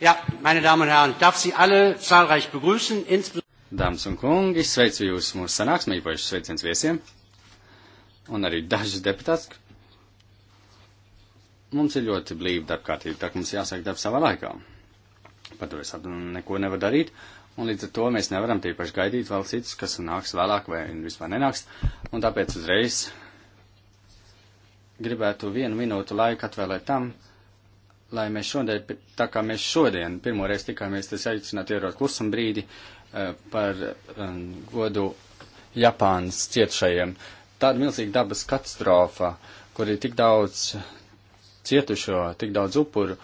Ja, meine Damen und Herren, darf Sie alle zahlreich begrüßen, insbesondere. Dāmas un kungi, sveicu jūs mūsu sanāksmē, īpaši sveiciens viesiem un arī dažas deputātas. Mums ir ļoti blīva darbkārtība, tā ka mums jāsāk darbs savā laikā. Par to es neko nevaru darīt, un līdz ar to mēs nevaram tīpaši gaidīt vēl citus, kas nāks vēlāk vai vispār nenāks, un tāpēc uzreiz gribētu vienu minūtu laiku atvēlēt tam, lai mēs šodien, tā kā mēs šodien pirmoreiz tikāmies, tas aicinātu ierot klusam brīdi eh, par um, godu Japānas cietušajiem. Tāda milzīga dabas katastrofa, kur ir tik daudz cietušo, tik daudz upuru,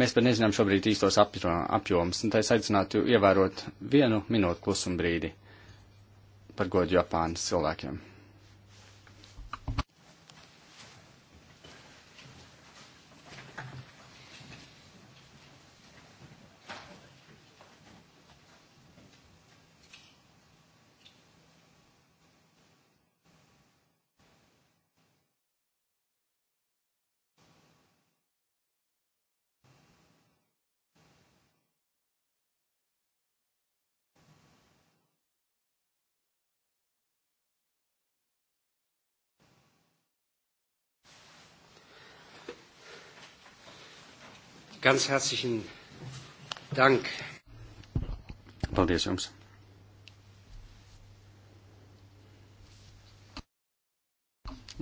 mēs pat nezinām šobrīd īstos apjomus, un tā es aicinātu ievērot vienu minūtu klusam brīdi par godu Japānas cilvēkiem. Ganz herzlichen Dank. Paldies jums.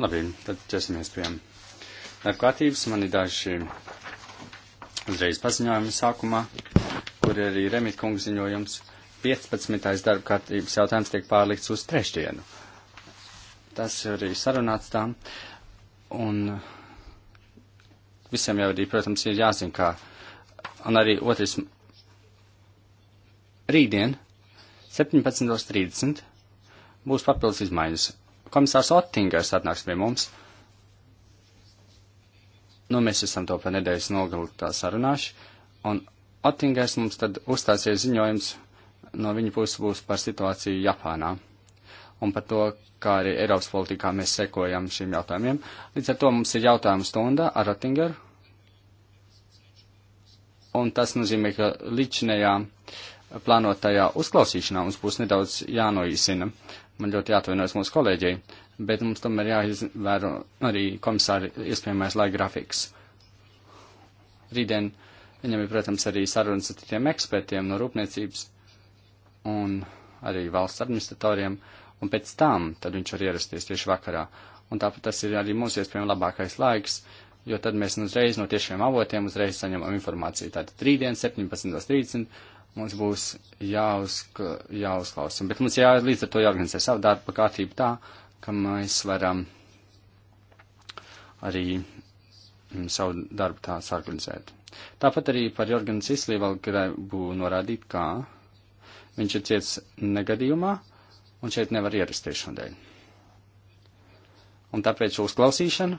Labi, tad ķersimies pie darba kārtības. Man ir daži uzreiz paziņojumi sākumā, kur ir arī Remit kungs ziņojums. 15. darba kārtības jautājums tiek pārlikts uz trešdienu. Tas arī sarunāts tā. Un visiem jau arī, protams, ir jāzina, kā. Un arī otrs rītdien, 17.30, būs papildus izmaiņas. Komisārs Ottingers atnāks pie mums. Nu, mēs esam to pa nedēļas nogalu tā sarunāši. Un Ottingers mums tad uzstāsies ziņojums no viņa puses būs par situāciju Japānā un par to, kā arī Eiropas politikā mēs sekojam šiem jautājumiem. Līdz ar to mums ir jautājuma stunda ar Otingeru un tas nozīmē, ka līdzinējā plānotajā uzklausīšanā mums būs nedaudz jānoīsina. Man ļoti jāatvainojas mūsu kolēģei, bet mums tomēr jāizvēro arī komisāri iespējamais laika grafiks. Rītdien viņam ir, protams, arī sarunas ar citiem ekspertiem no rūpniecības un arī valsts administratoriem, un pēc tam tad viņš var ierasties tieši vakarā. Un tāpēc tas ir arī mūsu iespējami labākais laiks, uh, jo tad mēs nu uzreiz no tiešiem avotiem uzreiz saņemam informāciju. Tātad rītdien 17.30 mums būs jāuzk jāuzklausa, bet mums jā, līdz ar to jāorganizē savu darbu kārtību tā, ka mēs varam arī mm, savu darbu tā sarganizēt. Tāpat arī par Jorganu Cislī vēl gribu norādīt, kā viņš ir ciets negadījumā un šeit nevar ierasties šodien. Un tāpēc uzklausīšanu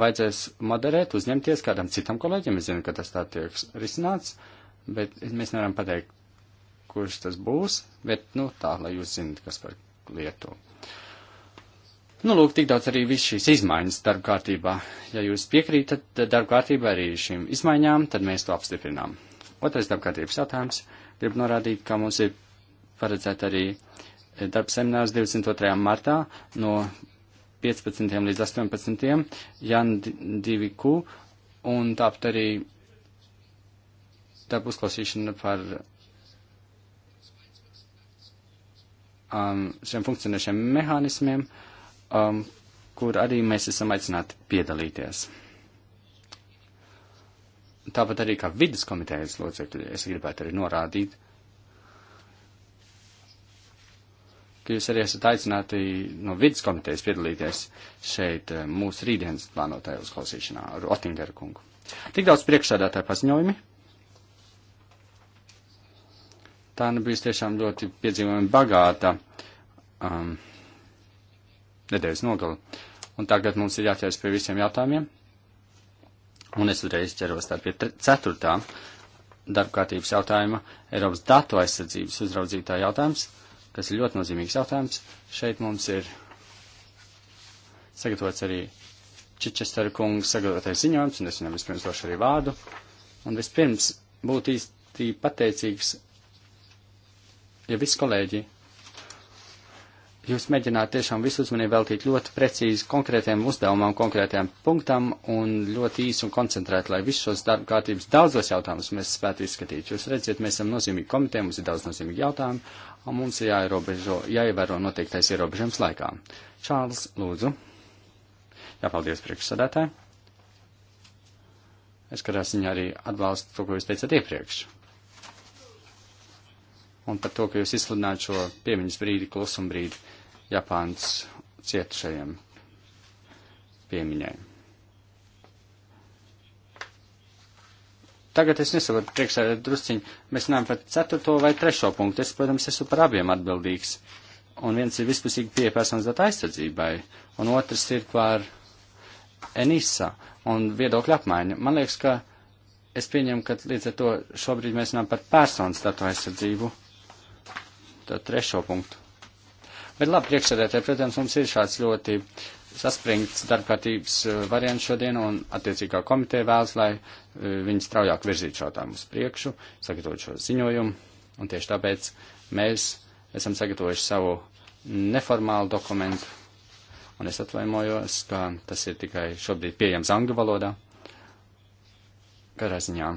vajadzēs moderēt, uzņemties kādam citam kolēģim. Es zinu, ka tas tā tiek risināts, bet mēs nevaram pateikt, kurš tas būs, bet, nu, tā, lai jūs zinat, kas par lietu. Nu, lūk, tik daudz arī viss šīs izmaiņas darba kārtībā. Ja jūs piekrītat darba kārtībā arī šīm izmaiņām, tad mēs to apstiprinām. Otrais darba kārtības jautājums. Gribu norādīt, ka mums ir paredzēta arī darba seminārs 22. martā no 15. līdz 18. Jan 2Q un tāpat arī tā uzklausīšana par um, šiem funkcionēšiem mehānismiem, um, kur arī mēs esam aicināti piedalīties. Tāpat arī kā vidas komitejas locekļi, es gribētu arī norādīt, uh, jūs arī esat aicināti no vidas komitejas piedalīties šeit eh, mūsu rītdienas plānotajā uzklausīšanā ar Otingeru kungu. Tik daudz priekšsādātāju paziņojumi. Tā nu bija tiešām ļoti piedzīvojami bagāta um, nedēļas nogala. Un tagad mums ir jāķers pie visiem jautājumiem. Un es uzreiz ķeros tā pie ceturtā darbkārtības jautājuma - Eiropas datu aizsardzības uzraudzītā jautājums kas ir ļoti nozīmīgs jautājums. Šeit mums ir sagatavots arī Čičestera kungs sagatavotais ziņojums, un es viņam vispirms došu arī vārdu. Un vispirms būtu īsti pateicīgs, ja visi kolēģi, jūs mēģināt tiešām visu uzmanību veltīt ļoti precīzi konkrētiem uzdevumam, konkrētiem punktam, un ļoti īsi un koncentrēt, lai visus šos darba kārtības daudzos jautājumus mēs spētu izskatīt. Jūs redziet, mēs esam nozīmīgi komitē, mums ir daudz nozīmīgi jautājumi, un mums ir jāierobežo, jāievēro noteiktais ierobežams laikā. Čārls, lūdzu. Jā, paldies priekšsadētāji. Es kādā ziņā arī atbalstu to, ko jūs teicat iepriekš. Un par to, ka jūs izsludināt šo piemiņas brīdi, klusuma brīdi Japāns cietušajiem piemiņai. Tagad es nesaprotu, priekšsēdētāji, drusciņi, mēs runājam par ceturto vai trešo punktu. Es, protams, esmu par abiem atbildīgs. Un viens ir vispusīgi pie personas datu aizsardzībai, un otrs ir par Enisa un viedokļu apmaiņu. Man liekas, ka es pieņemu, ka līdz ar to šobrīd mēs runājam par personas datu aizsardzību, tad trešo punktu. Bet labi, priekšsēdētāji, protams, mums ir šāds ļoti saspringts darbkārtības eh, variants šodien, un attiecīgā komiteja vēlas, lai eh, viņi straujāk virzītu jautājumu uz priekšu, sagatavot šo ziņojumu, un tieši tāpēc mēs esam sagatavojuši savu neformālu dokumentu, un es atvainojos, ka tas ir tikai šobrīd pieejams angļu valodā. Katrā ziņā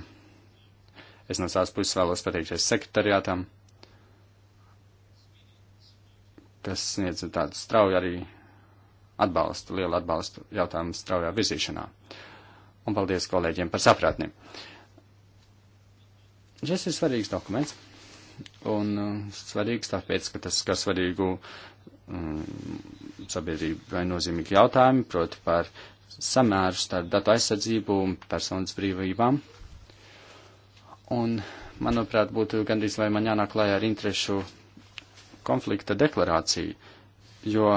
es no savas puses vēlos pateikties sekretariātam, kas sniedz tādu strauju arī atbalstu, lielu atbalstu jautājumu straujā virzīšanā. Un paldies kolēģiem par saprātni. Šis ir svarīgs dokuments, un uh, svarīgs tāpēc, ka tas skar svarīgu mm, um, sabiedrībai nozīmīgi jautājumi, proti par samēru starp datu aizsardzību un personas brīvībām. Un, manuprāt, būtu gandrīz vai man jānāk klājā ar interešu konflikta deklarāciju, jo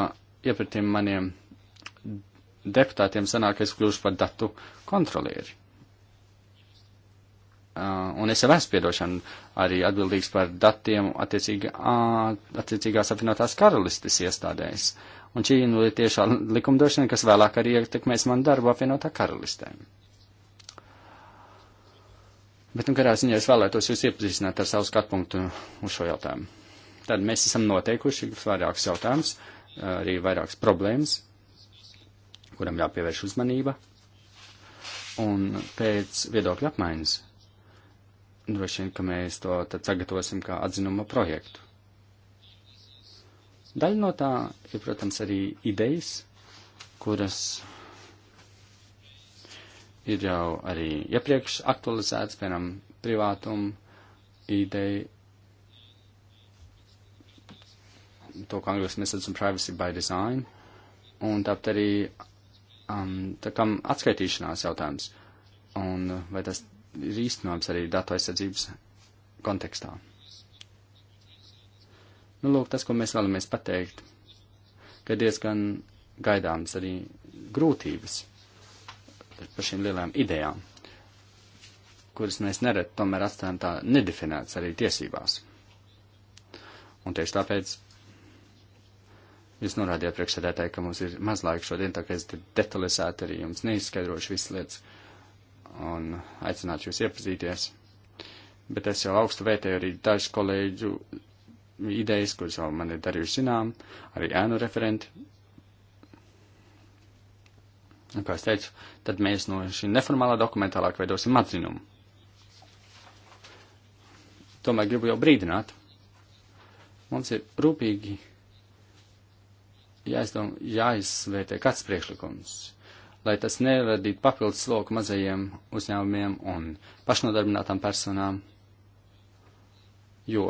iepratiem maniem deputātiem sanāk, ka es kļūšu par datu kontrolieri. Uh, un es jau esmu piedošana arī atbildīgs par datiem attiecīgā, attiecīgās apvienotās karalistes iestādēs. Un šī nu, ir tiešā likumdošana, kas vēlāk arī ietekmēs man darbu apvienotā karalistēm. Bet, nu, kādā ziņā es vēlētos jūs iepazīstināt ar savu skatpunktu uz šo jautājumu. Tad mēs esam noteikuši vairākus jautājumus. Uh, arī vairākas problēmas, kuram jāpievērš uzmanība. Un pēc viedokļa apmaiņas droši vien, ka mēs to tad sagatavosim kā atzinuma projektu. Daļa no tā ir, protams, arī idejas, kuras ir jau arī iepriekš aktualizētas, piemēram, privātuma ideja to, ko angļos mēs saucam privacy by design, un tāpat arī um, tā kā atskaitīšanās jautājums, un uh, vai tas ir īstenojams arī datu aizsardzības kontekstā. Nu, lūk, tas, ko mēs vēlamies pateikt, ka diezgan gaidāms arī grūtības par šīm lielajām idejām, kuras mēs nereti tomēr atstājam tā nedefinētas arī tiesībās. Un tieši tāpēc Jūs norādījāt priekšsēdētāji, ka mums ir maz laika šodien, tā kā es detalizēti arī jums neizskaidrošu visas lietas un aicinātu jūs iepazīties. Bet es jau augstu vērtēju arī dažu kolēģu idejas, kuras jau man ir darījuši zinām, arī ēnu referenti. Un, kā es teicu, tad mēs no šī neformālā dokumentālāk veidosim atzinumu. Tomēr gribu jau brīdināt. Mums ir rūpīgi jāizdom, jāizvērtē kāds priekšlikums, lai tas neradītu papildus sloku mazajiem uzņēmumiem un pašnodarbinātām personām, jo,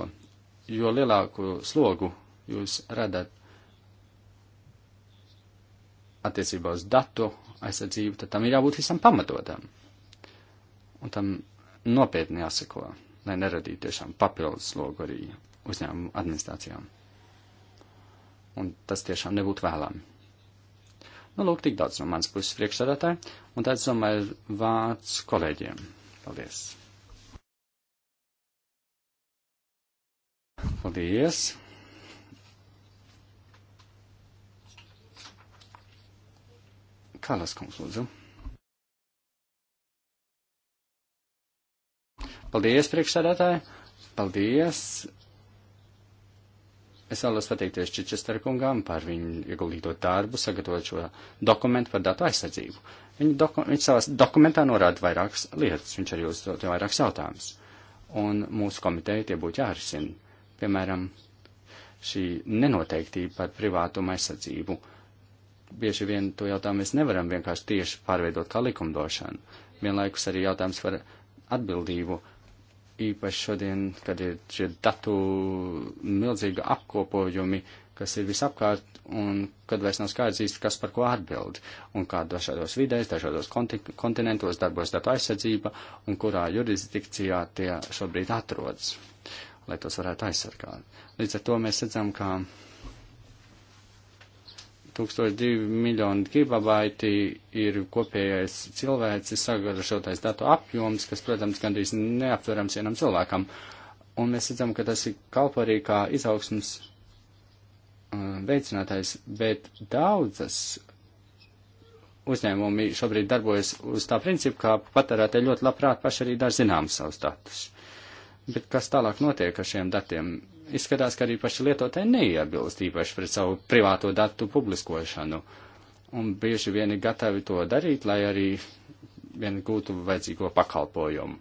jo lielāku slogu jūs radat attiecībā uz datu aizsardzību, tad tam ir jābūt visam pamatotam. Un tam nopietni jāsako, lai neradītu tiešām papildus slogu arī uzņēmumu administrācijām un tas tiešām nebūtu vēlami. Nu, lūk, tik daudz no manas puses priekšsēdētāji, un tāds, domāju, ir vārds kolēģiem. Paldies! Paldies! Kalas kungs, lūdzu. Paldies, priekšsēdētāji! Paldies Es vēlos pateikties Čičester kungam par viņu ieguldīto darbu, sagatavot šo dokumentu par datu aizsardzību. Viņa doku, viņš savā dokumentā norāda vairākas lietas, viņš arī uzdod vairākas jautājumus. Un mūsu komiteja tie būtu jārisina. Piemēram, šī nenoteiktība par privātumu aizsardzību. Bieži vien to jautājumu mēs nevaram vienkārši tieši pārveidot kā likumdošanu. Vienlaikus arī jautājums par atbildību īpaši šodien, kad ir šie datu milzīga apkopojumi, kas ir visapkārt, un kad vairs nav skaidrs īsti, kas par ko atbild, un kā dažādos vidēs, dažādos kontinentos darbos datu aizsardzība, un kurā jurisdikcijā tie šobrīd atrodas, lai tos varētu aizsargāt. Līdz ar to mēs redzam, ka 1002 miljoni gigabaiti ir kopējais cilvēci sagatavotais datu apjoms, kas, protams, gandrīz neaptverams vienam cilvēkam. Un mēs redzam, ka tas ir kalpo arī kā izaugsmas uh, veicinātājs, bet daudzas uzņēmumi šobrīd darbojas uz tā principu, ka patērētāji ļoti labprāt paši arī dara zināmas savus datus. Bet kas tālāk notiek ar šiem datiem? izskatās, ka arī paši lietotāji neiebilst īpaši pret savu privāto datu publiskošanu. Un bieži vien ir gatavi to darīt, lai arī vien gūtu vajadzīgo pakalpojumu.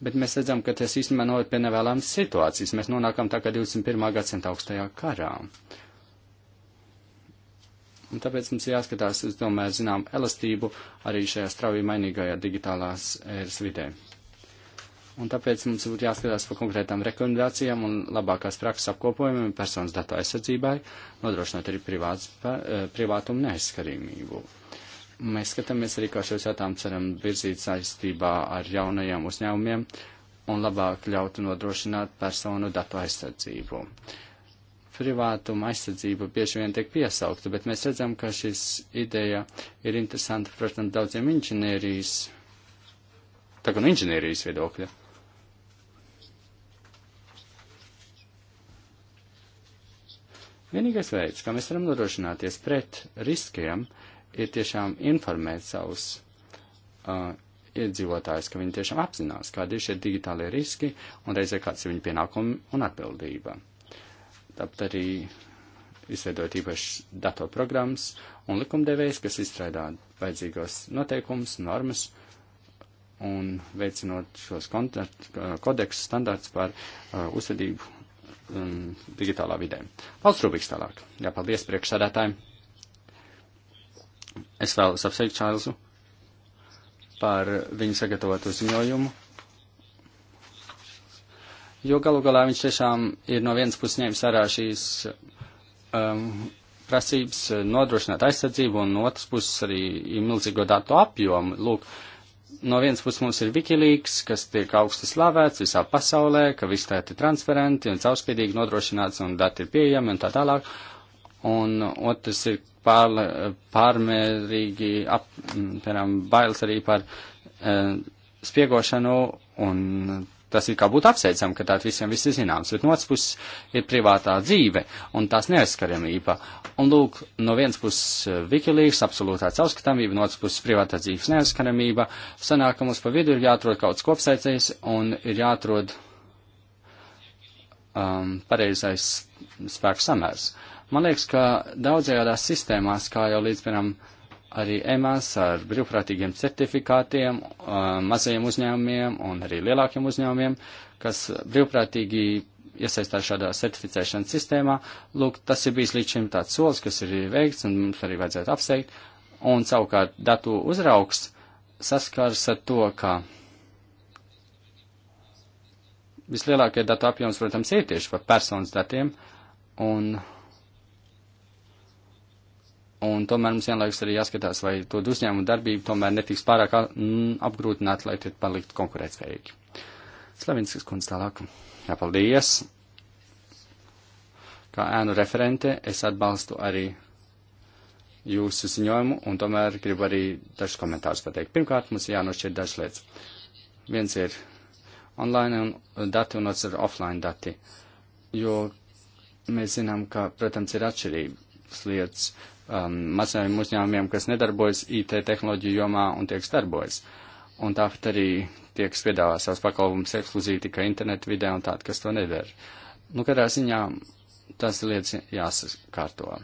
Bet mēs redzam, ka tas īstenībā noved pie nevēlāmas situācijas. Mēs nonākam tā kā 21. gadsimta augstajā karā. Un tāpēc mums jāskatās, es domāju, zinām, elastību arī šajā strauji mainīgajā digitālās ēras vidē. Un tāpēc mums būtu jāskatās par konkrētām rekomendācijām un labākās prakses apkopojumiem personas datu aizsardzībai, nodrošinot arī privāts, e, privātumu neaizskarīgību. Mēs skatāmies arī, kā šos jautājumus varam virzīt saistībā ar jaunajiem uzņēmumiem un labāk ļautu nodrošināt personu datu aizsardzību. Privātuma aizsardzība bieži vien tiek piesaukta, bet mēs redzam, ka šis ideja ir interesanta, protams, daudziem inženierijas, tā gan inženierijas viedokļa Vienīgais veids, kā mēs varam nodrošināties pret riskiem, ir tiešām informēt savus uh, iedzīvotājus, ka viņi tiešām apzinās, kādi ir šie digitālie riski un reizē kāds ir viņu pienākumi un atbildība. Tāpat arī izveidot īpašas datorprogrammas un likumdevējs, kas izstrādā vajadzīgos noteikumus, normas un veicinot šos kodeksu standārts par uh, uzvedību um, digitālā vidē. Valsts Rubiks tālāk. Jā, paldies priekšsēdētājiem. Es vēlos apsveikt Čārlzu par viņu sagatavotu ziņojumu. Jo galu galā viņš tiešām ir no vienas puses ņēmis ārā šīs um, prasības nodrošināt aizsardzību un no otras puses arī milzīgo datu apjomu. Lūk, uh, no vienas puses mums ir Wikileaks, kas tiek augsti slavēts visā pasaulē, ka viss tā ir transparenti un caurspīdīgi nodrošināts un dati ir pieejami un tā tālāk. Un otrs ir pār, pārmērīgi, ap, piemēram, bailes arī par e, spiegošanu un Tas ir kā būtu apsveicami, ka tāds visiem viss ir zināms, bet no otras puses ir privātā dzīve un tās neaizskarjamība. Un lūk, no vienas puses eh, Wikileaks, absolūtā caurskatāmība, no otras puses privātā dzīves neaizskarjamība. Sanāk, ka mums pa vidu ir jāatrod kaut kas kopsaicējs un ir jāatrod um, pareizais spēku samērs. Man liekas, ka daudzajādās sistēmās, kā jau līdz, piemēram, arī EMAS ar brīvprātīgiem certifikātiem mazajiem uzņēmumiem un arī lielākiem uzņēmumiem, kas brīvprātīgi iesaistās šādā certificēšanas sistēmā. Lūk, tas ir bijis līdz šim tāds solis, kas ir veikts un mums arī vajadzētu apsteigt. Un savukārt datu uzraugs saskars ar to, ka vislielākie datu apjoms, protams, ir tieši par personas datiem. Un Un tomēr mums vienlaikus arī jāskatās, vai to uzņēmumu darbību tomēr netiks pārāk apgrūtināt, lai tie paliktu konkurētspējīgi. Slavinskas kundze tālāk. Jā, paldies. Kā ēnu referente es atbalstu arī jūsu ziņojumu un tomēr gribu arī dažus komentārus pateikt. Pirmkārt, mums jānošķir dažas lietas. Viens ir online un dati un otrs ir offline dati, jo mēs zinām, ka, protams, ir atšķirības lietas um, mazajiem uzņēmumiem, kas nedarbojas IT tehnoloģiju jomā un tiek starbojas. Un tāpat arī tiek spiedāvā savus pakalpumus ekskluzīvi tikai internetu vidē un tādi, kas to nedara. Nu, kādā ziņā tas lietas jāsakārto.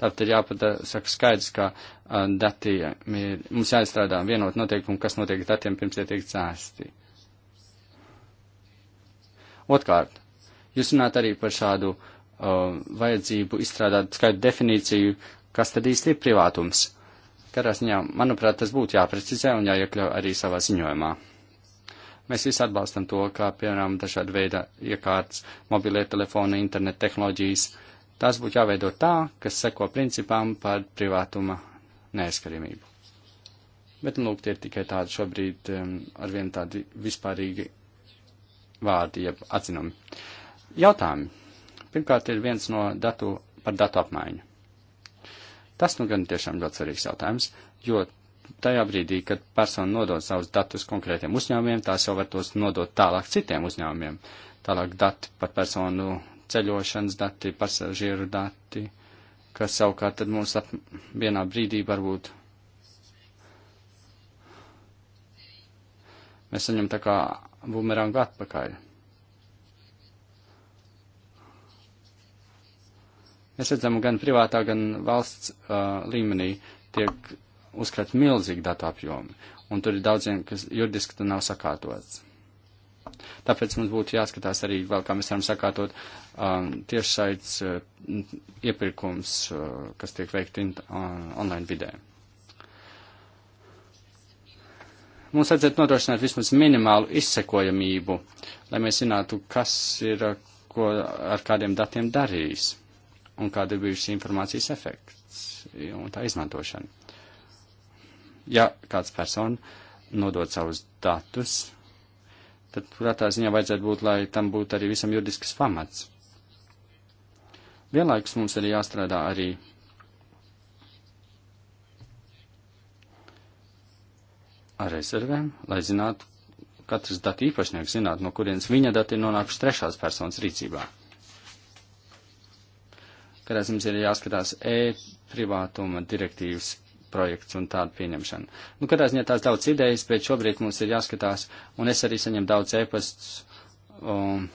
Tātad ir jāpadara, saka skaidrs, ka uh, dati, ir, mums jāizstrādā vienot noteikumu, kas notiek datiem pirms tie tiek dzēsti. Otkārt, Jūs runājat arī par šādu uh, vajadzību izstrādāt skaidru definīciju, kas tad īsti ir privātums. Katrā ziņā, manuprāt, tas būtu jāprecizē un jāiekļauj arī savā ziņojumā. Mēs visi atbalstam to, kā piemēram dažāda veida iekārtas, mobilie telefoni, internet tehnoloģijas. Tās būtu jāveido tā, kas seko principām par privātuma neaizskaramību. Bet, nu, lūk, tie ir tikai tādi šobrīd um, arvien tādi vispārīgi vārdi, jeb atzinumi. Uh, Jautājumi. Pirmkārt, ir viens no datu par datu apmaiņu. Tas nu gan tiešām ļoti svarīgs jautājums, jo tajā brīdī, kad persona nodod savus datus konkrētiem uzņēmumiem, tās jau var tos nodot tālāk citiem uzņēmumiem. Tālāk dati par personu ceļošanas dati, pasažieru dati, kas savukārt tad mums ap vienā brīdī varbūt mēs saņem tā kā bumerangu atpakaļ. Mēs redzam, gan privātā, gan valsts uh, līmenī tiek uzkrāt milzīgi datu apjomi, un tur ir daudziem, kas juridiski tad nav sakārtots. Tāpēc mums būtu jāskatās arī vēl, kā mēs varam sakārtot um, tiešsaits uh, iepirkums, uh, kas tiek veikti in, uh, online vidē. Mums vajadzētu nodrošināt vismaz minimālu izsekojamību, lai mēs zinātu, kas ir, uh, ko ar kādiem datiem darījis un kāda ir bijusi informācijas efekts un tā izmantošana. Ja kāds persona nodod savus datus, tad, prātā ziņā, vajadzētu būt, lai tam būtu arī visam juridisks pamats. Vienlaikus mums arī jāstrādā arī ar rezervēm, lai zinātu, katrs datu īpašnieks zinātu, no kurienes viņa dati nonākuši trešās personas rīcībā. Kādā mums ir jāskatās e-privātuma direktīvas projekts un tāda pieņemšana. Nu, kādā ziņā tās daudz idejas, bet šobrīd mums ir jāskatās, un es arī saņemu daudz e-pastus. Um,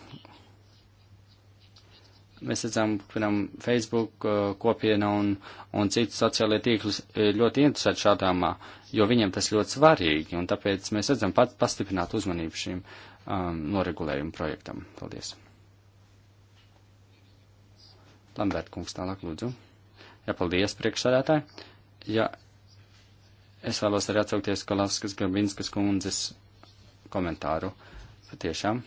mēs redzam, piemēram, Facebook uh, kopiena un, un citas sociālajie tīklus ļoti interesēti šādām, uh, jo viņiem tas ļoti svarīgi, un tāpēc mēs redzam pat pastiprināt uzmanību šīm um, noregulējumu projektam. Paldies! Lambert kungs tālāk lūdzu. Jā, paldies priekšsādātāji. Jā, es vēlos arī atsaukties Kolavskas Grabinskas kundzes komentāru. Patiešām.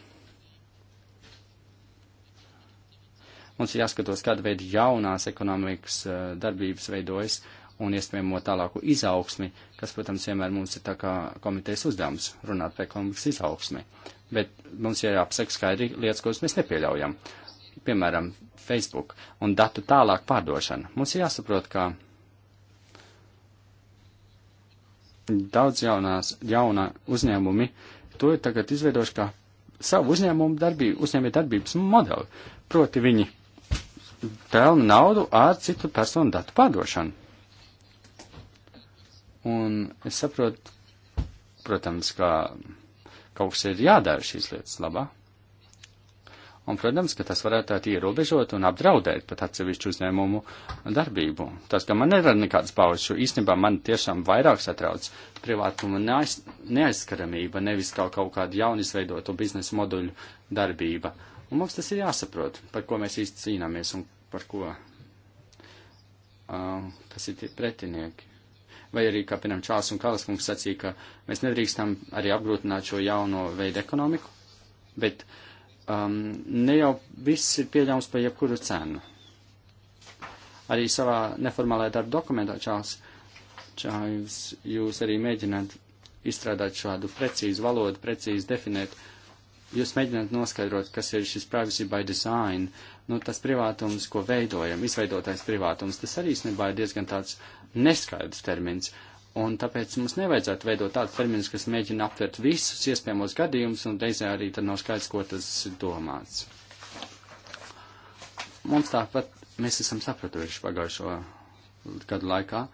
Mums ir jāskatās, kāda veida jaunās ekonomikas eh, darbības veidojas un iespējamo tālāku izaugsmi, kas, protams, vienmēr mums ir tā kā komitejas uzdevums runāt par ekonomikas izaugsmi. Bet mums ir jāapsaka skaidri lietas, kuras mēs nepieļaujam. Uh, piemēram, Facebook un datu tālāk pārdošana. Mums ir jāsaprot, ka daudz jaunās, jaunā uzņēmumi to ir tagad izveidojuši kā savu uzņēmumu darbību, uzņēmē darbības modeli. Proti viņi pelna naudu ar citu personu datu pārdošanu. Un es saprotu, protams, ka kaut kas ir jādara šīs lietas labā. Un, protams, ka tas varētu tā ierobežot un apdraudēt pat atsevišķu uzņēmumu darbību. Tas, ka man nerada nekādas pauzes, jo īstenībā man tiešām vairāk satrauc privātuma neaiz, neaizskaramība, nevis kaut, kaut kāda jaunizveidoto biznesa moduļu darbība. Un mums tas ir jāsaprot, par ko mēs īsti cīnāmies un par ko, uh, um, kas ir pretinieki. Vai arī, kā piemēram, Čāls un Kalas kungs sacīja, ka mēs nedrīkstam arī apgrūtināt šo jauno veidu ekonomiku, bet uh, um, ne jau viss ir pieļaums par jebkuru cenu. Arī savā neformālajā darba dokumentā, Čāls, Čāls, jūs arī mēģināt izstrādāt šādu precīzu valodu, precīzi definēt. Jūs mēģināt noskaidrot, kas ir šis privacy by design, nu tas privātums, ko veidojam, izveidotais privātums, tas arī, es nebāju, diezgan tāds neskaidrs termins. Uh, Un tāpēc mums nevajadzētu veidot tādu terminu, kas mēģina aptvert visus iespējamos gadījumus, un reizē arī tad nav skaidrs, ko tas domāts. Mums tāpat mēs esam sapratuši pagājušo gadu laikā.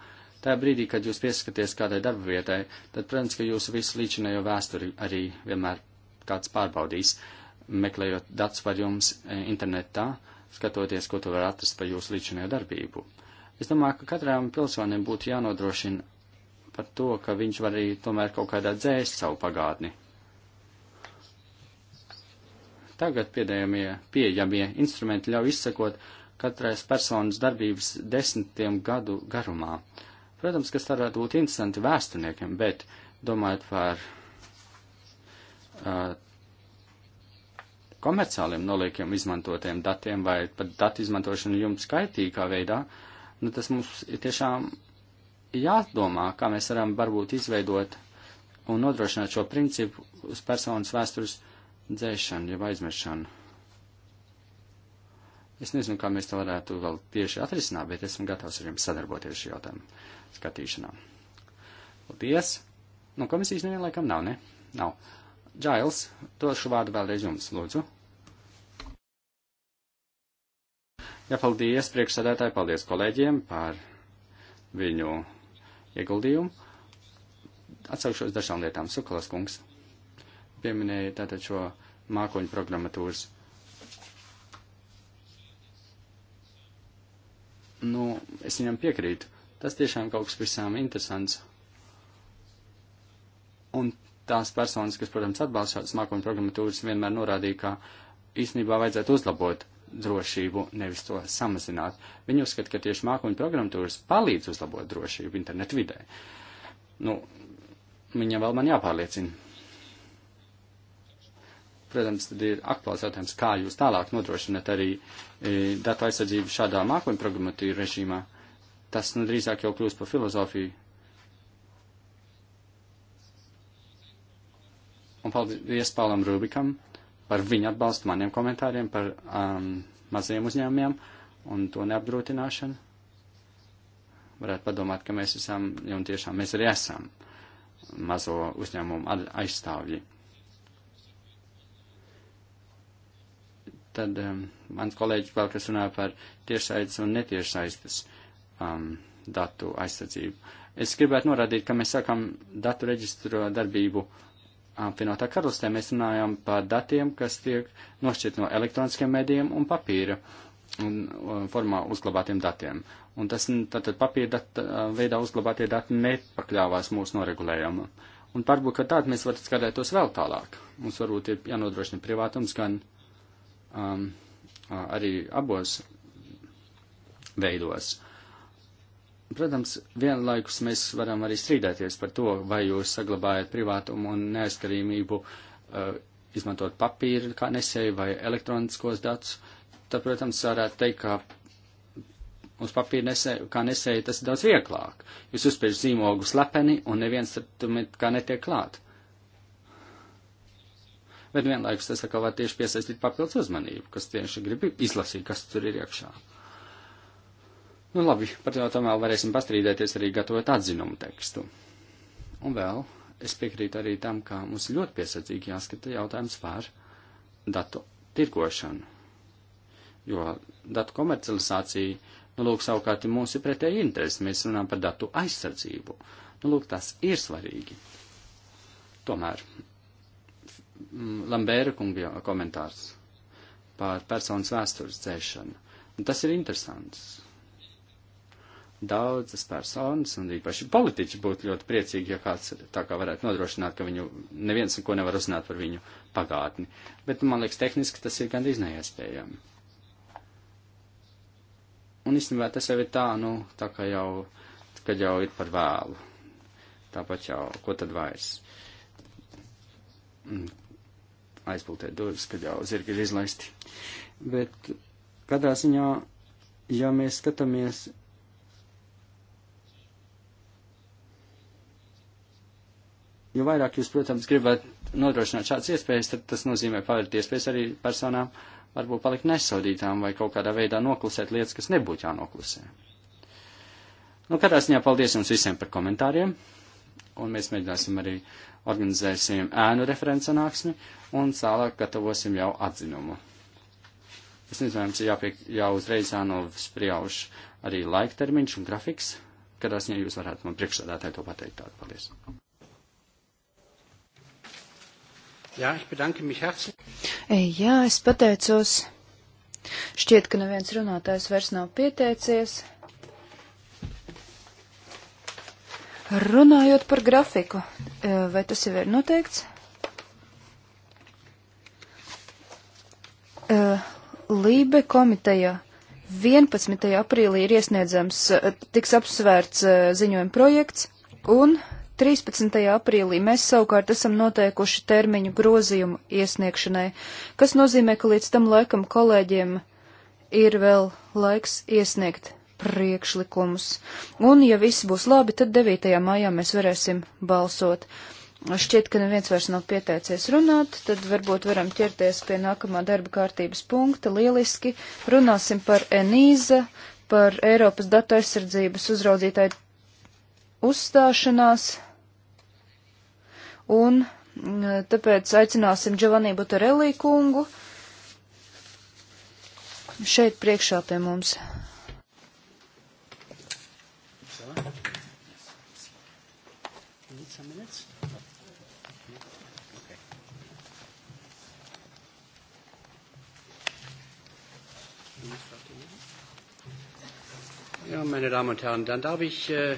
Tajā brīdī, kad jūs pieskaties kādai darba vietai, tad, protams, ka jūsu visu līdzinējo vēsturi arī vienmēr kāds pārbaudīs, meklējot datus par jums e, internetā, skatoties, ko tu vari atrast par jūsu līdzinējo darbību. Es domāju, ka katram pilsonim būtu jānodrošina par to, ka viņš var arī tomēr kaut kādā dzēst savu pagātni. Tagad pieejamie, pieejamie instrumenti ļauj izsekot katrais personas darbības desmitiem gadu garumā. Protams, kas varētu būt interesanti vēsturniekiem, bet domājot par uh, komerciāliem noliekiem izmantotiem datiem vai pat datu izmantošanu jums skaitīgā veidā, nu tas mums tiešām jādomā, kā mēs varam varbūt izveidot un nodrošināt šo principu uz personas vēstures dzēšanu, jeb aizmiršanu. Es nezinu, kā mēs to varētu vēl tieši atrisināt, bet esmu gatavs ar jums sadarboties šī jautājuma skatīšanā. Paldies! Nu, komisijas nevien laikam nav, ne? Nav. Džails, došu vārdu vēlreiz jums, lūdzu. Jā, paldies priekšsēdētāji, paldies kolēģiem par viņu ieguldījumu. Atsaukšos dažām lietām. Sukalas kungs pieminēja tātad šo mākoņu programmatūras. Nu, es viņam piekrītu. Tas tiešām kaut kas visām interesants. Un tās personas, kas, protams, atbalsta šādas mākoņu programmatūras, vienmēr norādīja, ka īstenībā vajadzētu uzlabot drošību, nevis to samazināt. Viņi uzskata, ka tieši mākoņu programmatūras palīdz uzlabot drošību internetu vidē. Nu, viņam vēl man jāpārliecina. Protams, tad ir aktuāls jautājums, kā jūs tālāk nodrošināt arī e, datu aizsardzību šādā mākoņu programmatūra režīmā. Tas, nu, drīzāk jau kļūst par filozofiju. Un paldies Pālam Rubikam par viņu atbalstu maniem komentāriem par um, maziem uzņēmumiem un to neapgrūtināšanu. Varētu padomāt, ka mēs esam, un tiešām mēs arī esam, mazo uzņēmumu aizstāvji. Tad um, mans kolēģis vēl, kas runāja par tiešsaistes un netiešsaistes um, datu aizsardzību. Es gribētu norādīt, ka mēs sākam datu reģistro darbību uh, apvienotā karalistē mēs runājam par datiem, kas tiek nošķirt no elektroniskiem medijiem un papīra un, un formā uzglabātiem datiem. Un tas tātad papīra data, veidā uzglabātie dati nepakļāvās mūsu noregulējumu. Un varbūt, ka tādu mēs varam skatīt tos vēl tālāk. Mums varbūt ir jānodrošina privātums gan um, arī abos veidos. Protams, vienlaikus mēs varam arī strīdēties par to, vai jūs saglabājat privātumu un neaizkarīmību, uh, eh, izmantot papīru kā nesēju vai elektroniskos datus. Tad, protams, varētu teikt, ka uz papīra nesēju, kā nesēju tas ir daudz vieglāk. Jūs uzspiež zīmogu slepeni un neviens tam kā netiek klāt. Bet vienlaikus tas atkal var tieši piesaistīt papildus uzmanību, kas tieši grib izlasīt, kas tur ir iekšā. Uh, Nu labi, par jautājumu vēl varēsim pastrīdēties arī gatavot atzinumu tekstu. Un vēl es piekrītu arī tam, ka mums ļoti piesardzīgi jāskata jautājums par datu tirgošanu. Jo datu komercializācija, nu lūk, savukārt ir mūsu pretēji interesi. Mēs runājam par datu aizsardzību. Nu lūk, tas ir svarīgi. Tomēr mm, Lambēra kunga komentārs par personas vēstures dzēšanu. Tas ir interesants. Daudzas personas un īpaši politiķi būtu ļoti priecīgi, ja kāds tā kā varētu nodrošināt, ka viņu neviens neko nevar uzzināt par viņu pagātni. Bet, nu, man liekas, tehniski tas ir gandrīz neiespējami. Un īstenībā tas jau ir tā, nu, tā kā jau, kad jau ir par vēlu. Tāpat jau, ko tad vairs? Mm. aizpūtēt durvis, kad jau zirgi ir izlaisti. Bet kādā ziņā, ja mēs skatāmies Jo vairāk jūs, protams, gribat nodrošināt šādas iespējas, tad tas nozīmē pavērt iespējas arī personām varbūt palikt nesaudītām vai kaut kādā veidā noklusēt lietas, kas nebūtu jānoklusē. Nu, katrā ziņā paldies jums visiem par komentāriem, un mēs mēģināsim arī organizēsim ēnu referents sanāksmi, un tālāk gatavosim jau atzinumu. Es nezinu, vai mums ir jāpiek, jāuzreiz jānospriež arī laiktermiņš un grafiks, katrā ziņā jūs varētu man priekšsādātāji to pateikt tādu. Paldies! Jā, es bedanke mich herzlich. Jā, es pateicos. Šķiet, ka neviens runātājs vairs nav pieteicies. Runājot par grafiku, e, vai tas jau ir noteikts? E, Lībe komiteja 11. aprīlī ir iesniedzams, e, tiks apsvērts ziņojuma projekts, un 13. aprīlī mēs savukārt esam noteikuši termiņu grozījumu iesniegšanai, kas nozīmē, ka līdz tam laikam kolēģiem ir vēl laiks iesniegt priekšlikumus. Un, ja viss būs labi, tad 9. maijā mēs varēsim balsot. Šķiet, ka neviens vairs nav pieteicies runāt, tad varbūt varam ķerties pie nākamā darba kārtības punkta. Lieliski runāsim par Enīza, par Eiropas datu aizsardzības uzraudzītāju uzstāšanās un mm, tāpēc aicināsim Giovanni Butarelli kungu šeit priekšā pie mums. Ja, meine Damen und Herren, dann darf ich, äh,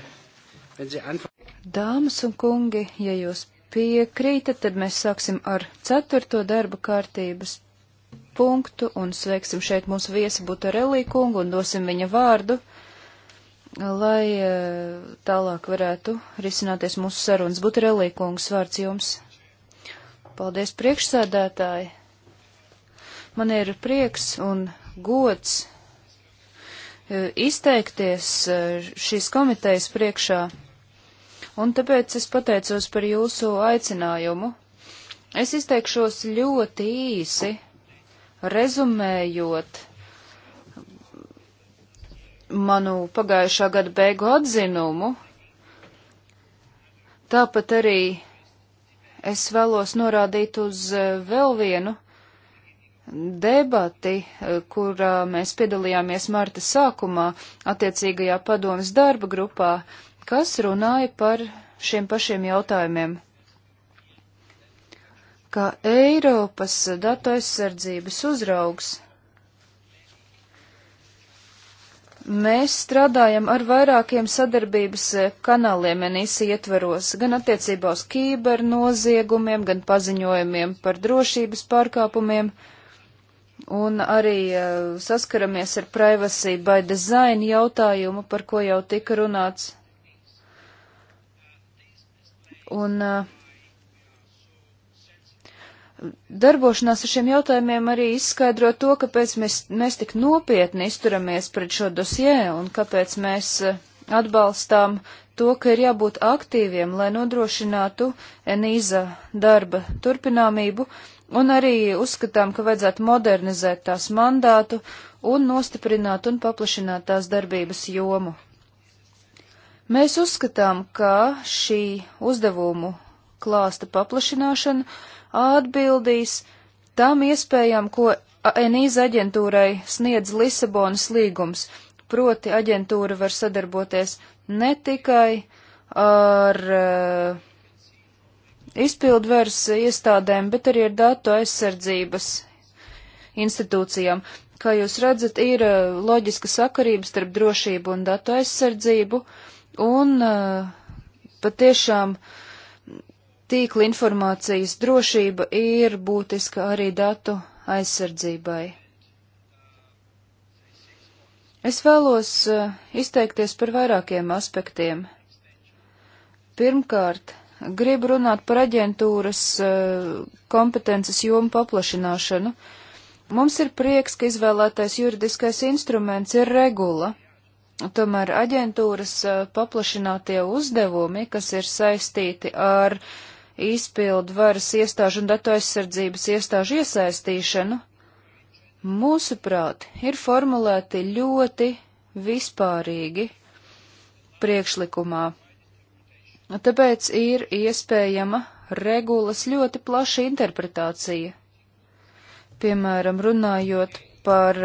wenn Sie anfangen. Dāmas un kungi, ja jūs piekrīta, tad mēs sāksim ar ceturto darba kārtības punktu un sveiksim šeit mūsu viesi Butarelī kungu un dosim viņa vārdu, lai eh, tālāk varētu risināties mūsu sarunas. Butarelī kungs, vārds jums. Paldies priekšsēdētāji. Man ir prieks un gods eh, izteikties eh, šīs komitejas priekšā un tāpēc es pateicos par jūsu aicinājumu. Es izteikšos ļoti īsi, rezumējot manu pagājušā gada beigu atzinumu. Tāpat arī es vēlos norādīt uz e, vēl vienu debati, e, kur mēs piedalījāmies marta sākumā attiecīgajā padomas darba grupā, kas runāja par šiem pašiem jautājumiem kā Eiropas datu aizsardzības uzraugs. Mēs strādājam ar vairākiem sadarbības kanāliem NISI ietveros, gan attiecībā uz kībernoziegumiem, gan paziņojumiem par drošības pārkāpumiem, un arī uh, saskaramies ar privacy by design jautājumu, par ko jau tika runāts Un eh, darbošanās ar šiem jautājumiem arī izskaidro to, kāpēc mēs, mēs tik nopietni izturamies pret šo dosjē un kāpēc mēs eh, atbalstām to, ka ir jābūt aktīviem, lai nodrošinātu Enīza darba turpināmību, un arī uzskatām, ka vajadzētu modernizēt tās mandātu un nostiprināt un paplašināt tās darbības jomu. Mēs uzskatām, ka šī uzdevumu klāsta paplašināšana atbildīs tām iespējām, ko NIZ aģentūrai sniedz Lisabonas līgums, proti aģentūra var sadarboties ne tikai ar uh, izpildvaras iestādēm, bet arī ar datu aizsardzības institūcijām. Kā jūs redzat, ir uh, loģiska sakarība starp drošību un datu aizsardzību. Uh, Un uh, patiešām tīkla informācijas drošība ir būtiska arī datu aizsardzībai. Es vēlos uh, izteikties par vairākiem aspektiem. Pirmkārt, gribu runāt par aģentūras uh, kompetences jomu paplašināšanu. Mums ir prieks, ka izvēlētais juridiskais instruments ir regula, Tomēr aģentūras paplašinātie uzdevumi, kas ir saistīti ar izpildu varas iestāžu un datu aizsardzības iestāžu iesaistīšanu, mūsuprāt, ir formulēti ļoti vispārīgi priekšlikumā. Tāpēc ir iespējama regulas ļoti plaša interpretācija. Piemēram, runājot par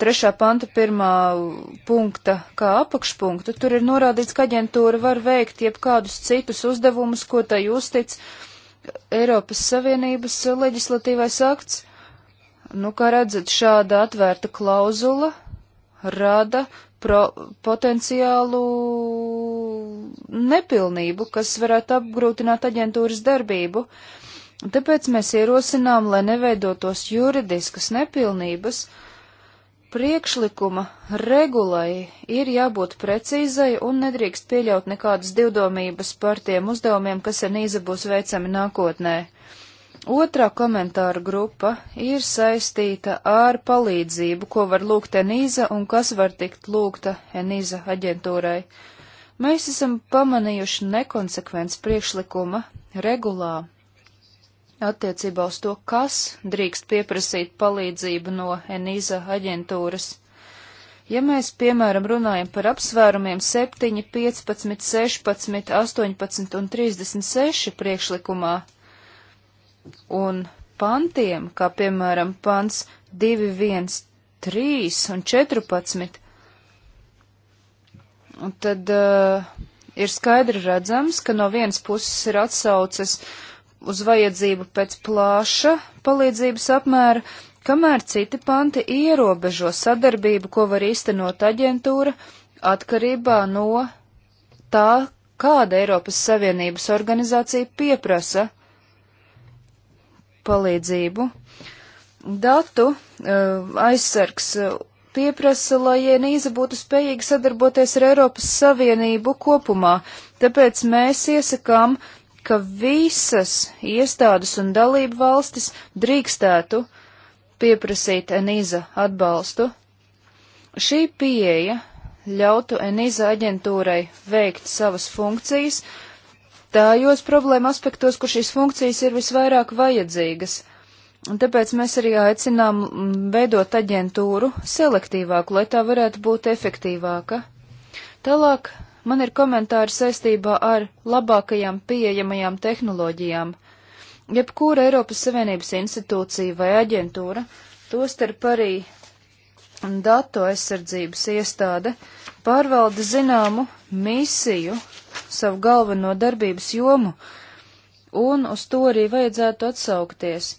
3. panta 1. punkta kā apakšpunktu, tur ir norādīts, ka aģentūra var veikt jebkādus citus uzdevumus, ko tai uztic Eiropas Savienības leģislatīvais akts. Nu, kā redzat, šāda atvērta klauzula rada pro, potenciālu nepilnību, kas varētu apgrūtināt aģentūras darbību. Tāpēc mēs ierosinām, lai neveidotos juridiskas nepilnības, uh, priekšlikuma regulai ir jābūt precīzai un nedrīkst pieļaut nekādas divdomības par tiem uzdevumiem, kas ir nīza būs veicami nākotnē. Otrā komentāra grupa ir saistīta ar palīdzību, ko var lūgt Enīza un kas var tikt lūgta Enīza aģentūrai. Mēs esam pamanījuši nekonsekvents priekšlikuma regulā attiecībā uz to, kas drīkst pieprasīt palīdzību no Enīza aģentūras. Ja mēs, piemēram, runājam par apsvērumiem 7, 15, 16, 18 un 36 priekšlikumā un pantiem, kā piemēram pants 2, 1, 3 un 14, un tad uh, ir skaidri redzams, ka no vienas puses ir atsauces uh, uz vajadzību pēc plāša palīdzības apmēra, kamēr citi panti ierobežo sadarbību, ko var īstenot aģentūra atkarībā no tā, kāda Eiropas Savienības organizācija pieprasa palīdzību. Datu uh, aizsargs uh, pieprasa, lai Enīza būtu spējīga sadarboties ar Eiropas Savienību kopumā, tāpēc mēs iesakām ka visas iestādes un dalību valstis drīkstētu pieprasīt Enīza atbalstu. Šī pieeja ļautu Enīza aģentūrai veikt savas funkcijas tājos problēma aspektos, kur šīs funkcijas ir visvairāk vajadzīgas. Un tāpēc mēs arī aicinām veidot aģentūru selektīvāku, lai tā varētu būt efektīvāka. Tālāk Man ir komentāri saistībā ar labākajām pieejamajām tehnoloģijām. Jebkura Eiropas Savienības institūcija vai aģentūra, tostarp arī datu aizsardzības iestāde, pārvalda zināmu misiju, savu galveno darbības jomu, un uz to arī vajadzētu atsaukties.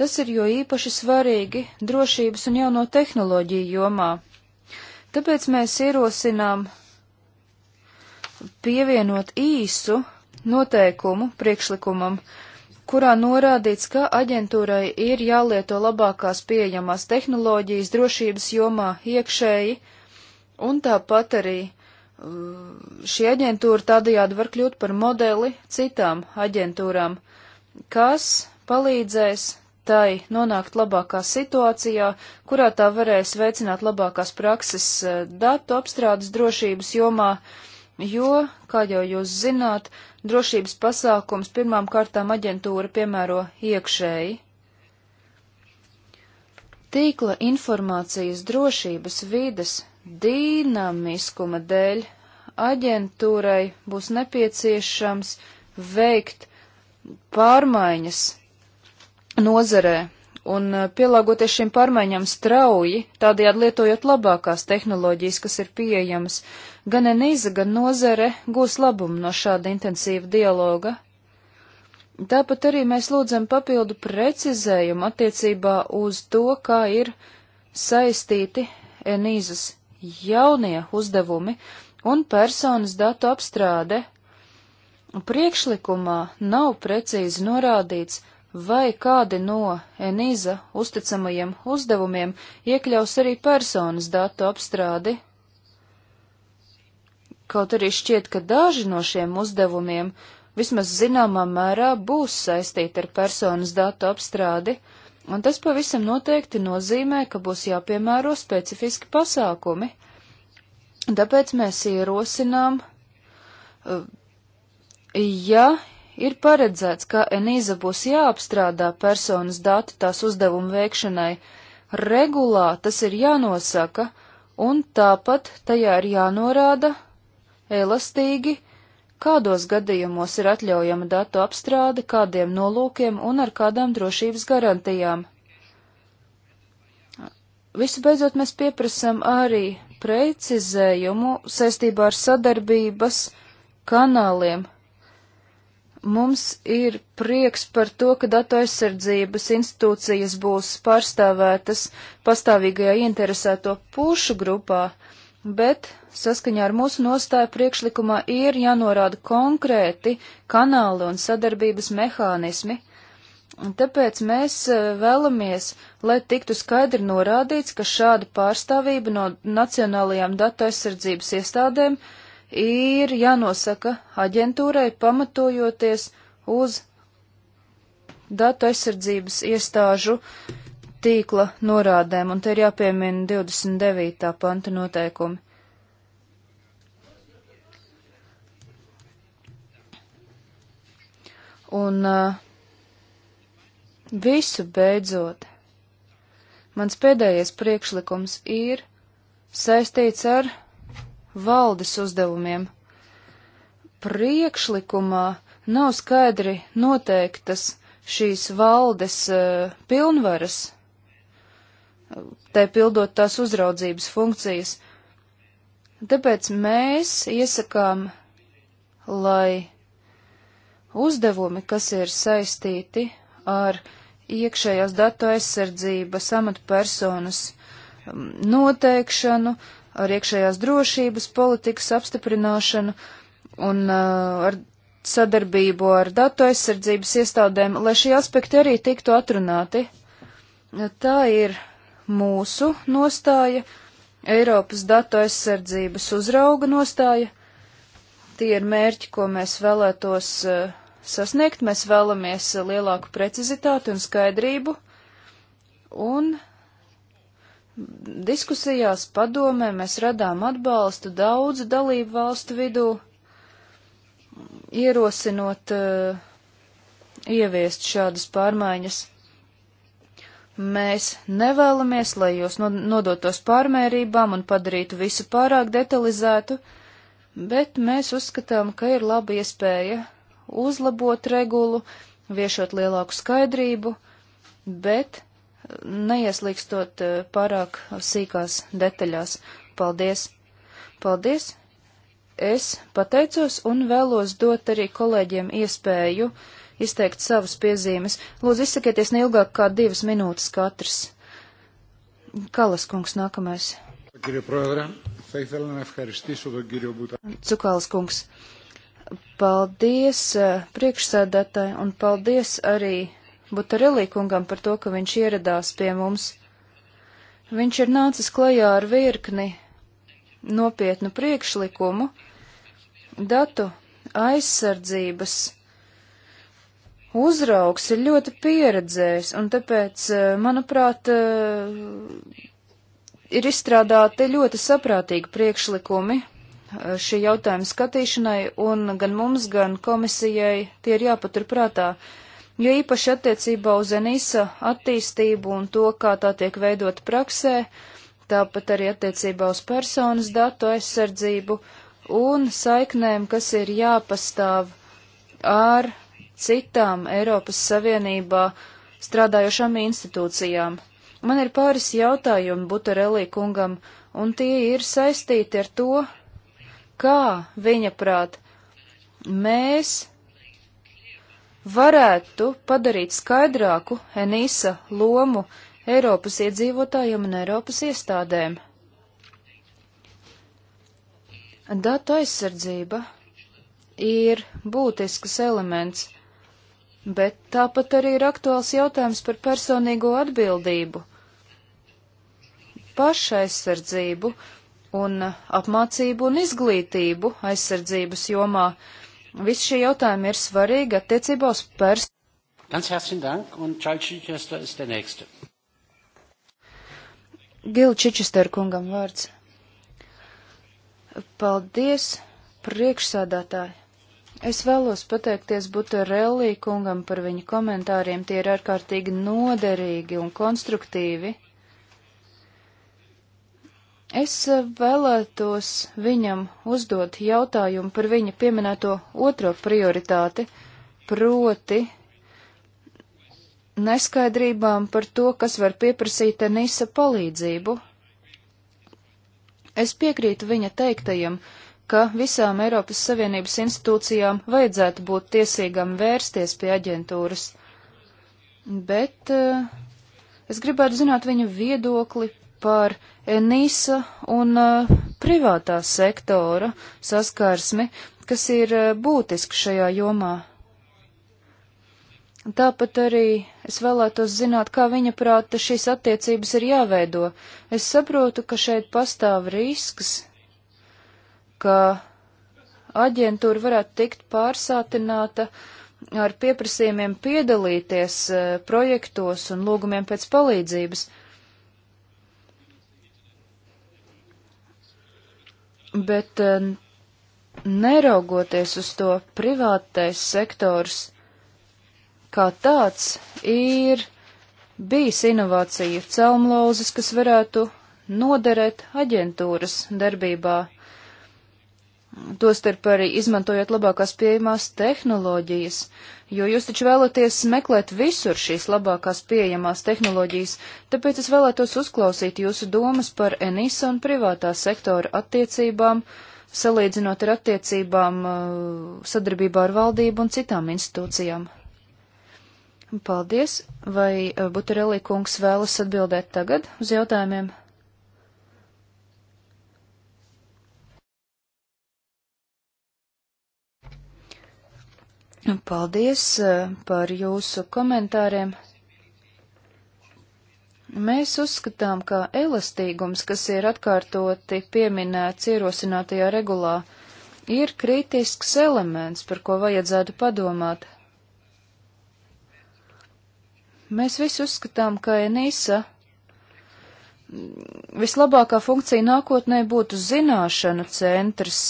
Tas ir jo īpaši svarīgi drošības un jauno tehnoloģiju jomā. Tāpēc mēs ierosinām pievienot īsu noteikumu priekšlikumam, kurā norādīts, ka aģentūrai ir jālieto labākās pieejamās tehnoloģijas drošības jomā iekšēji, un tāpat arī uh, šī aģentūra tādajādi var kļūt par modeli citām aģentūrām, kas palīdzēs tai nonākt labākā situācijā, kurā tā varēs veicināt labākās prakses uh, datu apstrādes drošības jomā, uh, jo, kā jau jūs zināt, drošības pasākums pirmām kārtām aģentūra piemēro iekšēji. Tīkla informācijas drošības vīdes dīnamiskuma dēļ aģentūrai būs nepieciešams veikt pārmaiņas nozarē, un eh, pielāgoties šīm pārmaiņām strauji, tādējādi lietojot labākās tehnoloģijas, kas ir pieejamas, gan Enīza, gan nozare gūs labumu no šāda intensīva dialoga. Tāpat arī mēs lūdzam papildu precizējumu attiecībā uz to, kā ir saistīti Enīzas jaunie uzdevumi un personas datu apstrāde. Priekšlikumā nav precīzi norādīts, vai kādi no Enīza uzticamajiem uzdevumiem iekļaus arī personas datu apstrādi. Kaut arī šķiet, ka daži no šiem uzdevumiem vismaz zināmā mērā būs saistīti ar personas datu apstrādi, un tas pavisam noteikti nozīmē, ka būs jāpiemēro specifiski pasākumi. Tāpēc mēs ierosinām, eh, ja ir paredzēts, ka Enīza būs jāapstrādā personas dati tās uzdevumu veikšanai. Regulā tas ir jānosaka, un tāpat tajā ir jānorāda elastīgi, kādos gadījumos ir atļaujama datu apstrāde, kādiem nolūkiem un ar kādām drošības garantijām. Visu beidzot mēs pieprasam arī precizējumu saistībā ar sadarbības kanāliem Mums ir prieks par to, ka datu aizsardzības institūcijas būs pārstāvētas pastāvīgajā interesēto pušu grupā, bet saskaņā ar mūsu nostāju priekšlikumā ir jānorāda konkrēti kanāli un sadarbības mehānismi, un tāpēc mēs e, vēlamies, lai tiktu skaidri norādīts, ka šāda pārstāvība no nacionālajām datu aizsardzības iestādēm uh, ir jānosaka aģentūrai pamatojoties uz datu aizsardzības iestāžu tīkla norādēm, un te ir jāpiemina 29. panta noteikumi. Un uh, visu beidzot, mans pēdējais priekšlikums ir saistīts ar valdes uzdevumiem. Priekšlikumā nav skaidri noteiktas šīs valdes uh, pilnvaras, tai pildot tās uzraudzības funkcijas. Tāpēc mēs iesakām, lai uzdevumi, kas ir saistīti ar iekšējās datu aizsardzības amatpersonas mm, noteikšanu, uh, ar iekšējās drošības politikas apstiprināšanu un uh, ar sadarbību ar datu aizsardzības iestādēm, lai šie aspekti arī tiktu atrunāti. Tā ir mūsu nostāja, Eiropas datu aizsardzības uzrauga nostāja. Tie ir mērķi, ko mēs vēlētos uh, sasniegt. Mēs vēlamies uh, lielāku precizitāti un skaidrību. Un diskusijās padomē mēs radām atbalstu daudzu dalību valstu vidū, ierosinot uh, ieviest šādas pārmaiņas. Mēs nevēlamies, lai jūs nodotos pārmērībām un padarītu visu pārāk detalizētu, bet mēs uzskatām, ka ir laba iespēja uzlabot regulu, viešot lielāku skaidrību, bet neieslīkstot eh, pārāk sīkās detaļās. Paldies! Paldies! Es pateicos un vēlos dot arī kolēģiem iespēju izteikt savas piezīmes. Lūdzu, izsakieties neilgāk kā divas minūtes katrs. Kalas kungs nākamais. Cukālas kungs. Paldies eh, priekšsēdētāji un paldies arī Butarelī kungam par to, ka viņš ieradās pie mums. Viņš ir nācis klajā ar virkni nopietnu priekšlikumu datu aizsardzības uzraugs ir ļoti pieredzējis, un tāpēc, eh, manuprāt, eh, ir izstrādāti ļoti saprātīgi priekšlikumi eh, šī jautājuma skatīšanai, un gan mums, gan komisijai tie ir jāpaturprātā. prātā jo īpaši attiecībā uz Enisa attīstību un to, kā tā tiek veidot praksē, tāpat arī attiecībā uz personas datu aizsardzību un saiknēm, kas ir jāpastāv ar citām Eiropas Savienībā strādājošām institūcijām. Man ir pāris jautājumi Butarelī kungam, un tie ir saistīti ar to, kā viņa prāt mēs varētu padarīt skaidrāku Enisa lomu Eiropas iedzīvotājiem un Eiropas iestādēm. Datu aizsardzība ir būtisks elements, bet tāpat arī ir aktuāls jautājums par personīgo atbildību, pašaizsardzību un apmācību un izglītību aizsardzības jomā, uh, Visi šie jautājumi ir svarīgi attiecībā uz pers. Ganz herzlichen Dank un Charles Chichester ist der nächste. Gil Čičester kungam vārds. Paldies, priekšsādātāji. Es vēlos pateikties Buterellī kungam par viņa komentāriem, tie ir ārkārtīgi noderīgi un konstruktīvi. Es e, vēlētos viņam uzdot jautājumu par viņa pieminēto otro prioritāti, proti neskaidrībām par to, kas var pieprasīt Enisa palīdzību. Es piekrītu viņa teiktajam, ka visām Eiropas Savienības institūcijām vajadzētu būt tiesīgam vērsties pie aģentūras, bet uh, es gribētu zināt viņa viedokli par Enisa un uh, privātā sektora saskarsmi, kas ir uh, būtiski šajā jomā. Tāpat arī es vēlētos zināt, kā viņa prāta šīs attiecības ir jāveido. Es saprotu, ka šeit pastāv risks, ka aģentūra varētu tikt pārsātināta ar pieprasījumiem piedalīties uh, projektos un lūgumiem pēc palīdzības. Bet eh, neraugoties uz to privātais sektors kā tāds ir bijis inovāciju celmlauzes, kas varētu noderēt aģentūras darbībā tostarp arī izmantojot labākās pieejamās tehnoloģijas, jo jūs taču vēlaties meklēt visur šīs labākās pieejamās tehnoloģijas, tāpēc es vēlētos uzklausīt jūsu domas par Enisa un privātā sektora attiecībām, salīdzinot ar attiecībām uh, sadarbībā ar valdību un citām institūcijām. Paldies, vai uh, Buterelī kungs vēlas atbildēt tagad uz jautājumiem? Nu, paldies eh, par jūsu komentāriem. Mēs uzskatām, ka elastīgums, kas ir atkārtoti pieminēts ierosinātajā regulā, ir kritisks elements, par ko vajadzētu padomāt. Mēs visi uzskatām, ka Enisa vislabākā funkcija nākotnē būtu zināšanu centrs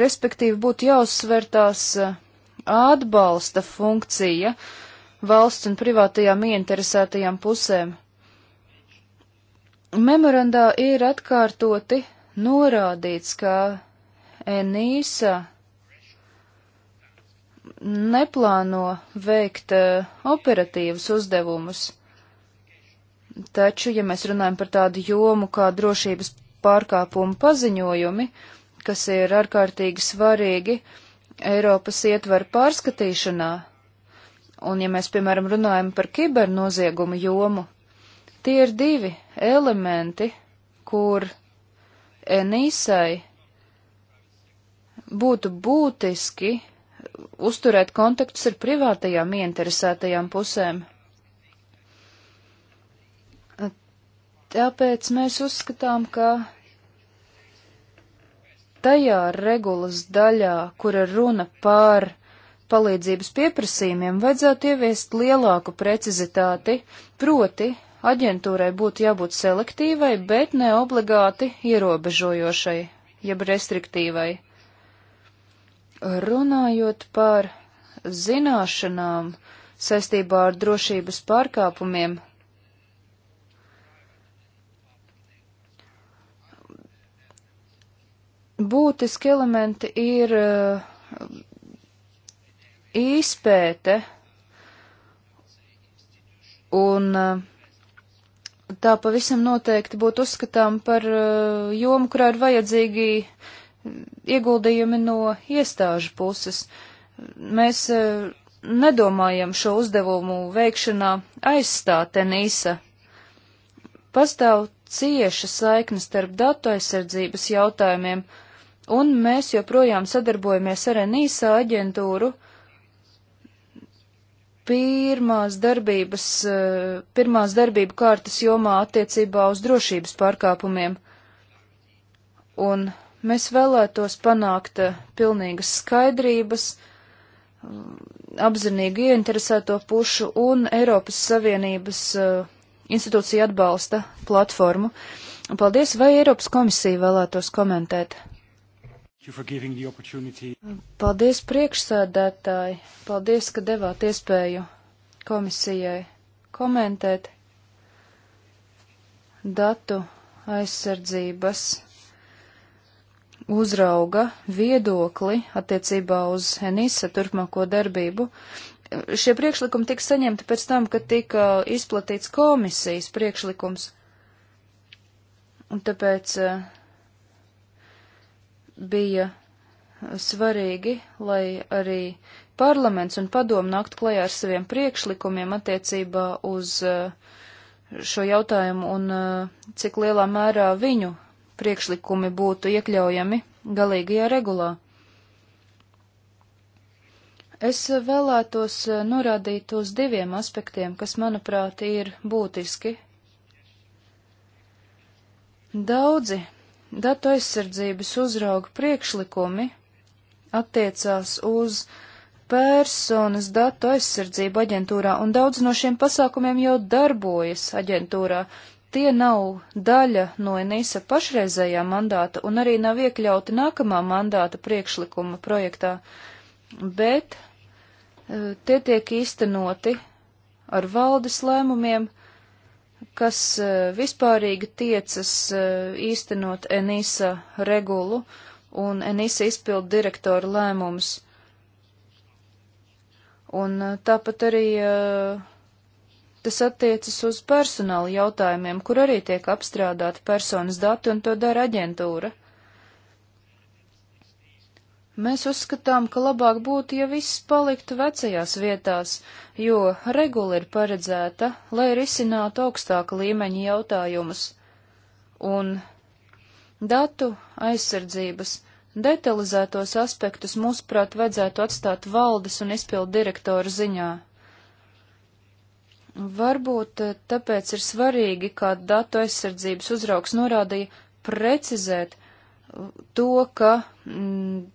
respektīvi būtu jāuzsver tās eh, atbalsta funkcija valsts un privātajām ieinteresētajām pusēm. Memorandā ir atkārtoti norādīts, ka Enīsa neplāno veikt eh, operatīvus uzdevumus, taču, ja mēs runājam par tādu jomu kā drošības pārkāpumu paziņojumi, uh, kas ir ārkārtīgi svarīgi Eiropas ietvaru pārskatīšanā, un ja mēs, piemēram, runājam par kibernoziegumu jomu, tie ir divi elementi, kur Enīsai būtu būtiski uzturēt kontaktus ar privātajām ieinteresētajām pusēm. Tāpēc mēs uzskatām, ka tajā regulas daļā, kura runa par palīdzības pieprasījumiem, vajadzētu ieviest lielāku precizitāti, proti aģentūrai būtu jābūt selektīvai, bet ne obligāti ierobežojošai, jeb restriktīvai. Runājot par zināšanām saistībā ar drošības pārkāpumiem, būtiski elementi ir eh, izpēte un eh, tā pavisam noteikti būtu uzskatām par eh, jomu, kurā ir vajadzīgi ieguldījumi no iestāžu puses. Mēs nedomājam šo uzdevumu veikšanā aizstāt Enīsa. Pastāv cieša saikne starp datu aizsardzības jautājumiem un mēs joprojām sadarbojamies ar NISA aģentūru. Pirmās darbības, eh, pirmās darbību kārtas jomā attiecībā uz drošības pārkāpumiem. Un mēs vēlētos panākt eh, pilnīgas skaidrības, eh, apzinīgu ieinteresēto pušu un Eiropas Savienības institūciju atbalsta platformu. Paldies, vai Eiropas komisija vēlētos komentēt? Paldies priekšsēdētāji, paldies, ka devāt iespēju komisijai komentēt datu aizsardzības uzrauga viedokli attiecībā uz Enisa turpmāko darbību. Šie priekšlikumi tika saņemti pēc tam, kad tika izplatīts komisijas priekšlikums. Un tāpēc uh, bija svarīgi, lai arī parlaments un padomu nākt klajā ar saviem priekšlikumiem attiecībā uz eh, šo jautājumu un eh, cik lielā mērā viņu priekšlikumi būtu iekļaujami galīgajā regulā. Es vēlētos eh, norādīt uz diviem aspektiem, kas, manuprāt, ir būtiski. Daudzi Datu aizsardzības uzrauga priekšlikumi attiecās uz personas datu aizsardzību aģentūrā, un daudz no šiem pasākumiem jau darbojas aģentūrā. Tie nav daļa no Enisa pašreizējā mandāta un arī nav iekļauti nākamā mandāta priekšlikuma projektā, bet eh, tie tiek īstenoti ar valdes lēmumiem, uh, kas e, vispārīgi tiecas e, īstenot Enisa regulu un Enisa izpildu direktoru lēmumus. Un e, tāpat arī tas attiecas uz personāla jautājumiem, kur arī tiek apstrādāti personas dati, un to dara aģentūra. Mēs uzskatām, ka labāk būtu, ja viss paliktu vecajās vietās, jo regula ir paredzēta, lai risinātu augstāka līmeņa jautājumus, un datu aizsardzības detalizētos aspektus, mūsuprāt, vajadzētu atstāt valdes un izpildu direktoru ziņā. Varbūt eh, tāpēc ir svarīgi, kā datu aizsardzības uzrauks norādīja, precizēt eh, to, ka. Mm,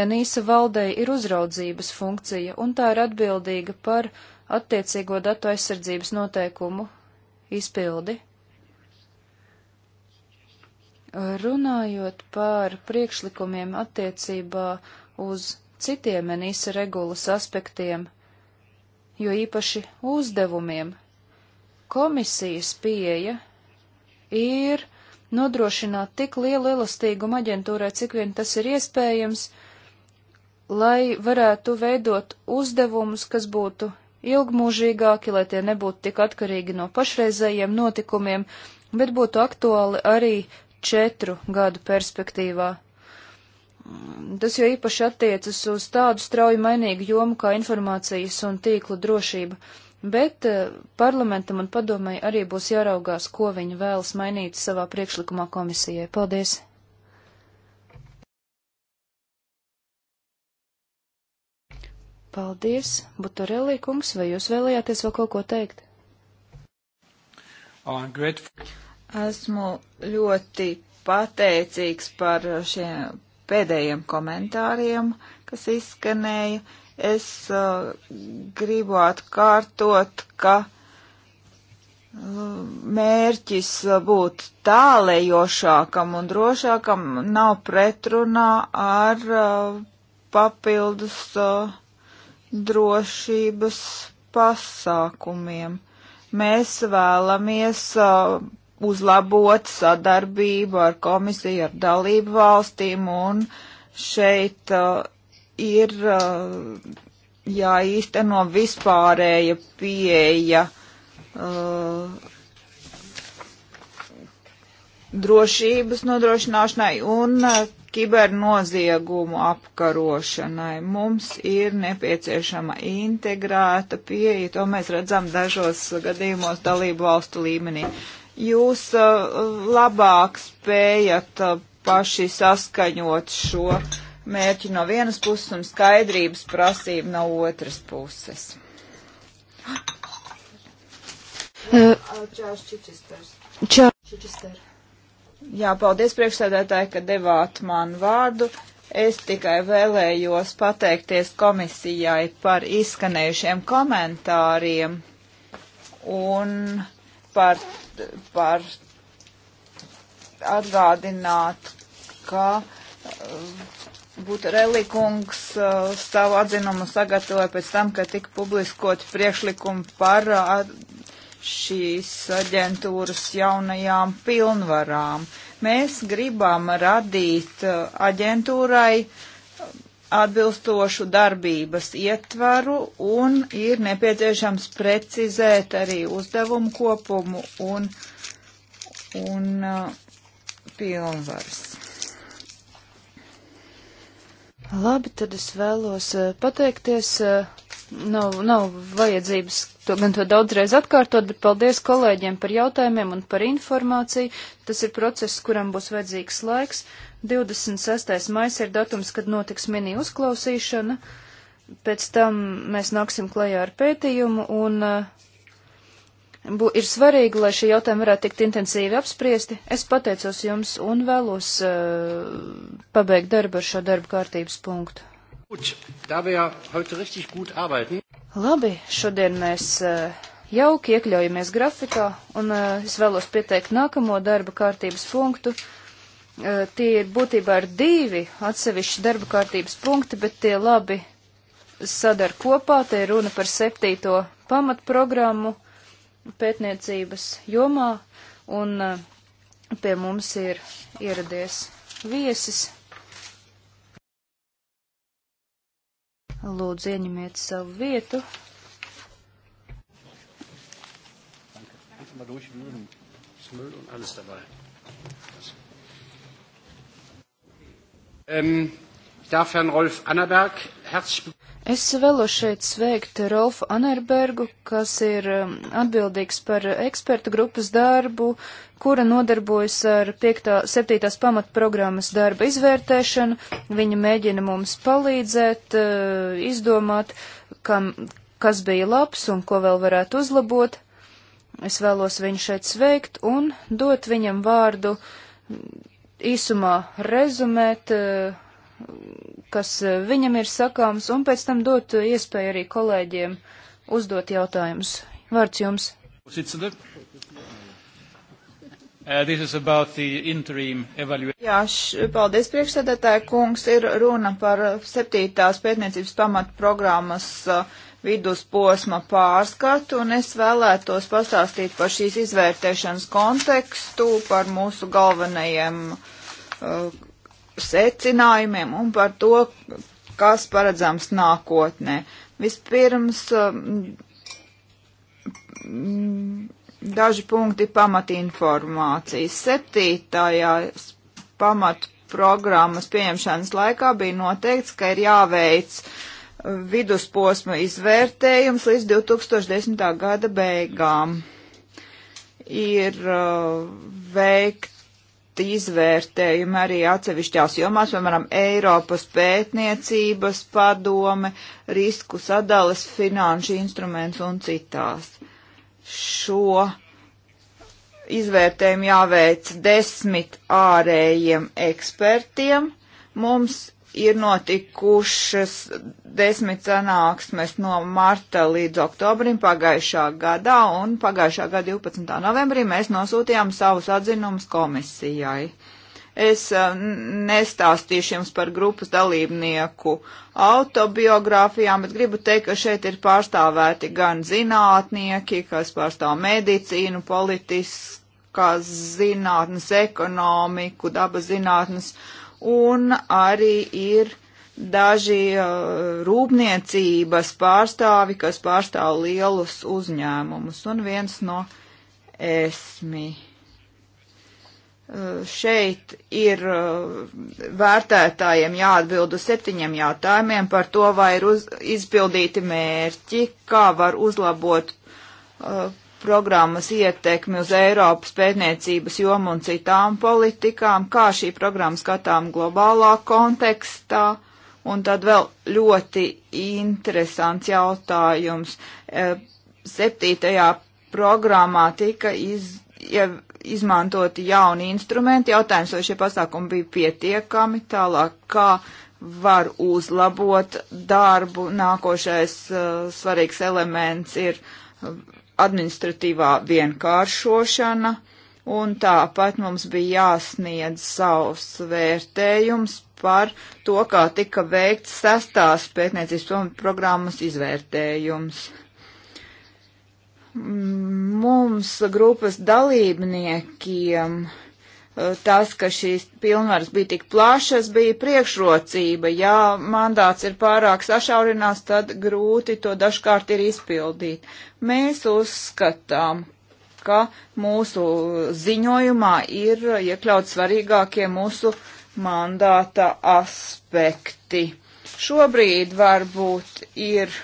Enīsa valdei ir uzraudzības funkcija, un tā ir atbildīga par attiecīgo datu aizsardzības noteikumu izpildi. Runājot par priekšlikumiem attiecībā uz citiem Enīsa regulas aspektiem, jo īpaši uzdevumiem, komisijas pieeja ir nodrošināt tik lielu elastīgumu aģentūrai, cik vien tas ir iespējams, lai varētu veidot uzdevumus, kas būtu ilgmūžīgāki, lai tie nebūtu tik atkarīgi no pašreizējiem notikumiem, bet būtu aktuāli arī četru gadu perspektīvā. Tas jau īpaši attiecas uz tādu strauju mainīgu jomu kā informācijas un tīklu drošība, bet eh, parlamentam un padomai arī būs jāraugās, ko viņi vēlas mainīt savā priekšlikumā komisijai. Paldies! Paldies, Butorelī kungs, vai jūs vēlējāties vēl kaut ko teikt? Oh, Esmu ļoti pateicīgs par šiem pēdējiem komentāriem, kas izskanēja. Es uh, gribu atkārtot, ka uh, mērķis uh, būt tālējošākam un drošākam nav pretrunā ar uh, papildus uh, drošības pasākumiem. Mēs vēlamies uh, uzlabot sadarbību ar komisiju, ar dalību valstīm, un šeit uh, ir uh, jāīsteno vispārēja pieeja uh, drošības nodrošināšanai un uh, kibernoziegumu apkarošanai. Mums ir nepieciešama integrēta pieeja, to mēs redzam dažos gadījumos dalību valstu līmenī. Jūs uh, labāk spējat uh, paši saskaņot šo mērķi no vienas puses un skaidrības prasību no otras puses. Uh, Čārlis Čičisters. Čārlis Čičisters. Jā, paldies priekšsēdētāji, ka devāt man vārdu. Es tikai vēlējos pateikties komisijai par izskanējušiem komentāriem un par, par atgādināt, ka uh, Butarelli kungs uh, savu atzinumu sagatavoja pēc tam, kad tika publiskoti priekšlikumi par uh, šīs aģentūras jaunajām pilnvarām. Mēs gribam radīt uh, aģentūrai uh, atbilstošu darbības ietvaru un ir nepieciešams precizēt arī uzdevumu kopumu un, un uh, pilnvaras. Labi, tad es vēlos pateikties. Nav, nav vajadzības to, gan to daudzreiz atkārtot, bet paldies kolēģiem par jautājumiem un par informāciju. Tas ir process, kuram būs vajadzīgs laiks. 26. maisa ir datums, kad notiks mini uzklausīšana. Pēc tam mēs nāksim klajā ar pētījumu un eh, bū, ir svarīgi, lai šie jautājumi varētu tikt intensīvi apspriesti. Es pateicos jums un vēlos uh, pabeigt darbu ar šo darbu kārtības punktu. Gut, da wir heute richtig gut arbeiten. Labi, šodien mēs eh, jauki iekļaujamies grafikā, un eh, es vēlos pieteikt nākamo darba kārtības punktu. Eh, tie ir būtībā ir divi atsevišķi darba kārtības punkti, bet tie labi sadar kopā. Te ir runa par septīto pamatprogrammu pētniecības jomā, un pie mums ir ieradies viesis Lūdzu, ieņemiet savu vietu. Ähm, ich darf Herrn Rolf Annerberg Es vēlos šeit sveikt Rolfu Anerbergu, kas ir um, atbildīgs par ekspertu grupas darbu, kura nodarbojas ar 7. pamatprogrammas darba izvērtēšanu. Viņa mēģina mums palīdzēt, uh, izdomāt, kam, kas bija labs un ko vēl varētu uzlabot. Es vēlos viņu šeit sveikt un dot viņam vārdu mm, īsumā rezumēt uh, kas e, viņam ir sakāms, un pēc tam dot iespēju arī kolēģiem uzdot jautājumus. Vārds jums. Eh, Jā, š, paldies priekšsēdētāji kungs, ir runa par eh, septītās pētniecības pamatprogrammas eh, vidusposma pārskatu, un es vēlētos pastāstīt par šīs izvērtēšanas kontekstu, par mūsu galvenajiem uh, secinājumiem un par to, kas paredzams nākotnē. Vispirms um, mm, daži punkti pamatinformācijas. Septītajā pamat programmas pieņemšanas laikā bija noteikts, ka ir jāveic uh, vidusposma izvērtējums līdz 2010. gada beigām. Ir uh, veikt izvērtējumi arī atsevišķās jomās, piemēram, Eiropas pētniecības padome, risku sadales, finanšu instruments un citās. Šo izvērtējumu jāveic desmit ārējiem ekspertiem. Mums ir notikušas desmit sanāksmes no marta līdz oktobrim pagājušā gadā, un pagājušā gada 12. novembrī mēs nosūtījām savus atzinumus komisijai. Es eh, nestāstīšu jums par grupas dalībnieku autobiogrāfijām, bet gribu teikt, ka šeit ir pārstāvēti gan zinātnieki, kas pārstāv medicīnu, politiskās zinātnes, ekonomiku, dabas zinātnes un arī ir daži uh, rūpniecības pārstāvi, kas pārstāv lielus uzņēmumus, un viens no esmi. Uh, šeit ir uh, vērtētājiem jāatbild uz septiņiem jautājumiem par to, vai ir uz, izpildīti mērķi, kā var uzlabot uh, programmas ietekmi uz Eiropas pētniecības jomu un citām politikām, kā šī programma skatām globālā kontekstā. Un tad vēl ļoti interesants jautājums. E, septītajā programmā tika iz, ja, izmantoti jauni instrumenti. Jautājums, vai šie pasākumi bija pietiekami tālāk, kā var uzlabot darbu. Nākošais uh, svarīgs elements ir uh, administratīvā vienkāršošana, un tāpat mums bija jāsniedz savs vērtējums par to, kā tika veikts sestās pētniecības programmas izvērtējums. Mums grupas dalībniekiem uh, tas, ka šīs pilnvaras bija tik plašas, bija priekšrocība. Ja mandāts ir pārāk sašaurinās, tad grūti to dažkārt ir izpildīt. Mēs uzskatām, ka mūsu ziņojumā ir iekļaut svarīgākie mūsu mandāta aspekti. Šobrīd varbūt ir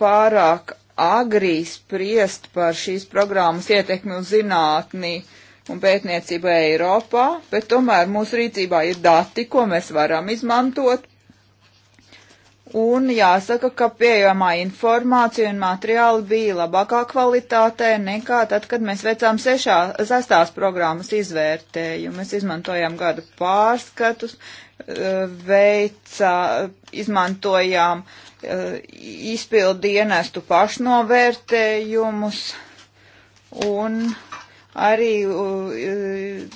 pārāk agrī spriest par šīs programmas ietekmi uz zinātnī. Uh, un pētniecību Eiropā, bet tomēr mūsu rīcībā ir dati, ko mēs varam izmantot. Un jāsaka, ka pieejamā informācija un materiāli bija labākā kvalitātē nekā tad, kad mēs veicām sešā, sestās programmas izvērtējumu. Mēs izmantojām gadu pārskatus, e, veicā, izmantojām e, izpildu dienestu pašnovērtējumus un Arī uh,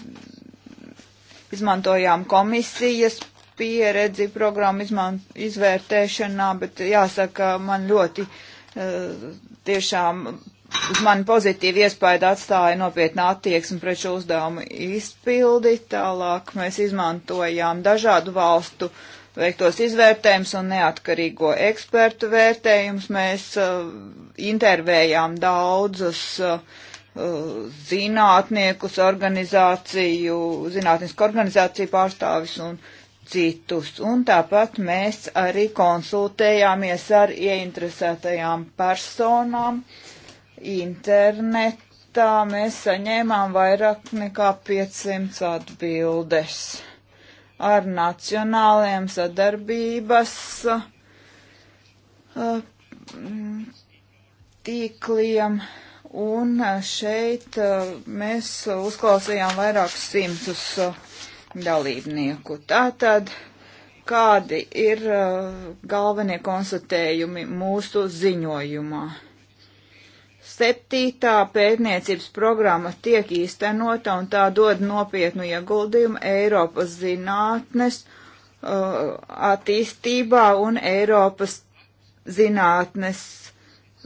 izmantojām komisijas pieredzi programmu izman, izvērtēšanā, bet jāsaka, man ļoti uh, tiešām uz mani pozitīvi iespēju atstāja nopietna attieksme pret šo uzdevumu izpildi. Tālāk mēs izmantojām dažādu valstu veiktos izvērtējumus un neatkarīgo ekspertu vērtējumus. Mēs uh, intervējām daudzus uh, zinātniekus, organizāciju, zinātnisku organizāciju pārstāvis un citus. Un tāpat mēs arī konsultējāmies ar ieinteresētajām personām internetā. Mēs saņēmām vairāk nekā 500 atbildes ar nacionāliem sadarbības uh, tīkliem. Uh, Un šeit mēs uzklausījām vairākus simtus dalībnieku. Tātad, kādi ir galvenie konstatējumi mūsu ziņojumā? Septītā pētniecības programma tiek īstenota un tā dod nopietnu ieguldījumu Eiropas zinātnes uh, attīstībā un Eiropas zinātnes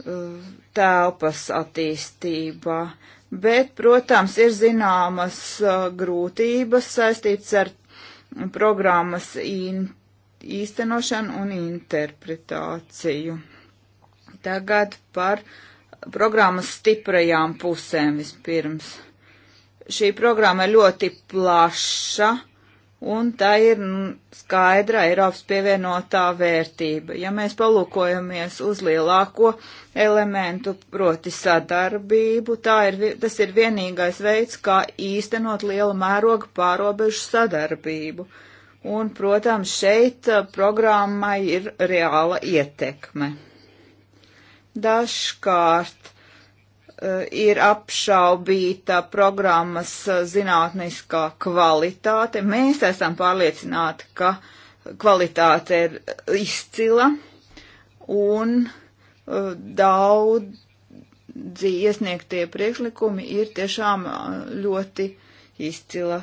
uh, telpas attīstībā. Bet, protams, ir zināmas uh, grūtības saistīts ar programmas īstenošanu un interpretāciju. Tagad par programmas stiprajām pusēm vispirms. Šī programma ir ļoti plaša un tā ir skaidra Eiropas pievienotā vērtība. Ja mēs palūkojamies uz lielāko elementu, proti sadarbību, ir, tas ir vienīgais veids, kā īstenot liela mēroga pārobežu sadarbību. Un, protams, šeit uh, programmai ir reāla ietekme. Dažkārt Eh, ir apšaubīta programmas eh, zinātniskā kvalitāte. Mēs esam pārliecināti, ka kvalitāte ir eh, izcila un daudzi iesniegtie priekšlikumi ir tiešām ļoti izcila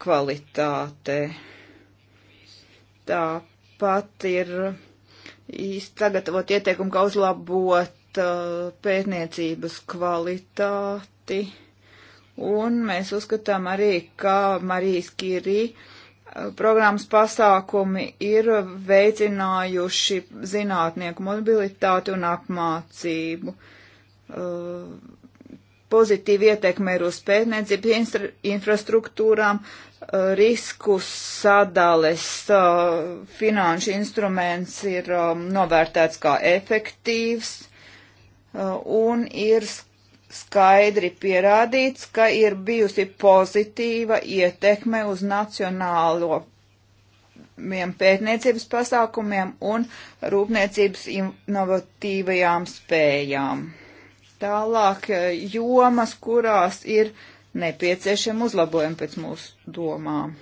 kvalitāte. Tāpat ir sagatavot ieteikumu, kā uzlabot Uh, pētniecības kvalitāti. Un mēs uzskatām arī, ka Marijas Kirī uh, programmas pasākumi ir veicinājuši zinātnieku mobilitāti un apmācību. Uh, pozitīvi ietekme ir uz pētniecības infrastruktūrām, risku sadales finanšu instruments ir um, novērtēts kā efektīvs Uh, un ir skaidri pierādīts, ka ir bijusi pozitīva ietekme uz nacionālo pētniecības pasākumiem un rūpniecības inovatīvajām spējām. Tālāk uh, jomas, kurās ir nepieciešama uzlabojuma pēc mūsu domām.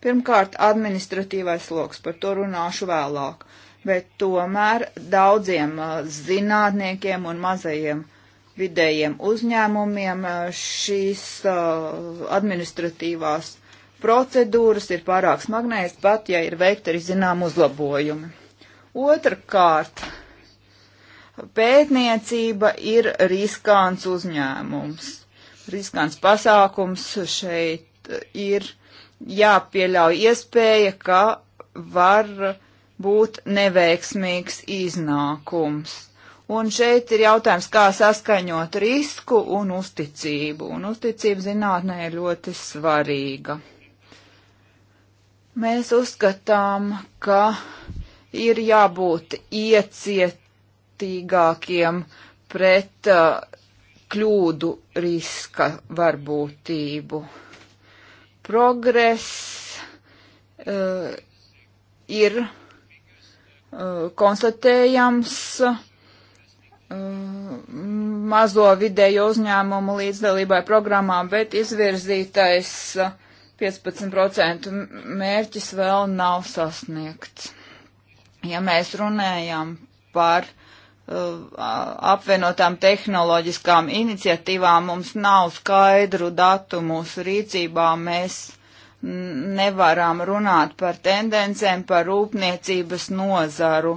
Pirmkārt, administratīvais sloks, par to runāšu vēlāk. Uh, bet tomēr daudziem uh, zinātniekiem un mazajiem vidējiem uzņēmumiem uh, šīs uh, administratīvās procedūras ir pārāk smagnējas, pat ja ir veikti arī zinām uzlabojumi. Otrakārt, pētniecība ir riskants uzņēmums. Riskants pasākums šeit ir jāpieļauj iespēja, ka var uh, būt neveiksmīgs iznākums. Un šeit ir jautājums, kā saskaņot risku un uzticību. Un uzticība zinātnē ir ļoti svarīga. Mēs uzskatām, ka ir jābūt iecietīgākiem pret uh, kļūdu riska varbūtību. Progress uh, ir konstatējams uh, mazo vidējo uzņēmumu līdzdalībai programmām, bet izvirzītais 15% uh, mērķis vēl nav sasniegts. Ja mēs runājam par uh, apvienotām tehnoloģiskām iniciatīvām, mums nav skaidru datu mūsu rīcībā, mēs nevaram runāt par tendencēm par rūpniecības nozaru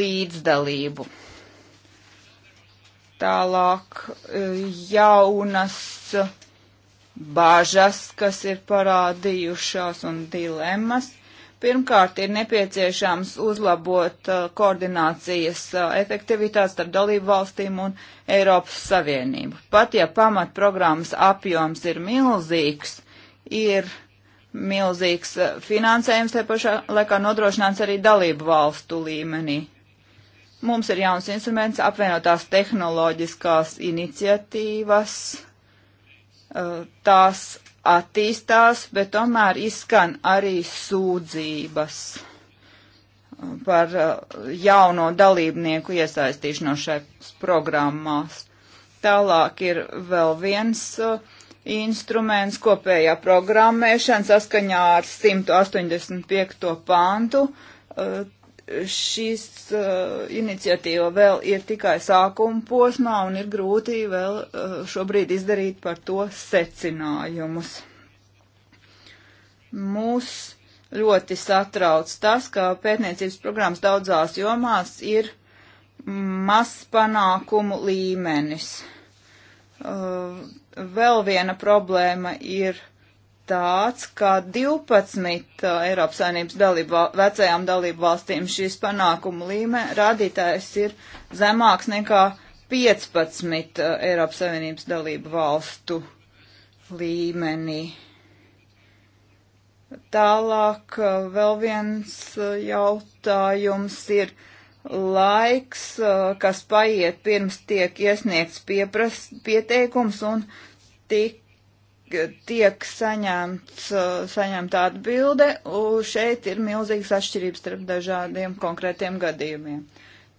līdzdalību. Tālāk e, jaunas bažas, kas ir parādījušās un dilemmas. Pirmkārt, ir nepieciešams uzlabot e, koordinācijas e, efektivitātes starp dalību valstīm un Eiropas Savienību. Pat ja pamatprogrammas apjoms ir milzīgs, ir uh, milzīgs eh, finansējums, te pašā laikā nodrošināts arī dalību valstu līmenī. Mums ir jauns instruments apvienotās tehnoloģiskās iniciatīvas, eh, tās attīstās, bet tomēr izskan arī sūdzības eh, par jauno dalībnieku iesaistīšanos šajās programmās. Tālāk ir vēl viens uh, instruments kopējā programmēšana saskaņā ar 185. pantu. Eh, Šīs eh, iniciatīva vēl ir tikai sākuma posmā un ir grūti vēl eh, šobrīd izdarīt par to secinājumus. Mūs ļoti satrauc tas, ka pētniecības programmas daudzās jomās ir mazs panākumu līmenis. Uh, vēl viena problēma ir tāds, ka 12 uh, Eiropas Savienības dalību, vecajām dalību valstīm šīs panākumu līme rādītājs ir zemāks nekā 15 uh, Eiropas Savienības dalību valstu līmenī. Tālāk uh, vēl viens jautājums ir laiks, uh, kas paiet pirms tiek iesniegts piepras, pieteikums un tik, tiek saņemts, uh, saņemta atbilde, un šeit ir milzīgas atšķirības starp dažādiem konkrētiem gadījumiem.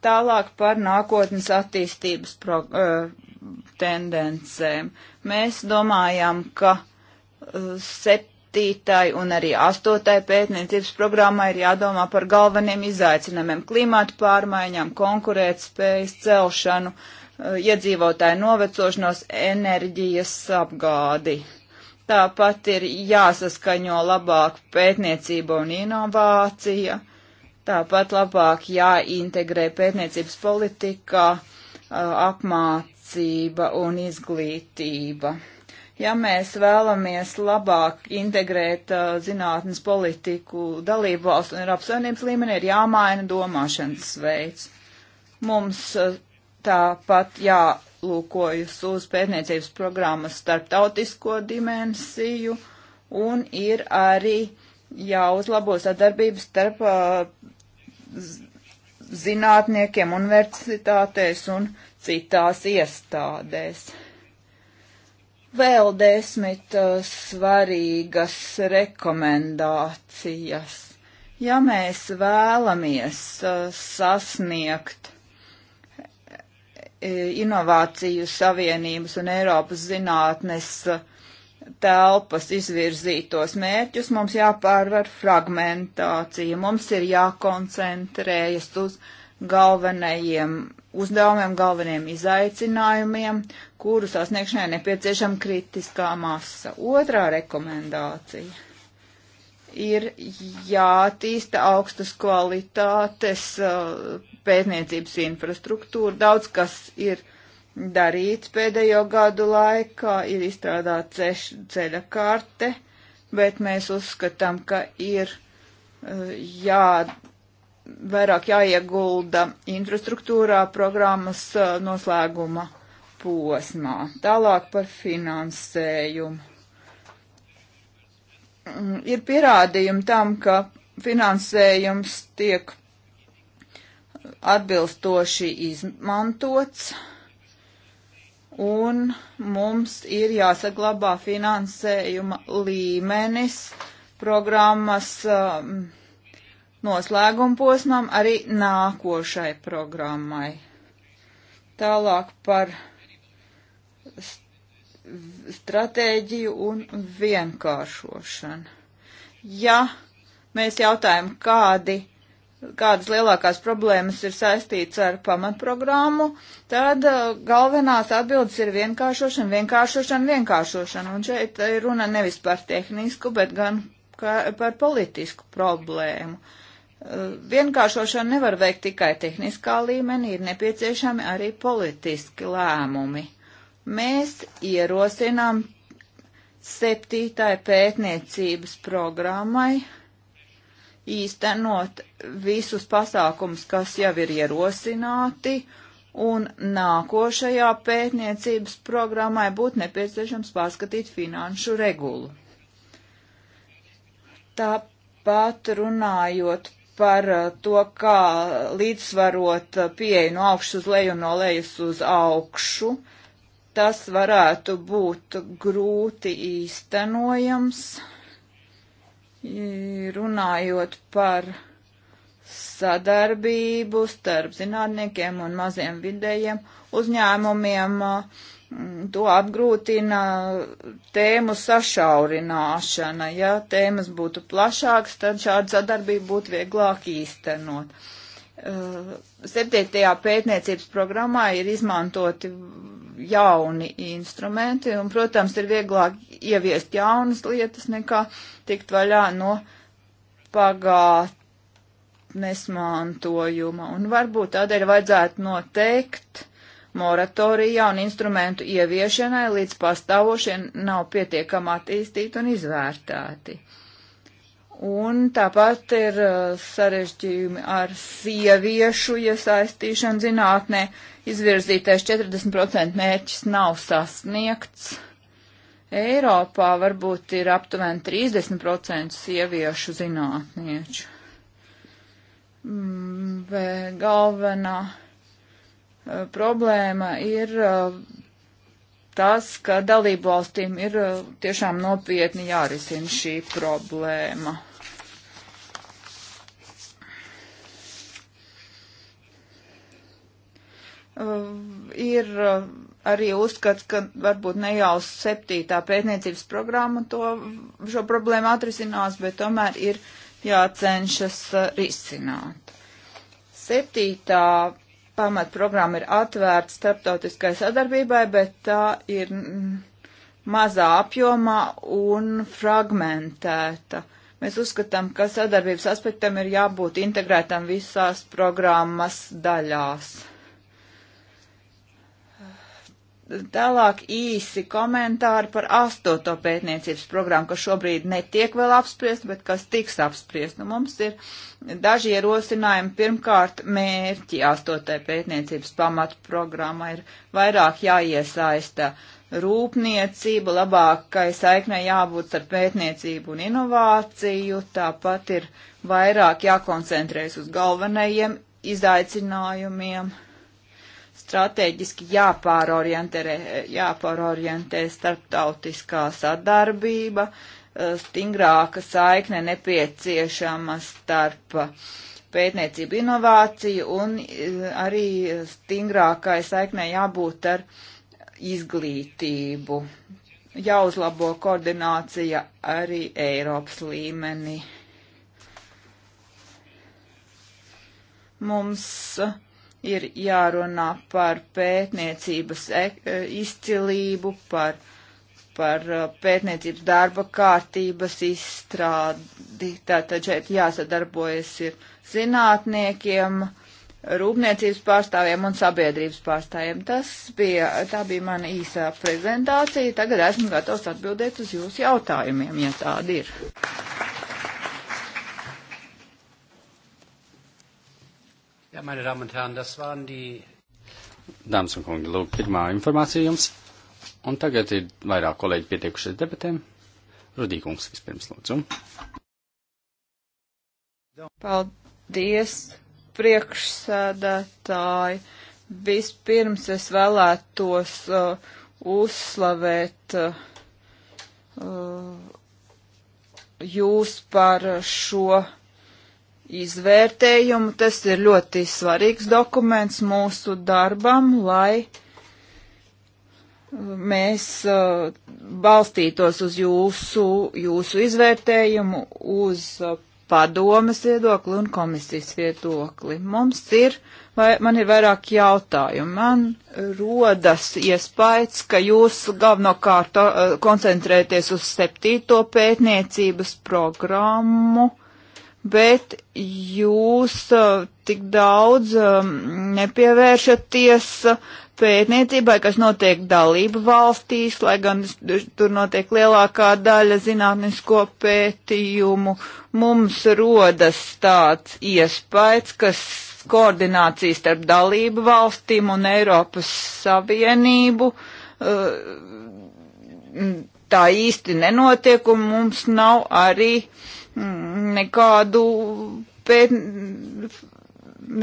Tālāk par nākotnes attīstības pro, uh, tendencēm. Mēs domājam, ka uh, sep, septītai un arī astotai pētniecības programmai ir jādomā par galveniem izaicinājumiem - klimatu pārmaiņām, konkurētspējas celšanu, eh, iedzīvotāju novecošanos, enerģijas apgādi. Tāpat ir jāsaskaņo labāk pētniecība un inovācija, tāpat labāk jāintegrē pētniecības politikā eh, apmācība un izglītība Ja mēs vēlamies labāk integrēt uh, zinātnes politiku dalību valstu un Eiropas Savienības līmenī, ir jāmaina domāšanas veids. Mums uh, tāpat jālūkojas uz pētniecības programmas starptautisko dimensiju un ir arī jāuzlabo sadarbības starp uh, zinātniekiem universitātēs un citās iestādēs vēl desmit uh, svarīgas rekomendācijas. Ja mēs vēlamies uh, sasniegt uh, inovāciju savienības un Eiropas zinātnes uh, telpas izvirzītos mērķus, mums jāpārvar fragmentācija, mums ir jākoncentrējas uz galvenajiem uzdevumiem, galveniem izaicinājumiem, kuru sasniegšanai nepieciešama kritiskā masa. Otrā rekomendācija ir jātīsta augstas kvalitātes uh, pētniecības infrastruktūra. Daudz kas ir darīts pēdējo gadu laikā, ir izstrādāta ceš, ceļa karte, bet mēs uzskatām, ka ir uh, jā vairāk jāiegulda infrastruktūrā programmas eh, noslēguma posmā. Tālāk par finansējumu. Mm, ir pierādījumi tam, ka finansējums tiek atbilstoši izmantots, un mums ir jāsaglabā finansējuma līmenis programmas uh, um, noslēguma posmam, arī nākošai programmai. Tālāk par stratēģiju un vienkāršošanu. Ja mēs jautājam, kādi, kādas lielākās problēmas ir saistīts ar pamatprogrammu, tad uh, galvenās atbildes ir vienkāršošana, vienkāršošana, vienkāršošana. Un šeit ir runa nevis par tehnisku, bet gan par politisku problēmu. Uh, Vienkāršošanu nevar veikt tikai tehniskā līmenī, ir nepieciešami arī politiski lēmumi. Mēs ierosinām septītai pētniecības programmai īstenot visus pasākums, kas jau ir ierosināti, un nākošajā pētniecības programmai būtu nepieciešams pārskatīt finanšu regulu. Tāpat runājot par eh, to, kā līdzsvarot eh, pieeju no augšas uz leju un no lejas uz augšu. Tas varētu būt grūti īstenojams, runājot par sadarbību starp zinātniekiem un maziem vidējiem uzņēmumiem. Uh, To apgrūtina tēmu sašaurināšana. Ja tēmas būtu plašākas, tad šāda sadarbība būtu vieglāk īstenot. Eh, septītajā pētniecības programmā ir izmantoti jauni instrumenti, un, protams, ir vieglāk ieviest jaunas lietas nekā tikt vaļā no pagātnes mantojuma. Un varbūt tādēļ vajadzētu noteikt, moratorijā un instrumentu ieviešanai līdz pastāvošie nav pietiekami attīstīti un izvērtēti. Un tāpat ir uh, sarežģījumi ar sieviešu iesaistīšanu ja zinātnē. Izvirzītais 40% mērķis nav sasniegts. Eiropā varbūt ir aptuveni 30% sieviešu zinātnieču. Bet mm, galvenā Eh, problēma ir eh, tas, ka dalību valstīm ir eh, tiešām nopietni jārisina šī problēma. Ir arī uzskats, ka varbūt ne jau septītā pētniecības programma to, šo problēmu atrisinās, bet tomēr ir jācenšas risināt. Septītā pamatprogramma ir atvērta starptautiskai sadarbībai, bet tā ir mm, mazā apjomā un fragmentēta. Mēs uzskatām, ka sadarbības aspektam ir jābūt integrētam visās programmas daļās. Tālāk īsi komentāri par astoto pētniecības programmu, kas šobrīd netiek vēl apspriest, bet kas tiks apspriest. Nu, mums ir daži ierosinājumi. Pirmkārt, mērķi astotai pētniecības pamatu programma ir vairāk jāiesaista rūpniecība, labākai saiknē jābūt ar pētniecību un inovāciju, tāpat ir vairāk jākoncentrējas uz galvenajiem izaicinājumiem strateģiski jāpārorientē, jāpārorientē starptautiskā sadarbība, eh, stingrāka saikne nepieciešama starp pētniecību inovāciju un eh, arī stingrākai saiknē jābūt ar izglītību. Jāuzlabo koordinācija arī Eiropas līmenī. Mums uh, ir jārunā par pētniecības e, e, izcilību, par, par e, pētniecības darba kārtības izstrādi. Tātad šeit jāsadarbojas ir zinātniekiem, rūpniecības pārstāvjiem un sabiedrības pārstāvjiem. Tas bija, tā bija mana īsā prezentācija. Tagad esmu gatavs atbildēt uz jūsu jautājumiem, ja tādi ir. Ja, meine Damen und Herren, das waren die. Dāmas un kungi, lūk, pirmā informācija jums. Un tagad ir vairāk kolēģi pieteikušies debatēm. Rudīkungs vispirms lūdzu. Paldies, priekšsēdētāji. Vispirms es vēlētos uh, uzslavēt uh, uh jūs par šo izvērtējumu. Tas ir ļoti svarīgs dokuments mūsu darbam, lai uh, mēs uh, balstītos uz jūsu, jūsu izvērtējumu, uz uh, padomas viedokli un komisijas viedokli. Mums ir, vai, man ir vairāk jautājumu. Man rodas iespējas, ka jūs galvenokārt uh, koncentrēties uz septīto pētniecības programmu bet jūs uh, tik daudz um, nepievēršaties uh, pētniecībai, kas notiek dalību valstīs, lai gan tur notiek lielākā daļa zinātnisko pētījumu. Mums rodas tāds iespējas, kas koordinācijas starp dalību valstīm un Eiropas Savienību uh, tā īsti nenotiek, un mums nav arī uh, nekādu pēt,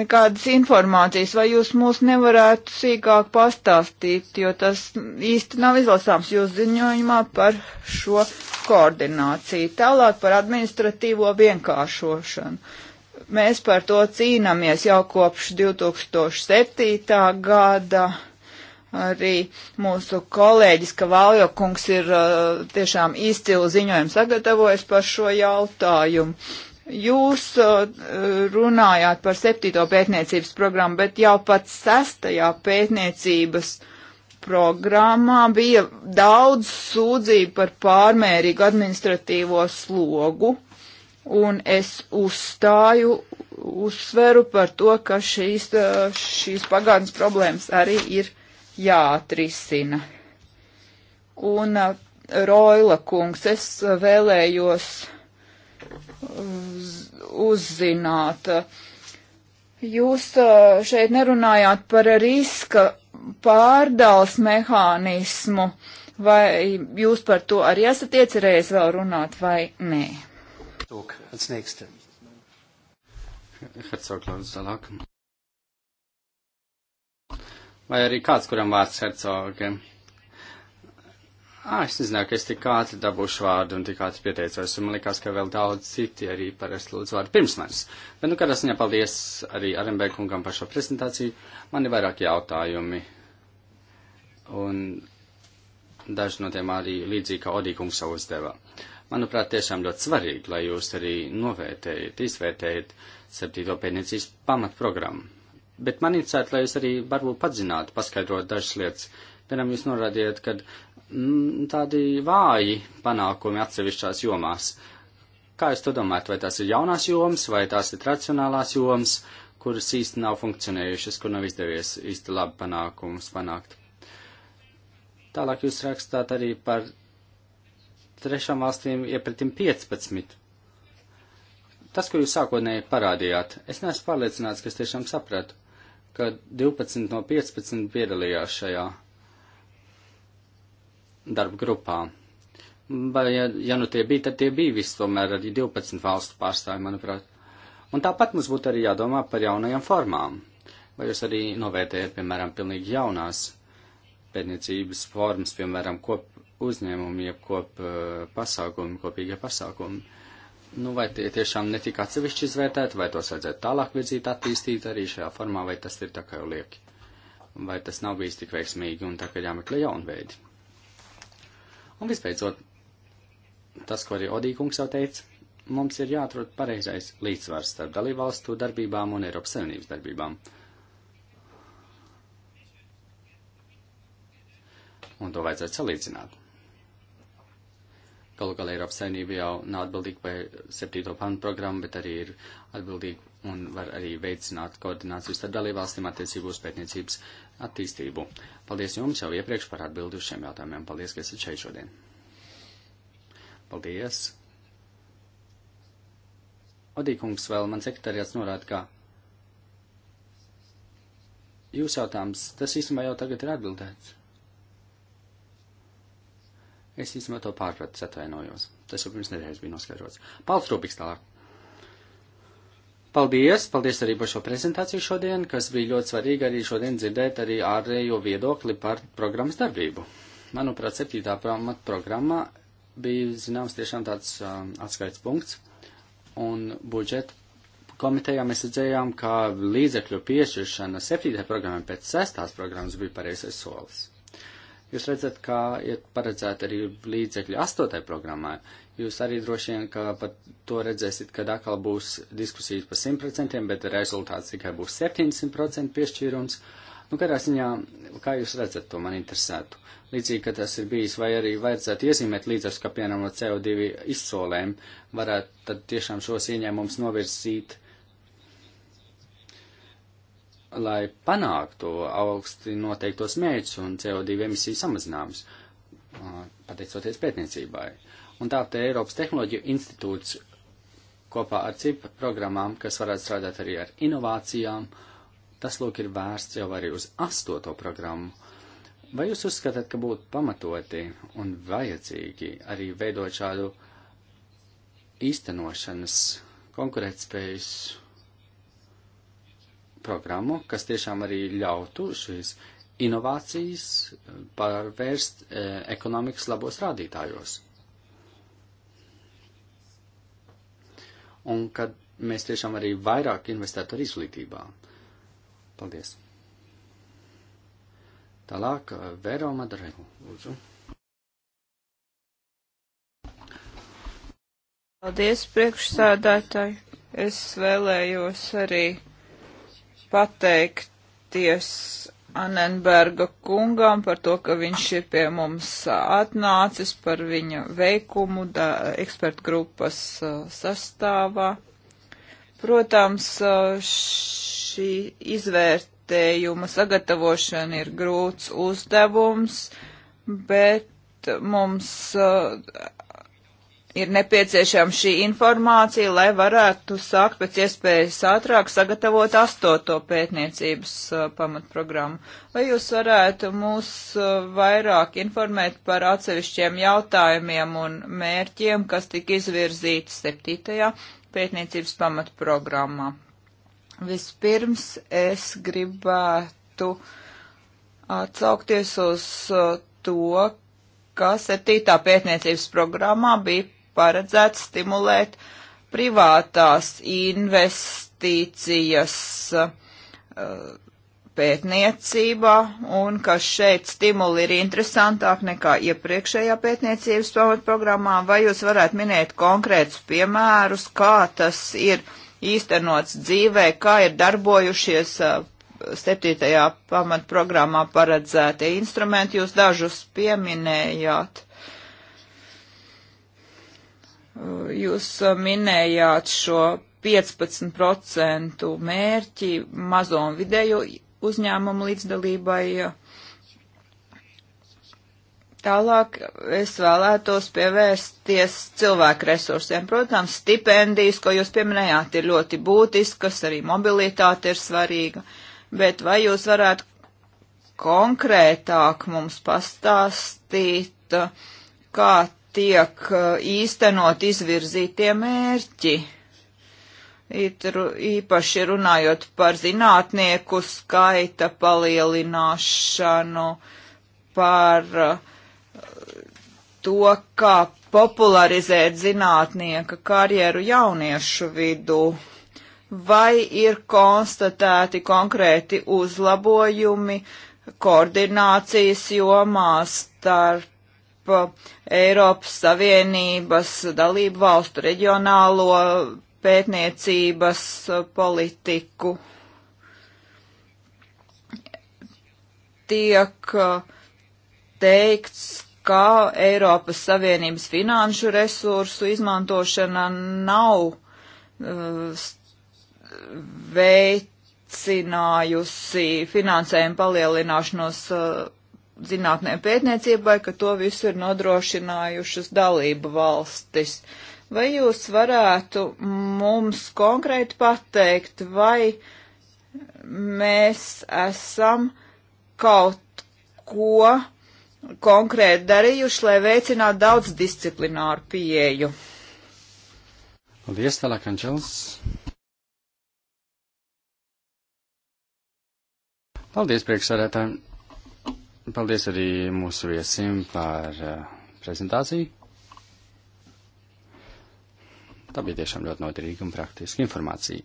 nekādas informācijas, vai jūs mūs nevarētu sīkāk pastāstīt, jo tas īsti nav izlasāms jūs ziņojumā par šo koordināciju. Tālāk par administratīvo vienkāršošanu. Mēs par to cīnāmies jau kopš 2007. gada arī mūsu kolēģis Kavaljo kungs ir uh, tiešām izcilu ziņojumu sagatavojis par šo jautājumu. Jūs uh, runājāt par septīto pētniecības programmu, bet jau pat sestajā pētniecības programmā bija daudz sūdzību par pārmērīgu administratīvo slogu, un es uzstāju uzsveru par to, ka šīs, uh, šīs pagātnes problēmas arī ir jāatrisina. Un uh, Roila kungs, es uh, vēlējos uz, uzzināt, uh, jūs šeit nerunājāt par riska pārdals mehānismu, vai jūs par to arī esat iecerējis vēl runāt vai nē? Lūk, atsniegst. Hercoglons tālāk. Vai arī kāds, kuram vārds hercogi? Ā, es nezināju, ka es tik ātri dabūšu vārdu un tik ātri pieteicos, un man likās, ka vēl daudz citi arī parasti lūdzu vārdu pirms manis. Bet, nu, kādā ziņā paldies arī RMB kungam par šo prezentāciju. Man ir vairāki jautājumi, un daži no tiem arī līdzīgi, kā Odīkungs savu uzdevā. Manuprāt, tiešām ļoti svarīgi, lai jūs arī novērtējat, izvērtējat septīto pēdniecības pamatprogrammu Bet man interesētu, lai jūs arī varbūt padzinātu, paskaidrot dažas lietas. Piemēram, jūs norādījat, ka mm, tādi vāji panākumi atsevišķās jomās. Kā jūs to domājat, vai tās ir jaunās jomas, vai tās ir tradicionālās jomas, kuras īsti nav funkcionējušas, kur nav izdevies īsti labi panākumus panākt? Tālāk jūs rakstāt arī par trešām valstīm iepratim 15. Tas, ko jūs sākotnēji parādījāt, es neesmu pārliecināts, ka es tiešām sapratu ka 12 no 15 piedalījās šajā darba grupā. Vai, ja, ja nu tie bija, tad tie bija visi tomēr arī 12 valstu pārstāvi, manuprāt. Un tāpat mums būtu arī jādomā par jaunajām formām. Vai jūs arī novērtējat, piemēram, pilnīgi jaunās pētniecības formas, piemēram, kop uzņēmumi, jeb kop uh, pasākumi, kopīgie pasākumi? Uh, nu, vai tie tiešām netika atsevišķi izvērtēti, vai tos vajadzētu tālāk virzīt, attīstīt arī šajā formā, vai tas ir tā kā jau lieki, vai tas nav bijis tik veiksmīgi un tā kā jāmeklē jauni veidi. Un vispēcot, tas, ko arī Odīkungs jau teica, mums ir jāatrod pareizais līdzsvars starp dalībvalstu darbībām un Eiropas Savienības darbībām. Un to vajadzētu salīdzināt. Galu galā Eiropas saimnība jau nav atbildīga par septīto pantu programmu, bet arī ir atbildīga un var arī veicināt koordināciju starp dalībvalstīm attiecību uz pētniecības attīstību. Paldies jums jau iepriekš par atbildi uz šiem jautājumiem. Paldies, ka esat šeit šodien. Paldies. Odīkungs vēl man sekretariāts norāda, ka Jūs jautājums, tas īstenībā jau tagad ir atbildēts. Es īstenībā to pārpratu, atvainojos. Tas jau pirms nedēļas bija noskaidrots. Paldies, Rubiks, tālāk. Paldies, paldies arī par šo prezentāciju šodien, kas bija ļoti svarīgi arī šodien dzirdēt arī ārējo viedokli par programmas darbību. Manuprāt, septītā pamata programma bija, zināms, tiešām tāds um, atskaits punkts. Un budžeta komitejā mēs redzējām, ka līdzekļu piešķiršana septītajai programmai pēc sestās programmas bija pareizais solis. Jūs redzat, kā ir paredzēta arī līdzekļi astotai programmai. Jūs arī droši vien, ka par to redzēsiet, kad atkal būs diskusijas par 100%, bet rezultāts tikai būs 700% piešķīrums. Nu, kādā ziņā, kā jūs redzat, to man interesētu. Līdzīgi, ka tas ir bijis, vai arī vajadzētu iezīmēt līdzekļus, ka piemēram no CO2 izsolēm varētu tad tiešām šos ieņēmumus novirzīt uh, lai panāktu augsti noteiktos mērķus un CO2 emisiju samazinājumus, pateicoties pētniecībai. Un tāpēc Eiropas Tehnoloģiju institūts kopā ar CIP programmām, kas varētu strādāt arī ar inovācijām, tas lūk ir vērsts jau arī uz astoto programmu. Vai jūs uzskatāt, ka būtu pamatoti un vajadzīgi arī veidot šādu īstenošanas konkurētspējas programmu, kas tiešām arī ļautu šīs inovācijas eh, pārvērst e, ekonomikas labos rādītājos. Un kad mēs tiešām arī vairāk investētu ar izglītībā. Paldies. Tālāk, eh, Vēro Madarēlu, lūdzu. Paldies, priekšsādātāji. Es vēlējos arī pateikties Annenberga kungam par to, ka viņš ir pie mums atnācis par viņa veikumu da, ekspertu grupas uh, sastāvā. Protams, uh, šī izvērtējuma sagatavošana ir grūts uzdevums, bet mums uh, ir nepieciešama šī informācija, lai varētu sākt pēc iespējas ātrāk sagatavot astoto pētniecības uh, pamatprogrammu. Vai jūs varētu mūs uh, vairāk informēt par atsevišķiem jautājumiem un mērķiem, kas tika izvirzīti septītajā pētniecības pamatprogrammā? Vispirms es gribētu atsaukties uz uh, to, ka septītā pētniecības programmā bija paredzēts stimulēt privātās investīcijas uh, pētniecībā un ka šeit stimuli ir interesantāk nekā iepriekšējā pētniecības pamatprogrammā. Vai jūs varētu minēt konkrētus piemērus, kā tas ir īstenots dzīvē, kā ir darbojušies uh, septītajā pamatprogrammā paredzētie instrumenti? Jūs dažus pieminējāt. Jūs uh, minējāt šo 15% mērķi mazo un vidējo uzņēmumu līdzdalībai. Tālāk es vēlētos pievērsties cilvēku resursiem. Protams, stipendijas, ko jūs pieminējāt, ir ļoti būtiskas, arī mobilitāte ir svarīga, bet vai jūs varētu konkrētāk mums pastāstīt, kā tiek uh, īstenot izvirzītie mērķi. Itru, īpaši runājot par zinātnieku skaita palielināšanu, par uh, to, kā popularizēt zinātnieka karjeru jauniešu vidū, vai ir konstatēti konkrēti uzlabojumi koordinācijas jomā starp starp Eiropas Savienības dalību valstu reģionālo pētniecības uh, politiku. Tiek uh, teikts, ka Eiropas Savienības finanšu resursu izmantošana nav uh, veicinājusi finansējumu palielināšanos uh, zinātnē pētniecībai, ka to visu ir nodrošinājušas dalību valstis. Vai jūs varētu mums konkrēti pateikt, vai mēs esam kaut ko konkrēti darījuši, lai veicinātu daudz disciplināru pieeju? Paldies, tālāk, Anģels. Paldies, priekšsādātāji. Paldies arī mūsu viesim par uh, prezentāciju. Tā bija tiešām ļoti noderīga un praktiska informācija,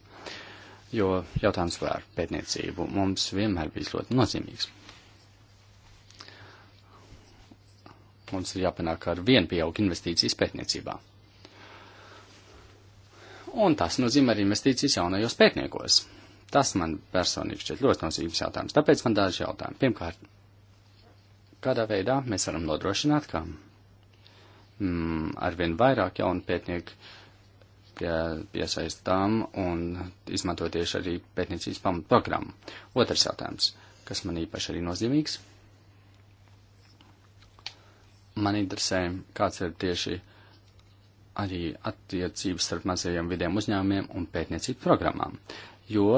jo jautājums par pētniecību mums vienmēr bijis ļoti nozīmīgs. Mums ir jāpanāk ar vienu pieaug investīcijas pētniecībā. Un tas nozīmē arī investīcijas jaunajos pētniekos. Tas man personīgi šķiet ļoti nozīmīgs jautājums. Tāpēc man daži jautājumi. Pirmkārt, kādā veidā mēs varam nodrošināt, ka mm, arvien vairāk jaunu pētnieku pie, piesaistām un izmanto tieši arī pētniecības pamatu programmu. Otrs jautājums, kas man īpaši arī nozīmīgs. Man interesē, kāds ir tieši arī attiecības starp mazajiem vidiem uzņēmumiem un pētniecības programmām, jo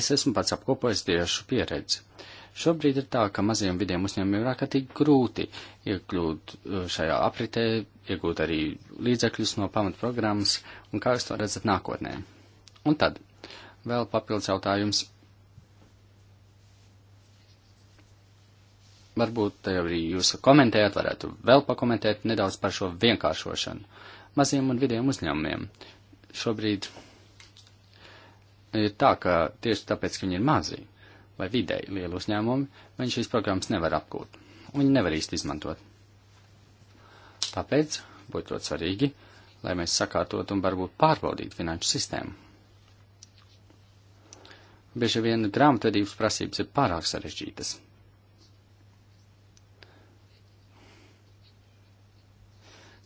es esmu pats apkopojis tiešu pieredzi. Uh, Šobrīd ir tā, ka maziem vidiem uzņēmumiem ir ārkārtīgi grūti iekļūt uh, šajā apritē, iegūt arī līdzekļus no pamatprogrammas un kā jūs to redzat nākotnē. Un tad vēl papildus jautājums. Varbūt arī jūs komentējat, varētu vēl pakomentēt nedaudz par šo vienkāršošanu. Maziem un vidiem uzņēmumiem šobrīd ir tā, ka tieši tāpēc, ka viņi ir mazi, vai vidēji lielu uzņēmumu, viņi šīs programmas nevar apgūt un viņi nevar īsti izmantot. Tāpēc būtu ļoti svarīgi, lai mēs sakārtot un varbūt pārbaudītu finanšu sistēmu. Bieži vien grāmatvedības prasības ir pārāk sarežģītas.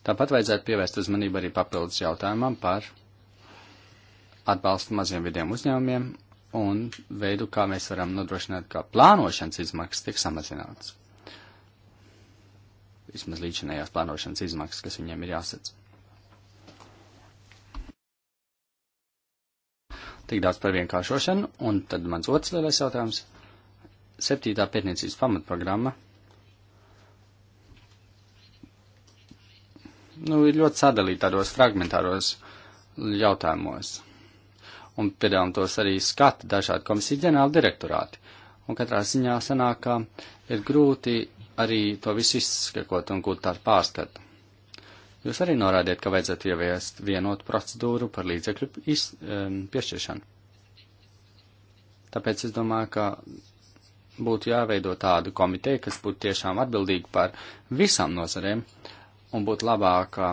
Tāpat vajadzētu pievērst uzmanību arī papildus jautājumam par atbalstu maziem vidiem uzņēmumiem un veidu, kā mēs varam nodrošināt, ka plānošanas izmaksas tiek samazinātas. Vismaz līdzinējās plānošanas izmaksas, kas viņiem ir jāsac. Tik daudz par vienkāršošanu, un tad mans otrs lielais jautājums - septītā pētniecības pamatprogramma. Nu, ir ļoti sadalīta tādos fragmentāros jautājumos un piedāvājam tos arī skata dažādi komisiju ģenerāli direktorāti. Un katrā ziņā sanāk, ka ir grūti arī to visu izskakot un gūt tādu pārskatu. Jūs arī norādiet, ka vajadzētu ieviest vienotu procedūru par līdzekļu iz, um, piešķiršanu. Tāpēc es domāju, ka būtu jāveido tādu komiteju, kas būtu tiešām atbildīga par visām nozarēm un būtu labāka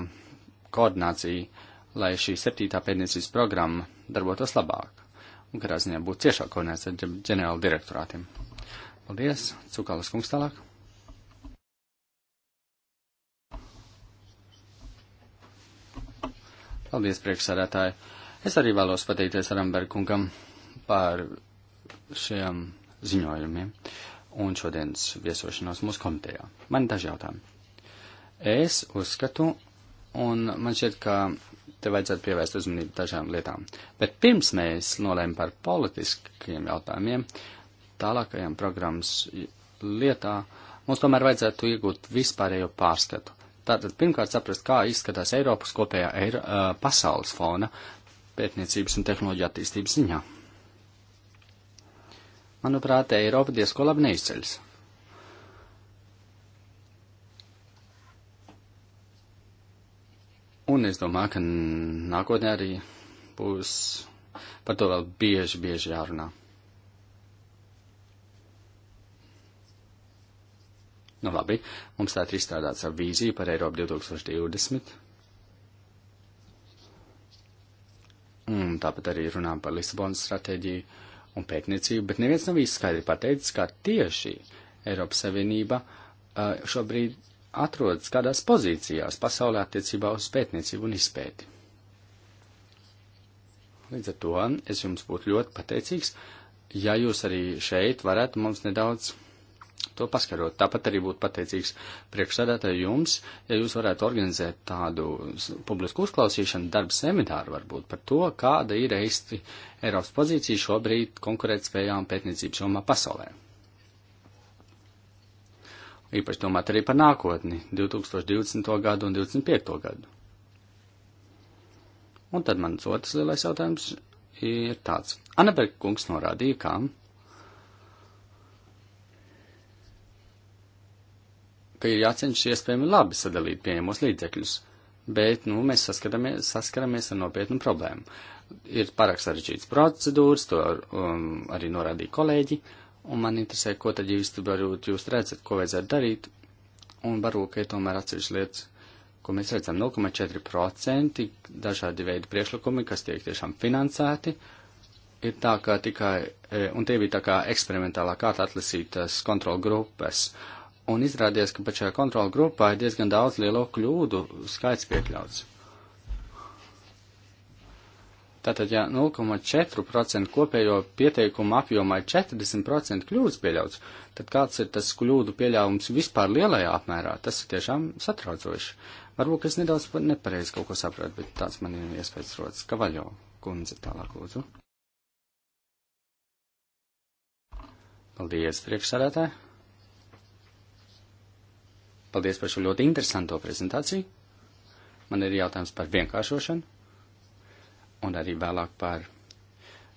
koordinācija, lai šī septītā pēdniecības programma darbotos labāk un katrā ziņā būtu ciešāk koordinēts ar ģenerāla direktorātiem. Paldies, Cukalas kungs tālāk. Paldies, priekšsādātāji. Es arī vēlos pateikties Ramberg kungam par šiem ziņojumiem un šodienas viesošanos mūsu komitejā. Man ir daži jautājumi. Es uzskatu, un man šķiet, ka te vajadzētu pievērst uzmanību dažām lietām. Bet pirms mēs nolēmām par politiskiem jautājumiem, tālākajām programmas lietā, mums tomēr vajadzētu iegūt vispārējo pārskatu. Tātad pirmkārt saprast, kā izskatās Eiropas kopējā Eiro, uh, pasaules fona pētniecības un tehnoloģija attīstības ziņā. Manuprāt, Eiropa diezko labi neizceļas. Un es domāju, ka nākotnē arī būs par to vēl bieži, bieži jārunā. Nu labi, mums tā ir izstrādāts ar vīziju par Eiropu 2020. Un tāpat arī runām par Lisabonas stratēģiju un pētniecību, bet neviens nav īsti skaidri pateicis, kā tieši Eiropas Savienība uh, šobrīd atrodas kādās pozīcijās pasaulē attiecībā uz pētniecību un izpēti. Līdz ar to es jums būtu ļoti pateicīgs, ja jūs arī šeit varētu mums nedaudz to paskarot. Tāpat arī būtu pateicīgs priekšsēdētāji jums, ja jūs varētu organizēt tādu publisku uzklausīšanu, darba semināru varbūt par to, kāda ir īsti Eiropas pozīcija šobrīd konkurētspējām pētniecības jomā pasaulē īpaši domāt arī par nākotni, 2020. gadu un 2025. gadu. Un tad mans otrs lielais jautājums ir tāds. Anabek kungs norādīja, kā, ka ir jācenšas iespējami labi sadalīt pieejamos līdzekļus, bet, nu, mēs saskaramies, saskaramies ar nopietnu problēmu. Ir pārāk sarežģīts procedūras, to um, arī norādīja kolēģi, uh, Un man interesē, ko tad īsti varbūt jūs redzat, ko vajadzētu darīt, un varbūt, ka ir tomēr atsevišķas lietas, ko mēs redzam, 0,4% dažādi veidi priekšlikumi, kas tiek tiešām finansēti, ir tā, ka tikai, e, un tie bija tā kā eksperimentālā kārta atlasītas kontrola grupas, un izrādies, ka pat šajā kontrola grupā ir diezgan daudz lielo kļūdu skaits piekļauts. Tātad, ja 0,4% kopējo pieteikumu apjomā ir 40% kļūdas pieļauts, tad kāds ir tas kļūdu pieļaujums vispār lielajā apmērā? Tas ir tiešām satraucoši. Varbūt es nedaudz nepareizi kaut ko sapratu, bet tāds man ir iespējas rodas. Kavaļo kundze tālāk lūdzu. Paldies, priekšsādātāji. Paldies par šo ļoti interesanto prezentāciju. Man ir jautājums par vienkāršošanu un arī vēlāk par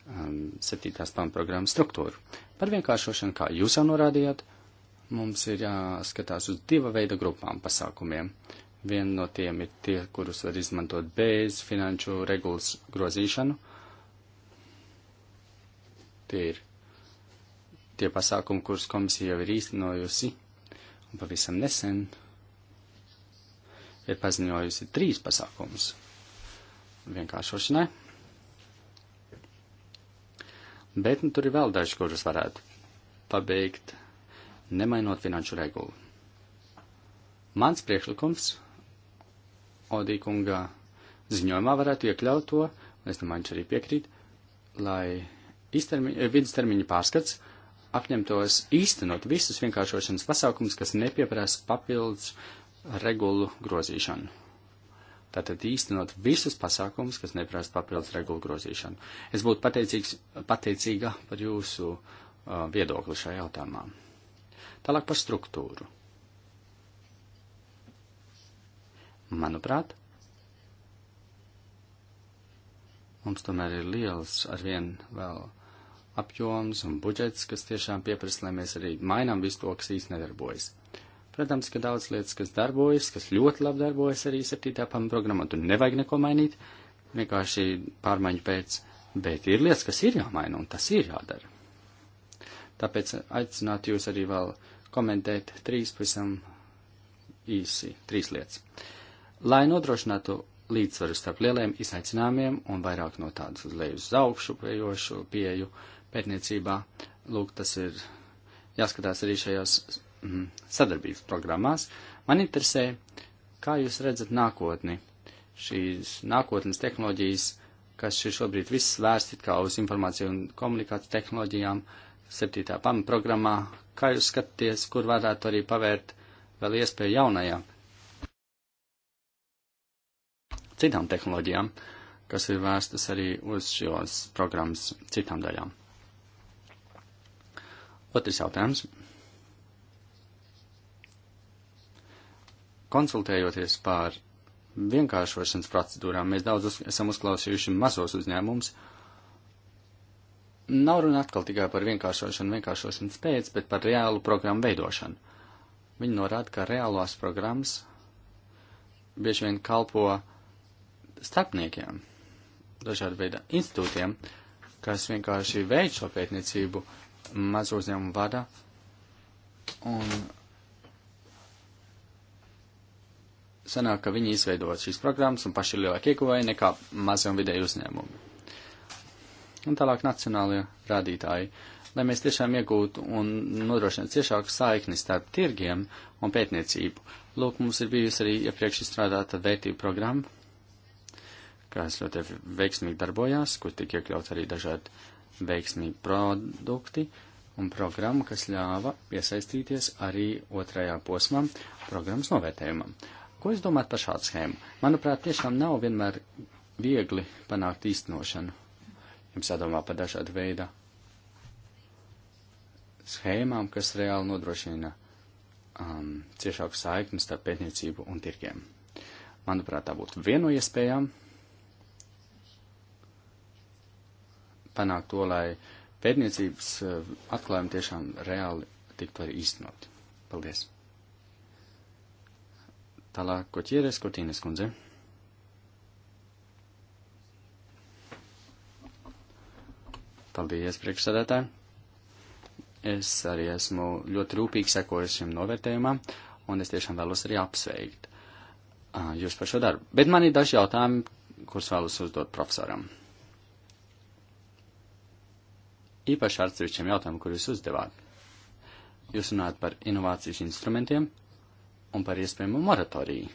um, 7. pamatprogrammas struktūru. Par vienkāršošanu, kā jūs jau norādījāt, mums ir jāskatās uz diva veida grupām pasākumiem. Viena no tiem ir tie, kurus var izmantot bez finanšu regulas grozīšanu. Tie ir tie pasākumi, kurus komisija jau ir īstenojusi un pavisam nesen ir paziņojusi trīs pasākumus vienkāršošanai. Bet nu, tur ir vēl daži, kurus varētu pabeigt, nemainot finanšu regulu. Mans priekšlikums Odīkunga ziņojumā varētu iekļaut to, un es domāju, viņš arī piekrīt, lai īstermi, eh, vidustermiņa pārskats apņemtos īstenot visus vienkāršošanas pasākumus, kas nepieprasa papildus regulu grozīšanu. Tātad īstenot visus pasākumus, kas neprasa papildus regulu grozīšanu. Es būtu pateicīgs, pateicīga par jūsu uh, viedokli šajā jautājumā. Tālāk par struktūru. Manuprāt, mums tomēr ir liels arvien vēl apjoms un budžets, kas tiešām pieprasa, lai mēs arī mainām visu to, kas īsti nedarbojas. Protams, ka daudz lietas, kas darbojas, kas ļoti labi darbojas arī 7. pamata programmā, tur nevajag neko mainīt, vienkārši pārmaiņu pēc, bet ir lietas, kas ir jāmaina, un tas ir jādara. Tāpēc aicinātu jūs arī vēl komentēt trīs pavisam īsi, trīs lietas. Lai nodrošinātu līdzsvaru starp lieliem izaicinājumiem un vairāk no tādas uz leju uz augšu pieejošu pieju pētniecībā, lūk, tas ir jāskatās arī šajos mm, sadarbības programmās, man interesē, kā jūs redzat nākotni, šīs nākotnes tehnoloģijas, kas ir šobrīd viss vērsti kā uz informāciju un komunikāciju tehnoloģijām, septītā pamatprogrammā, kā jūs skatāties, kur varētu arī pavērt vēl iespēju jaunajām citām tehnoloģijām, kas ir vērstas arī uz šos programmas citām daļām. Otrs jautājums. konsultējoties par vienkāršošanas procedūrām, mēs daudz uz, esam uzklausījuši mazos uzņēmumus. Nav runa atkal tikai par vienkāršošanu, vienkāršošanas pēc, bet par reālu programmu veidošanu. Viņi norāda, ka reālās programmas bieži vien kalpo starpniekiem, dažādu veidu institūtiem, kas vienkārši veic šo pētniecību mazu uzņēmumu vada un sanāk, ka viņi izveidoja šīs programmas un paši ir lielāki ieguvēji nekā mazie un vidēji uzņēmumi. Un tālāk nacionālie rādītāji, lai mēs tiešām iegūtu un nodrošinātu ciešāku saikni starp tirgiem un pētniecību. Lūk, mums ir bijusi arī iepriekš ja izstrādāta vērtību programma, kas ļoti veiksmīgi darbojās, kur tika iekļauts arī dažādi veiksmīgi produkti un programma, kas ļāva piesaistīties arī otrajā posmam programmas novērtējumam. Ko jūs domājat par šādu schēmu? Manuprāt, tiešām nav vienmēr viegli panākt īstenošanu. Jums jādomā par dažādu veidu schēmām, kas reāli nodrošina um, ciešāku saikni starp pētniecību un tirgiem. Manuprāt, tā būtu viena no iespējām panākt to, lai pētniecības uh, atklājumi tiešām reāli tiktu arī īstenoti. Paldies! Tālāk, Koķieres, Kotīnes kundze. Paldies, priekšsēdētāji. Es arī esmu ļoti rūpīgi sekojis šim novērtējumam, un es tiešām vēlos arī apsveikt jūs par šo darbu. Bet man ir daži jautājumi, kurus vēlos uzdot profesoram. Īpaši ar atsevišķiem jautājumiem, kurus jūs uzdevāt. Jūs runājat par inovācijas instrumentiem, un par iespējamu moratoriju.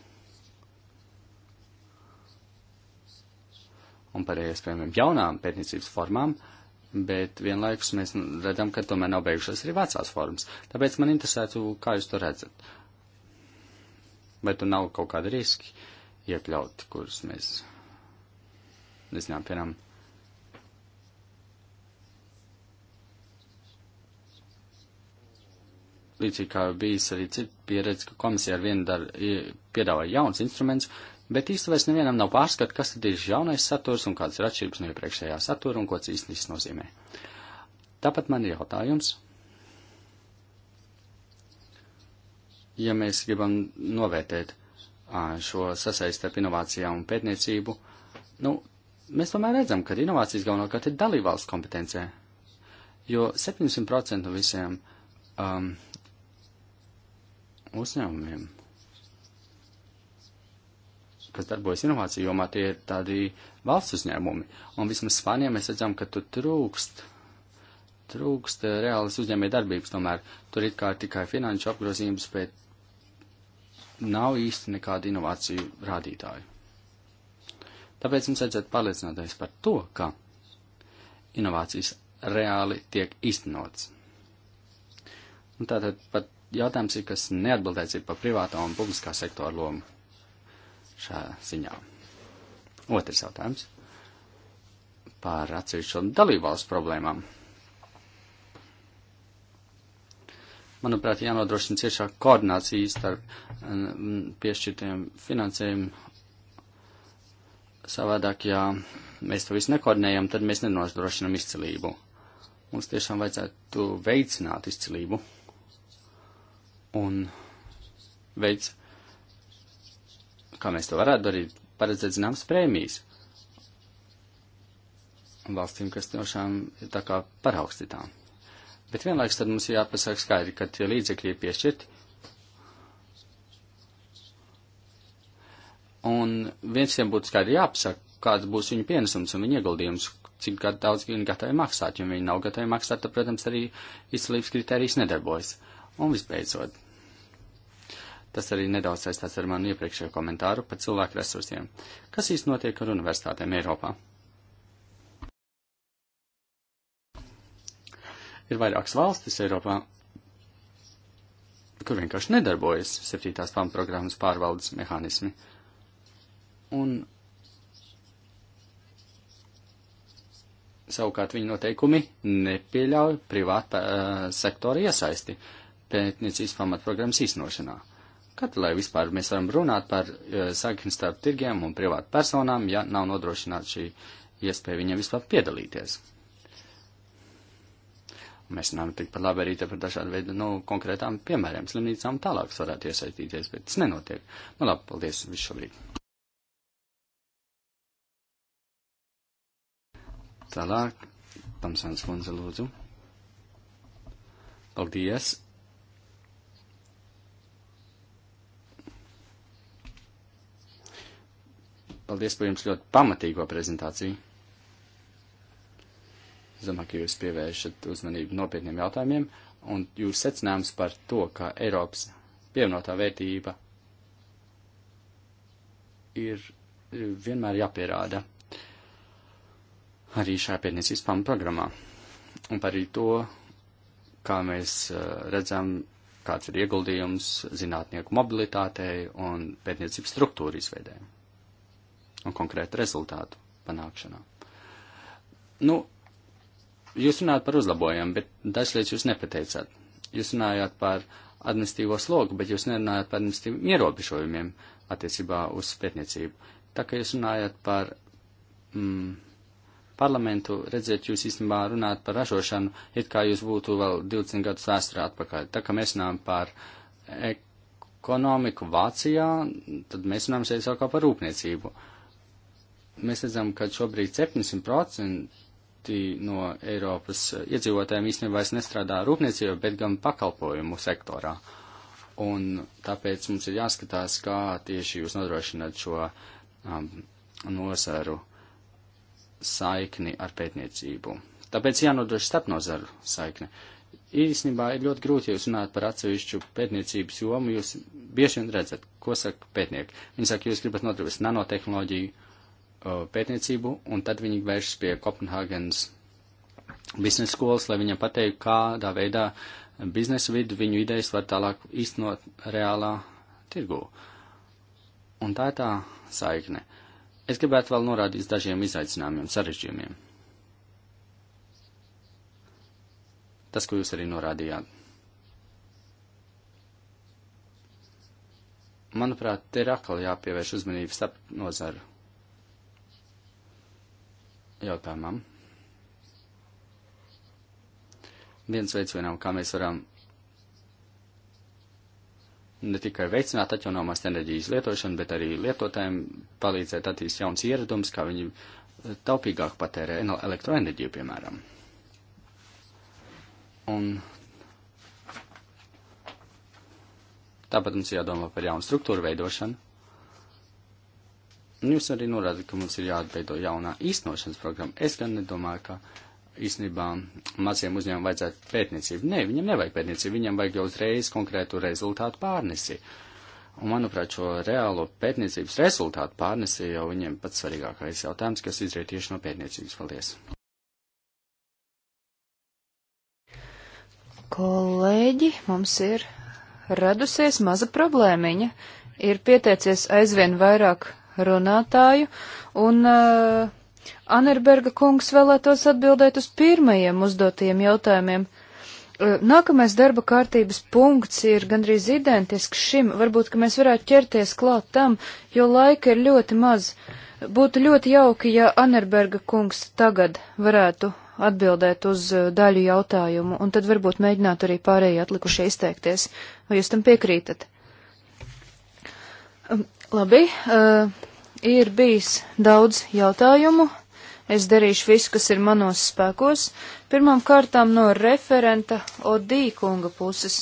Un par iespējamiem jaunām pētniecības formām, bet vienlaikus mēs redzam, ka tomēr nav beigušas arī vecās formas. Tāpēc man interesētu, kā jūs to redzat. Vai tur nav kaut kādi riski iekļauti, kurus mēs nezinām, piemēram, līdzīgi kā bijis arī cita pieredze, ka komisija ar vienu dar, piedāvā jauns instruments, bet īstenībā vairs nevienam nav pārskata, kas tad ir jaunais saturs un kādas ir atšķirības no iepriekšējā satura un ko tas īstenībā nozīmē. Tāpat man ir jautājums. Ja mēs gribam novērtēt šo sasaistību ar inovācijām un pētniecību, nu, mēs tomēr redzam, ka inovācijas galvenokārt ir dalībvalsts kompetencē, jo 70% no visiem um, uzņēmumiem, kas darbojas inovāciju jomā, tie ir tādi valsts uzņēmumi. Un vismaz Spānijā mēs redzam, ka tur trūkst, trūkst reālas uzņēmē darbības tomēr. Tur ir kā tikai finanšu apgrozījums, bet nav īsti nekāda inovāciju rādītāju. Tāpēc mums vajadzētu pārliecināties par to, ka inovācijas reāli tiek iztenots. Un tātad pat jautājums ir, kas neatbildēts ir par privātā un publiskā sektora lomu šajā ziņā. Otrs jautājums par atsevišķu dalībvalstu problēmām. Manuprāt, jānodrošina ciešāk koordinācija starp piešķirtiem finansējumu. Savādāk, ja mēs to visu nekoordinējam, tad mēs nenodrošinam izcilību. Mums tiešām vajadzētu veicināt izcilību un veids, kā mēs to varētu darīt, paredzēt zināmas prēmijas valstīm, kas tiešām ir tā kā paraugstītām. Bet vienlaiks tad mums ir jāpasaka skaidri, ka tie līdzekļi ir piešķirti. Un viens tiem būtu skaidri jāpasaka, kāds būs viņu pienesums un viņa ieguldījums, cik gadu daudz viņi gatavi maksāt. Ja viņi nav gatavi maksāt, tad, protams, arī izcelības kritērijas nedarbojas. Un visbeidzot, Tas arī nedaudz saistās ar manu iepriekšējo komentāru par cilvēku resursiem. Kas īsti notiek ar universitātēm Eiropā? Ir vairākas valstis Eiropā, kur vienkārši nedarbojas septītās pamatprogrammas pārvaldes mehānismi. Un savukārt viņa noteikumi nepieļauj privāta uh, sektora iesaisti pētniecības pamatprogrammas īstenošanā. Uh, Kad lai vispār mēs varam runāt par uh, e, sakni starp tirgiem un privātu personām, ja nav nodrošināta šī iespēja viņiem vispār piedalīties? Un mēs runājam tikpat labi arī par dažādu veidu, nu, konkrētām piemēriem, slimnīcām tālāk varētu iesaistīties, bet tas nenotiek. Nu, labi, paldies visu šobrīd. Tālāk, Tamsāns Lundze, lūdzu. Paldies! Paldies par jums ļoti pamatīgo prezentāciju. Es domāju, ka jūs pievēršat uzmanību nopietniem jautājumiem, un jūs secinājums par to, ka Eiropas pievienotā vērtība ir vienmēr jāpierāda arī šajā pētniecības pamata programmā. Un par to, kā mēs uh, redzam, kāds ir ieguldījums zinātnieku mobilitātei un pētniecības struktūru izveidēm un konkrētu rezultātu panākšanā. Nu, jūs runājat par uzlabojumiem, bet dažas lietas jūs nepateicāt. Jūs runājāt par administīvo slogu, bet jūs nerunājat par administīviem ierobežojumiem attiecībā uz pētniecību. Tā kā jūs runājat par mm, parlamentu, redziet, jūs īstenībā runājat par ražošanu, it kā jūs būtu vēl 20 gadus vēsturē atpakaļ. Tā kā mēs runājam par ekonomiku Vācijā, tad mēs runājam šeit savukārt par rūpniecību. Uh, Mēs redzam, ka šobrīd 70% no Eiropas iedzīvotājiem īstenībā vairs nestrādā rūpniecībā, bet gan pakalpojumu sektorā. Un tāpēc mums ir jāskatās, kā tieši jūs nodrošināt šo um, nozaru saikni ar pētniecību. Tāpēc jānodrošina starpnozaru saikne. Īsnībā ir ļoti grūti jūs runāt par atsevišķu pētniecības jomu. Jūs bieži vien redzat, ko saka pētnieki. Viņi saka, jūs gribat nodarboties nanotehnoloģiju, Uh, pētniecību, un tad viņi vēršas pie Kopenhāgenes biznesa skolas, lai viņam pateiktu, kādā veidā biznesa vidu viņu idejas var tālāk īstenot reālā tirgū. Un tā ir tā saikne. Es gribētu vēl norādīt dažiem izaicinājumiem, sarežģījumiem. Tas, ko jūs arī norādījāt. Manuprāt, te ir atkal jāpievērš uzmanību starp nozaru jautājumam. Viens veids vienam, kā mēs varam ne tikai veicināt atjaunojamās enerģijas lietošanu, bet arī lietotājiem palīdzēt attīstīt jauns ieradums, kā viņi taupīgāk patērē elektroenerģiju, piemēram. Un tāpat mums jādomā par jaunu struktūru veidošanu, Un jūs arī norādāt, ka mums ir jāatbeido jaunā īstenošanas programma. Es gan nedomāju, ka īstenībā maziem uzņēmumiem vajadzētu pētniecību. Nē, viņam nevajag pētniecību, viņam vajag jau uzreiz konkrētu rezultātu pārnesi. Un, manuprāt, šo reālo pētniecības rezultātu pārnesi jau viņiem pats svarīgākais jautājums, kas izriet tieši no pētniecības. Paldies! Kolēģi, mums ir radusies maza problēmiņa. Ir pieteicies aizvien vairāk runātāju, un uh, Anerberga kungs vēlētos atbildēt uz pirmajiem uzdotajiem jautājumiem. Uh, nākamais darba kārtības punkts ir gandrīz identisks šim, varbūt, ka mēs varētu ķerties klāt tam, jo laika ir ļoti maz. Būtu ļoti jauki, ja Anerberga kungs tagad varētu atbildēt uz uh, daļu jautājumu, un tad varbūt mēģināt arī pārējie atlikušie izteikties. Vai jūs tam piekrītat? Labi, uh, ir bijis daudz jautājumu. Es darīšu visu, kas ir manos spēkos. Pirmām kārtām no referenta Odīkunga puses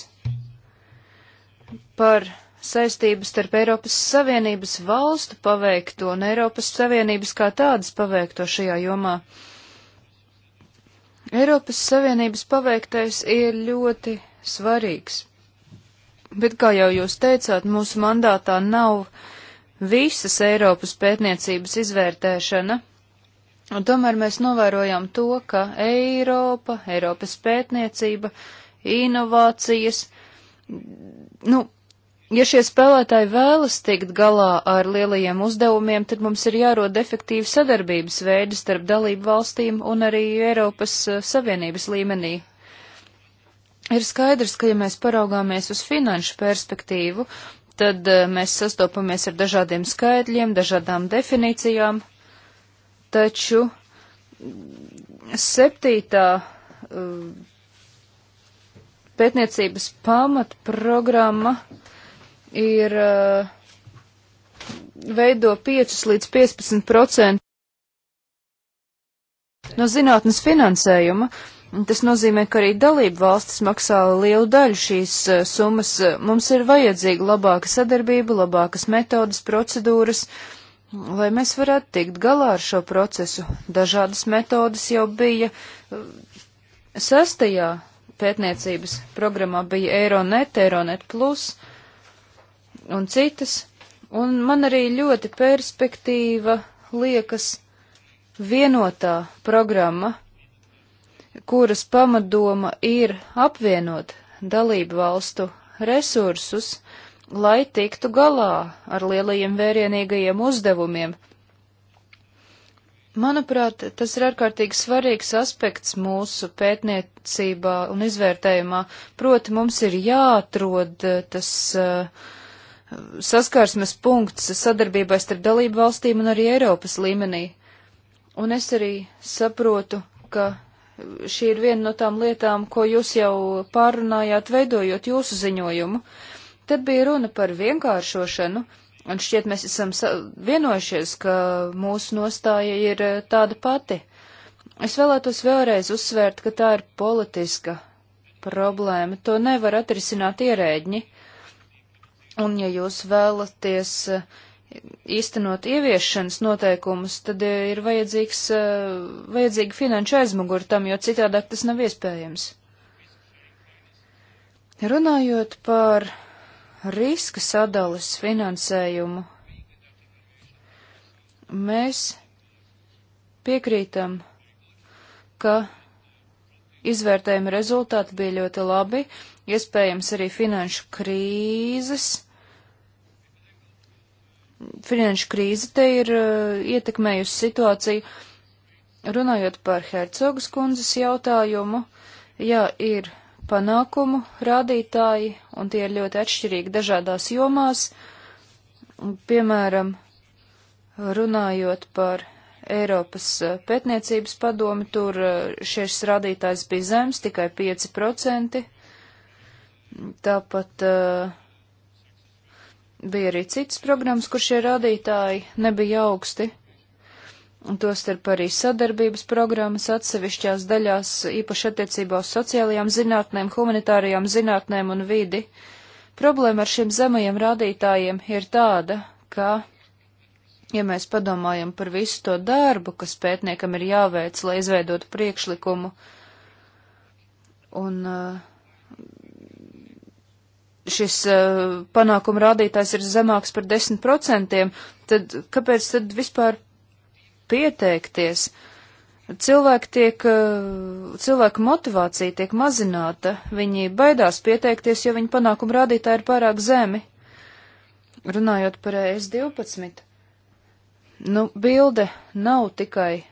par saistības starp Eiropas Savienības valstu paveikto un Eiropas Savienības kā tādas paveikto šajā jomā. Eiropas Savienības paveiktais ir ļoti svarīgs. Bet, kā jau jūs teicāt, mūsu mandātā nav visas Eiropas pētniecības izvērtēšana, un tomēr mēs novērojam to, ka Eiropa, Eiropas pētniecība, inovācijas, nu, ja šie spēlētāji vēlas tikt galā ar lielajiem uzdevumiem, tad mums ir jārod efektīvi sadarbības veidi starp dalību valstīm un arī Eiropas eh, Savienības līmenī Ir skaidrs, ka ja mēs paraugāmies uz finanšu perspektīvu, tad eh, mēs sastopamies ar dažādiem skaidļiem, dažādām definīcijām, taču mm, septītā eh, pētniecības pamatprogramma ir eh, veido 5 līdz 15% no zinātnes finansējuma. Tas nozīmē, ka arī dalību valstis maksā lielu daļu šīs eh, summas. Mums ir vajadzīga labāka sadarbība, labākas metodas, procedūras, lai mēs varētu tikt galā ar šo procesu. Dažādas metodas jau bija eh, sastajā pētniecības programmā bija Eironet, Eironet Plus un citas. Un man arī ļoti perspektīva liekas vienotā programma kuras pamatdoma ir apvienot dalību valstu resursus, lai tiktu galā ar lielajiem vērienīgajiem uzdevumiem. Manuprāt, tas ir ārkārtīgi svarīgs aspekts mūsu pētniecībā un izvērtējumā, proti mums ir jāatrod eh, tas uh, saskarsmes punkts sadarbībai starp dalību valstīm un arī Eiropas līmenī. Un es arī saprotu, ka šī ir viena no tām lietām, ko jūs jau pārunājāt, veidojot jūsu ziņojumu. Tad bija runa par vienkāršošanu, un šķiet mēs esam vienojušies, ka mūsu nostāja ir eh, tāda pati. Es vēlētos vēlreiz uzsvērt, ka tā ir politiska problēma. To nevar atrisināt ierēģi. Un ja jūs vēlaties uh, īstenot ieviešanas noteikumus, tad eh, ir vajadzīgs, eh, vajadzīga finanšu aizmugur tam, jo citādāk tas nav iespējams. Runājot par riska sadalas finansējumu, mēs piekrītam, ka izvērtējuma rezultāti bija ļoti labi, iespējams arī finanšu krīzes finanšu krīze te ir uh, ietekmējusi situāciju. Runājot par Hercogas kundzes jautājumu, jā, ir panākumu rādītāji, un tie ir ļoti atšķirīgi dažādās jomās, piemēram, runājot par Eiropas eh, pētniecības padomi, tur eh, šis rādītājs bija zems, tikai 5%. Tāpat uh, Bija arī citas programmas, kur šie rādītāji nebija augsti. Un tostarp arī sadarbības programmas atsevišķās daļās, īpaši attiecībā uz sociālajām zinātnēm, humanitārajām zinātnēm un vidi. Problēma ar šiem zemajiem rādītājiem ir tāda, ka, ja mēs padomājam par visu to darbu, kas pētniekam ir jāveic, lai izveidotu priekšlikumu, un uh, šis uh, panākuma rādītājs ir zemāks par 10%, tad kāpēc tad vispār pieteikties? Cilvēki tiek, uh, cilvēku motivācija tiek mazināta, viņi baidās pieteikties, jo viņu panākuma rādītāji ir pārāk zemi. Runājot par ES12, nu, bilde nav tikai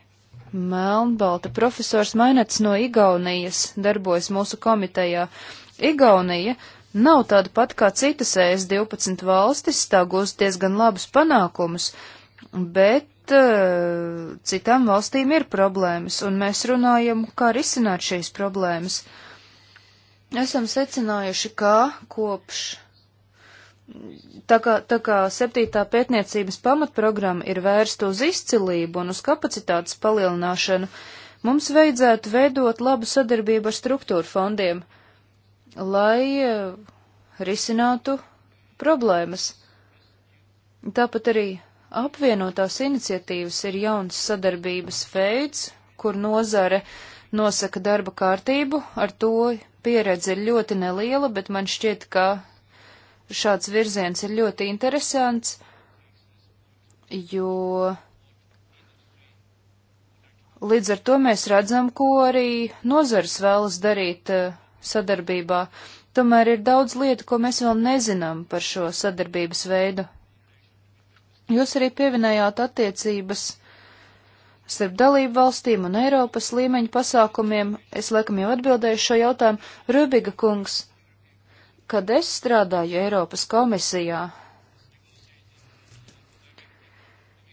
melnbalta. Profesors Mainets no Igaunijas darbojas mūsu komitejā. Igaunija uh, nav tāda pat kā citas ES 12 valstis, tā gūst diezgan labus panākumus, bet eh, citām valstīm ir problēmas, un mēs runājam, kā risināt šīs problēmas. Esam secinājuši, kā kopš. Tā kā, tā kā septītā pētniecības pamatprogramma ir vērsta uz izcilību un uz kapacitātes palielināšanu, mums vajadzētu veidot labu sadarbību ar struktūru fondiem. Uh, lai eh, risinātu problēmas. Tāpat arī apvienotās iniciatīvas ir jauns sadarbības veids, kur nozare nosaka darba kārtību, ar to pieredze ir ļoti neliela, bet man šķiet, ka šāds virziens ir ļoti interesants, jo līdz ar to mēs redzam, ko arī nozars vēlas darīt uh, sadarbībā. Tomēr ir daudz lietu, ko mēs vēl nezinām par šo sadarbības veidu. Jūs arī pieminējāt attiecības starp dalību valstīm un Eiropas līmeņa pasākumiem. Es laikam jau atbildēju šo jautājumu. Rubiga kungs, kad es strādāju Eiropas komisijā,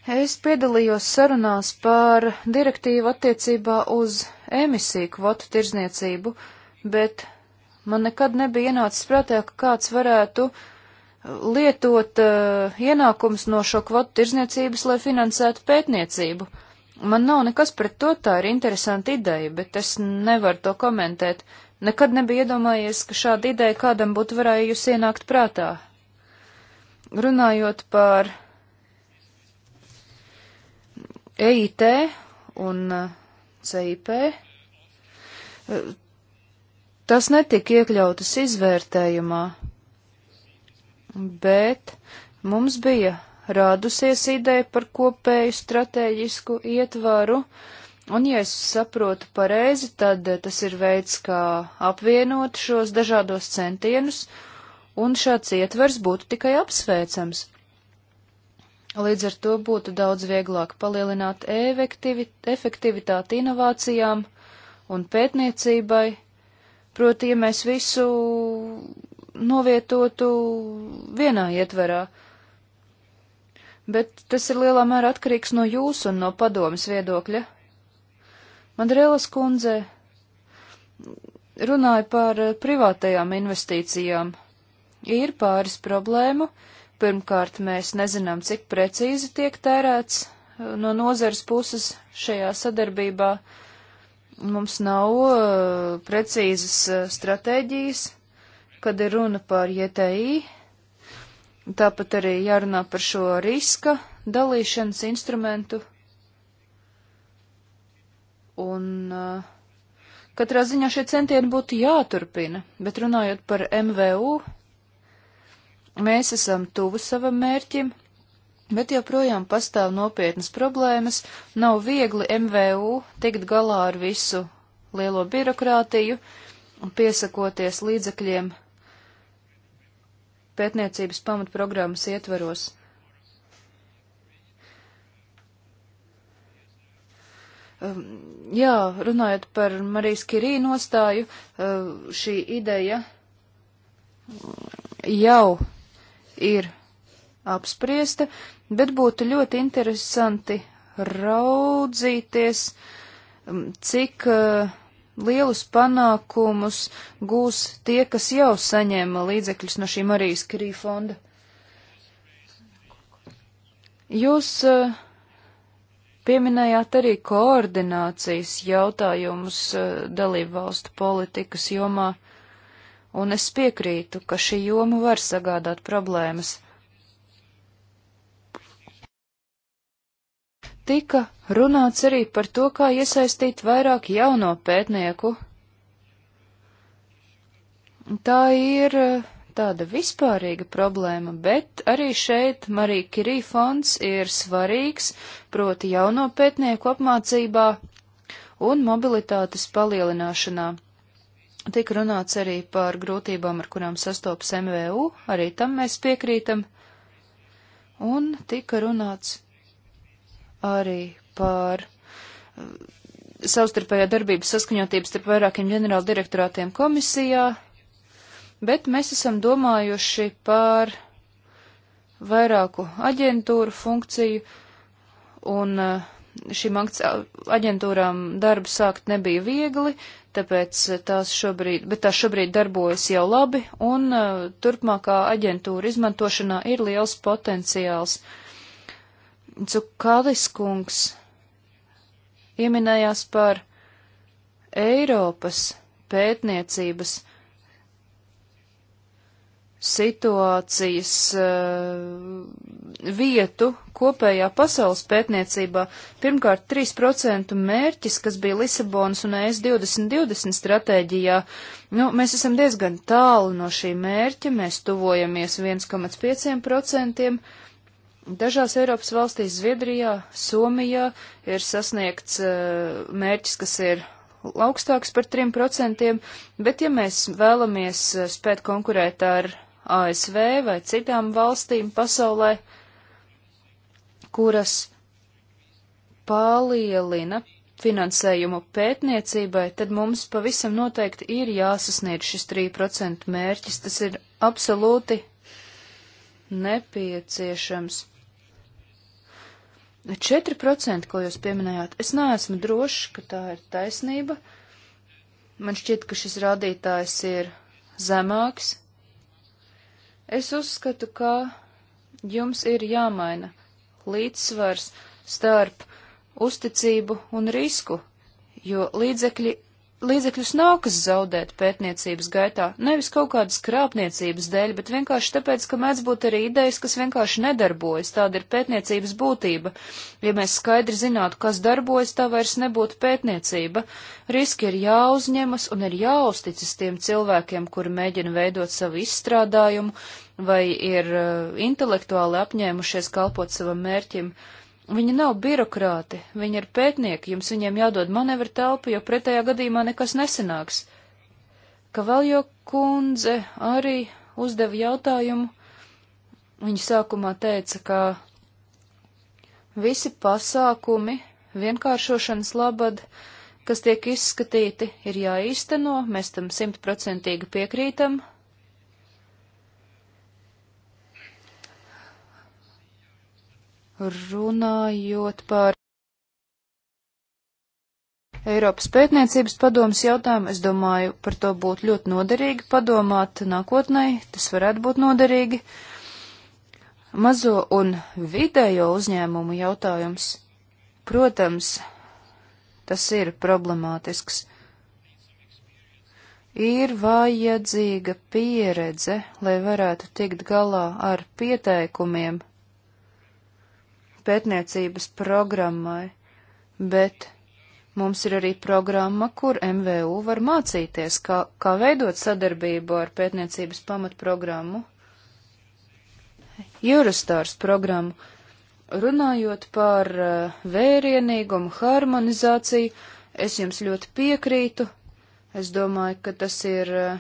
Es piedalījos sarunās par direktīvu attiecībā uz emisiju kvotu tirzniecību, bet man nekad nebija ienācis prātā, ka kāds varētu lietot uh, ienākums no šo kvotu tirzniecības, lai finansētu pētniecību. Man nav nekas pret to, tā ir interesanta ideja, bet es nevaru to komentēt. Nekad nebija iedomājies, ka šāda ideja kādam būtu varējusi ienākt prātā. Runājot par EIT un eh, CIP, eh, Tas netika iekļautas izvērtējumā, bet mums bija rādusies ideja par kopēju stratēģisku ietvaru, un, ja es saprotu pareizi, tad tas ir veids, kā apvienot šos dažādos centienus, un šāds ietvers būtu tikai apsveicams. Līdz ar to būtu daudz vieglāk palielināt efektivitāti inovācijām un pētniecībai Proti, ja mēs visu novietotu vienā ietverā. Bet tas ir lielā mērā atkarīgs no jūsu un no padomas viedokļa. Mandrēlas kundze runāja par privātajām investīcijām. Ir pāris problēmu. Pirmkārt, mēs nezinām, cik precīzi tiek tērēts no nozares puses šajā sadarbībā. Uh, mums nav uh, precīzas uh, stratēģijas, kad ir runa par JTI. Tāpat arī jārunā par šo riska dalīšanas instrumentu. Un uh, katrā ziņā šie centieni būtu jāturpina, bet runājot par MVU, mēs esam tuvu savam mērķim, Bet joprojām pastāv nopietnas problēmas, nav viegli MVU tikt galā ar visu lielo birokrātiju un piesakoties līdzekļiem pētniecības pamatprogrammas ietveros. Um, jā, runājot par Marijas Kirī nostāju, uh, šī ideja jau ir apspriesta, bet būtu ļoti interesanti raudzīties, cik uh, lielus panākumus gūs tie, kas jau saņēma līdzekļus no šī Marijas Krī fonda. Jūs uh, pieminējāt arī koordinācijas jautājumus uh, dalību valstu politikas jomā, un es piekrītu, ka šī joma var sagādāt problēmas. Tika runāts arī par to, kā iesaistīt vairāk jauno pētnieku. Tā ir eh, tāda vispārīga problēma, bet arī šeit Marija Kirī fonds ir svarīgs, proti jauno pētnieku apmācībā un mobilitātes palielināšanā. Tik runāts arī par grūtībām, ar kurām sastopas MVU, arī tam mēs piekrītam, un tika runāts arī par uh, savstarpējā darbības saskaņotības starp vairākiem ģenerāla direktorātiem komisijā, bet mēs esam domājuši par vairāku aģentūru funkciju, un uh, šīm aģentūrām darbu sākt nebija viegli, tāpēc uh, tās šobrīd, bet tās šobrīd darbojas jau labi, un turpmākā aģentūra izmantošanā ir liels potenciāls. Uh, Cukalis kungs ieminējās par Eiropas pētniecības situācijas uh, vietu kopējā pasaules pētniecībā. Pirmkārt, 3% mērķis, kas bija Lisabonas un e ES 2020 stratēģijā. Nu, mēs esam diezgan tālu no šī mērķa, mēs tuvojamies 1,5%. Dažās Eiropas valstīs, Zviedrijā, Somijā, ir sasniegts eh, mērķis, kas ir augstāks par 3%, bet ja mēs vēlamies eh, spēt konkurēt ar ASV vai citām valstīm pasaulē, kuras palielina finansējumu pētniecībai, tad mums pavisam noteikti ir jāsasniedz šis 3% mērķis. Tas ir absolūti nepieciešams. 4%, ko jūs pieminējāt, es neesmu drošs, ka tā ir taisnība. Man šķiet, ka šis rādītājs ir zemāks. Es uzskatu, ka jums ir jāmaina līdzsvars starp uzticību un risku, jo līdzekļi līdzekļus nākas zaudēt pētniecības gaitā, nevis kaut kādas krāpniecības dēļ, bet vienkārši tāpēc, ka mēdz būt arī idejas, kas vienkārši nedarbojas, tāda ir pētniecības būtība. Ja mēs skaidri zinātu, kas darbojas, tā vairs nebūtu pētniecība. Riski ir jāuzņemas un ir jāuzticas tiem cilvēkiem, kuri mēģina veidot savu izstrādājumu vai ir uh, intelektuāli apņēmušies kalpot savam mērķim. Uh, Viņi nav birokrāti, viņi ir pētnieki, jums viņiem jādod manevra telpa, jo pretējā gadījumā nekas nesanāks. Kavaljo kundze arī uzdeva jautājumu. Viņa sākumā teica, ka visi pasākumi vienkāršošanas labad, kas tiek izskatīti, ir jāīsteno, mēs tam simtprocentīgi piekrītam, Runājot par Eiropas pētniecības padomas jautājumu, es domāju, par to būtu ļoti noderīgi padomāt nākotnē, tas varētu būt noderīgi. Mazo un vidējo uzņēmumu jautājums, protams, tas ir problemātisks. Ir vajadzīga pieredze, lai varētu tikt galā ar pieteikumiem pētniecības programmai, bet mums ir arī programma, kur MVU var mācīties, kā, kā veidot sadarbību ar pētniecības pamatprogrammu. Eurostars programmu. Runājot par eh, vērienīgumu, harmonizāciju, es jums ļoti piekrītu. Es domāju, ka tas ir uh,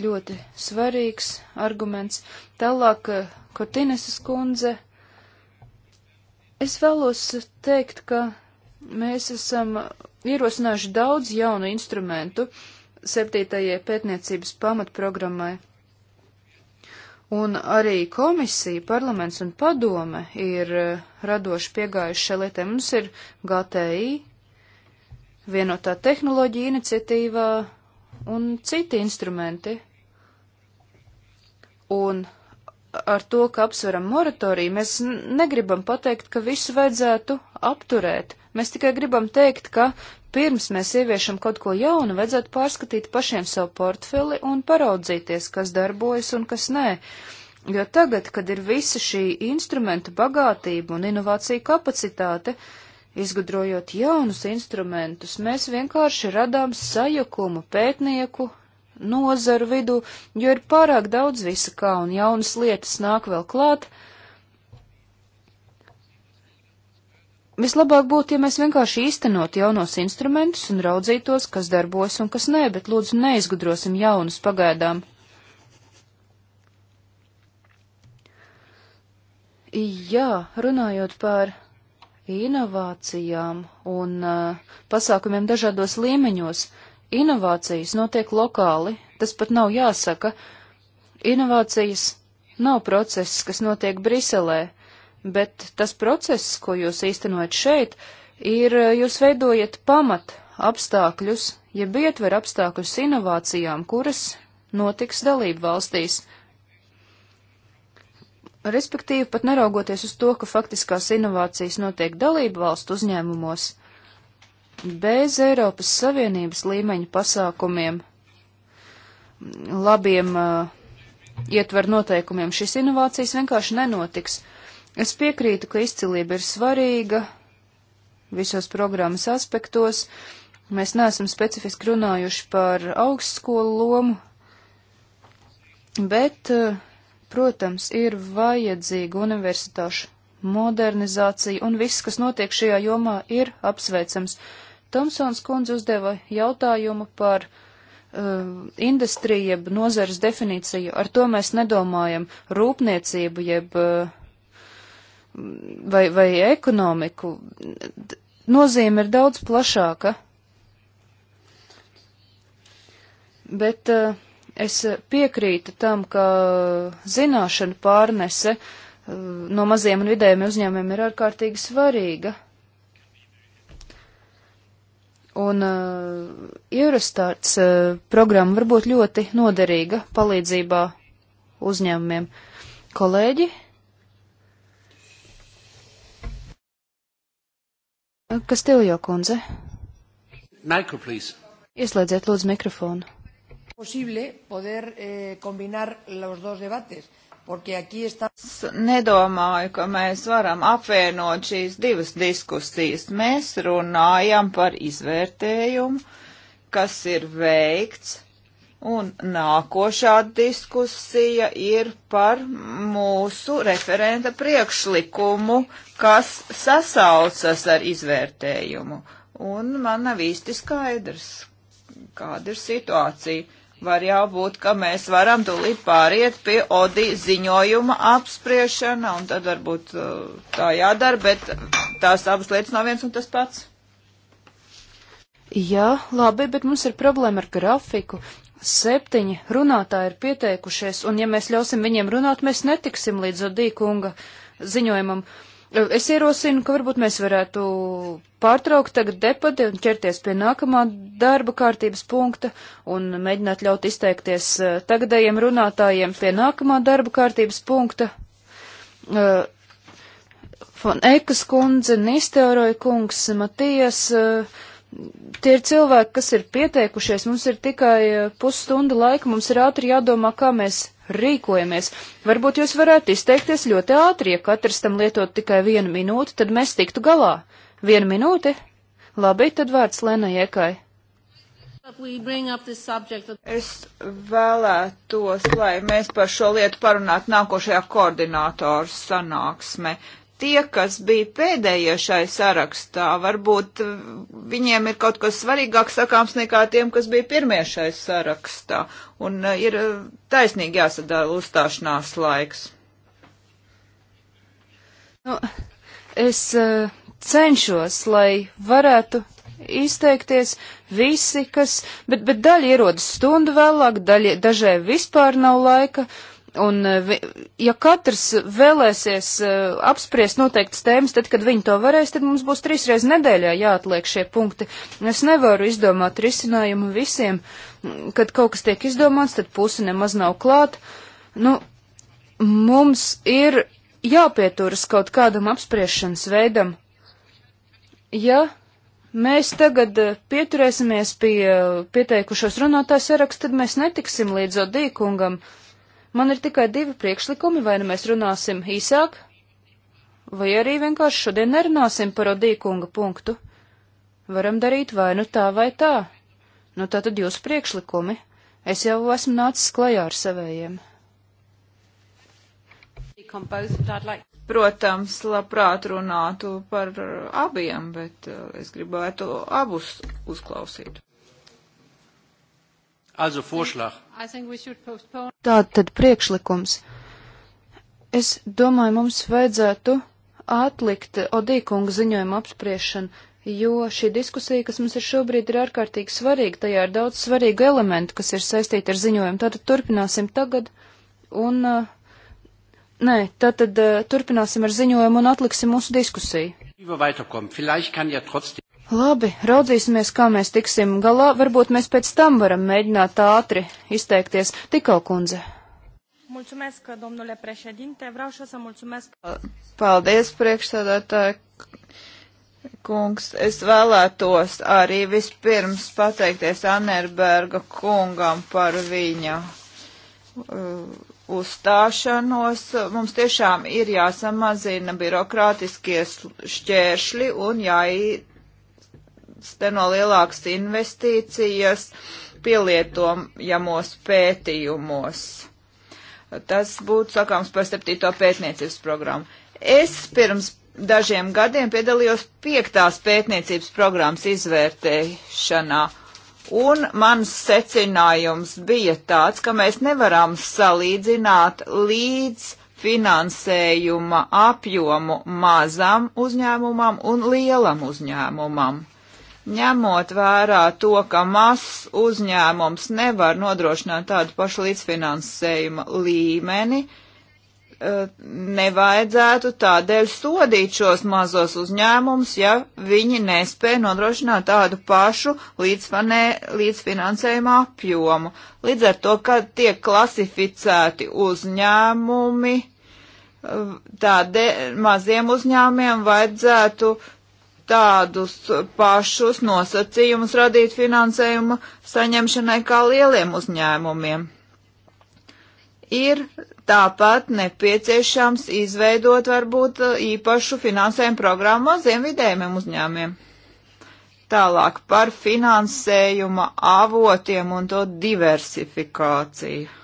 ļoti svarīgs arguments. Tālāk, eh, Kortinesas kundze, es vēlos teikt, ka mēs esam ierosinājuši daudz jaunu instrumentu septītajai pētniecības pamatprogrammai. Un arī komisija, parlaments un padome ir eh, radoši piegājuši šai lietai. Mums ir GTI, vienotā tehnoloģija iniciatīvā, un citi instrumenti. Un ar to, ka apsveram moratoriju, mēs negribam pateikt, ka visu vajadzētu apturēt. Mēs tikai gribam teikt, ka pirms mēs ieviešam kaut ko jaunu, vajadzētu pārskatīt pašiem savu portfeli un paraudzīties, kas darbojas un kas nē. Jo tagad, kad ir visa šī instrumenta bagātība un inovācija kapacitāte, uh, Izgudrojot jaunus instrumentus, mēs vienkārši radām sajukumu pētnieku nozaru vidū, jo ir pārāk daudz visa kā un jaunas lietas nāk vēl klāt. Vislabāk būtu, ja mēs vienkārši īstenot jaunos instrumentus un raudzītos, kas darbos un kas nē, bet lūdzu neizgudrosim jaunus pagaidām. Jā, runājot par inovācijām un eh, pasākumiem dažādos līmeņos. Inovācijas notiek lokāli, tas pat nav jāsaka. Inovācijas nav process, kas notiek Briselē, bet tas process, ko jūs īstenojat šeit, ir eh, jūs veidojat pamat apstākļus, jeb ja ietver apstākļus inovācijām, kuras notiks dalību valstīs. Respektīvi, pat neraugoties uz to, ka faktiskās inovācijas notiek dalību valstu uzņēmumos, bez Eiropas Savienības līmeņa pasākumiem, labiem uh, ietver noteikumiem, šīs inovācijas vienkārši nenotiks. Es piekrītu, ka izcilība ir svarīga visos programmas aspektos. Mēs neesam specifiski runājuši par augstskolu lomu, bet uh, Protams, ir vajadzīga universitāšu modernizācija, un viss, kas notiek šajā jomā, ir apsveicams. Tomsons kundze uzdeva jautājumu par uh, industriju, jeb nozares definīciju. Ar to mēs nedomājam rūpniecību, jeb uh, vai, vai ekonomiku. Nozīme ir daudz plašāka. Bet uh, Es eh, piekrītu tam, ka zināšanu pārnese eh, no maziem un vidējiem uzņēmumiem ir ārkārtīgi svarīga. Un uh, Eurostarts uh, programma var būt ļoti noderīga palīdzībā uzņēmumiem. Kolēģi? Kas tev jau, kundze? Mikro, please. Ieslēdziet, lūdzu, mikrofonu. Posible poder eh, combinar los dos debates. Es nedomāju, ka mēs varam apvienot šīs divas diskusijas. Mēs runājam par izvērtējumu, kas ir veikts, un nākošā diskusija ir par mūsu referenta priekšlikumu, kas sasaucas ar izvērtējumu. Un man nav īsti skaidrs, kāda ir situācija Var jau būt, ka mēs varam tūlīt pāriet pie Odi ziņojuma apspriešana, un tad varbūt uh, tā jādara, bet tās abas lietas nav viens un tas pats. Jā, labi, bet mums ir problēma ar grafiku. Septiņi runātāji ir pieteikušies, un ja mēs ļausim viņiem runāt, mēs netiksim līdz Odī kunga ziņojumam. Uh, Es ierosinu, ka varbūt mēs varētu pārtraukt tagad debati un ķerties pie nākamā darba kārtības punkta un mēģināt ļaut izteikties tagadējiem runātājiem pie nākamā darba kārtības punkta. Uh, Fon Ekas kundze, Nisteuroja kungs, Matijas, uh, tie ir cilvēki, kas ir pieteikušies, mums ir tikai pusstunda laika, mums ir ātri jādomā, kā mēs rīkojamies. Varbūt jūs varētu izteikties ļoti ātri, ja katrs tam lietot tikai vienu minūti, tad mēs tiktu galā. Viena minūte? Labi, tad vārds Lenai Ekai. Es vēlētos, lai mēs par šo lietu parunātu nākošajā koordinātoru sanāksmē tie, kas bija pēdējie šai sarakstā, varbūt viņiem ir kaut kas svarīgāk sakāms nekā tiem, kas bija pirmie šai sarakstā. Un uh, ir uh, taisnīgi jāsadala uzstāšanās laiks. Nu, es uh, cenšos, lai varētu izteikties visi, kas, bet, bet daļa ierodas stundu vēlāk, daļa, dažai vispār nav laika. Uh, Un, eh, ja katrs vēlēsies eh, apspriest noteiktas tēmas, tad, kad viņi to varēs, tad mums būs trīsreiz nedēļā jāatliek šie punkti. Es nevaru izdomāt risinājumu visiem. Kad kaut kas tiek izdomāts, tad pusi nemaz nav klāt. Nu, mums ir jāpieturas kaut kādam apspriešanas veidam. Ja Mēs tagad eh, pieturēsimies pie pieteikušos runātājs sarakstu, tad mēs netiksim līdz Odīkungam. Uh, Man ir tikai divi priekšlikumi, vai nu mēs runāsim īsāk, vai arī vienkārši šodien nerunāsim par Odīkunga punktu. Varam darīt vai nu tā vai tā. Nu tā tad jūsu priekšlikumi. Es jau esmu nācis klajā ar savējiem. Protams, labprāt runātu par abiem, bet uh, es gribētu abus uzklausīt. Also Vorschlag. Tātad priekšlikums. Es domāju, mums vajadzētu atlikt Odīkunga ziņojuma apspriešanu, jo šī diskusija, kas mums ir šobrīd, ir ārkārtīgi svarīga. Tajā ir daudz svarīgu elementu, kas ir saistīti ar ziņojumu. Tātad turpināsim tagad un. Uh, nē, tātad uh, turpināsim ar ziņojumu un atliksim mūsu diskusiju. Labi, raudzīsimies, kā mēs tiksim galā. Varbūt mēs pēc tam varam mēģināt ātri izteikties. Tikau kundze. Mulțumesc, domnule președinte. Vreau și să mulțumesc. Paldies, priekšsēdētāji. Kungs, es vēlētos arī vispirms pateikties Anerberga kungam par viņa uh, uzstāšanos mums tiešām ir jāsamazina birokrātiskie šķēršļi un jāi, steno lielākas investīcijas pielietojamos pētījumos. Tas būtu sakāms par septīto pētniecības programmu. Es pirms dažiem gadiem piedalījos piektās pētniecības programmas izvērtēšanā, un mans secinājums bija tāds, ka mēs nevaram salīdzināt līdz finansējuma apjomu mazam uzņēmumam un lielam uzņēmumam ņemot vērā to, ka mazs uzņēmums nevar nodrošināt tādu pašu līdzfinansējuma līmeni, eh, nevajadzētu tādēļ sodīt šos mazos uzņēmumus, ja viņi nespēja nodrošināt tādu pašu līdzfinansējumu apjomu. Līdz ar to, kad tiek klasificēti uzņēmumi, eh, tādēļ maziem uzņēmumiem vajadzētu uh, tādus pašus nosacījumus radīt finansējuma saņemšanai kā lieliem uzņēmumiem. Ir tāpat nepieciešams izveidot varbūt īpašu finansējumu programmu maziem vidējiem uzņēmumiem. Tālāk par finansējuma avotiem un to diversifikāciju.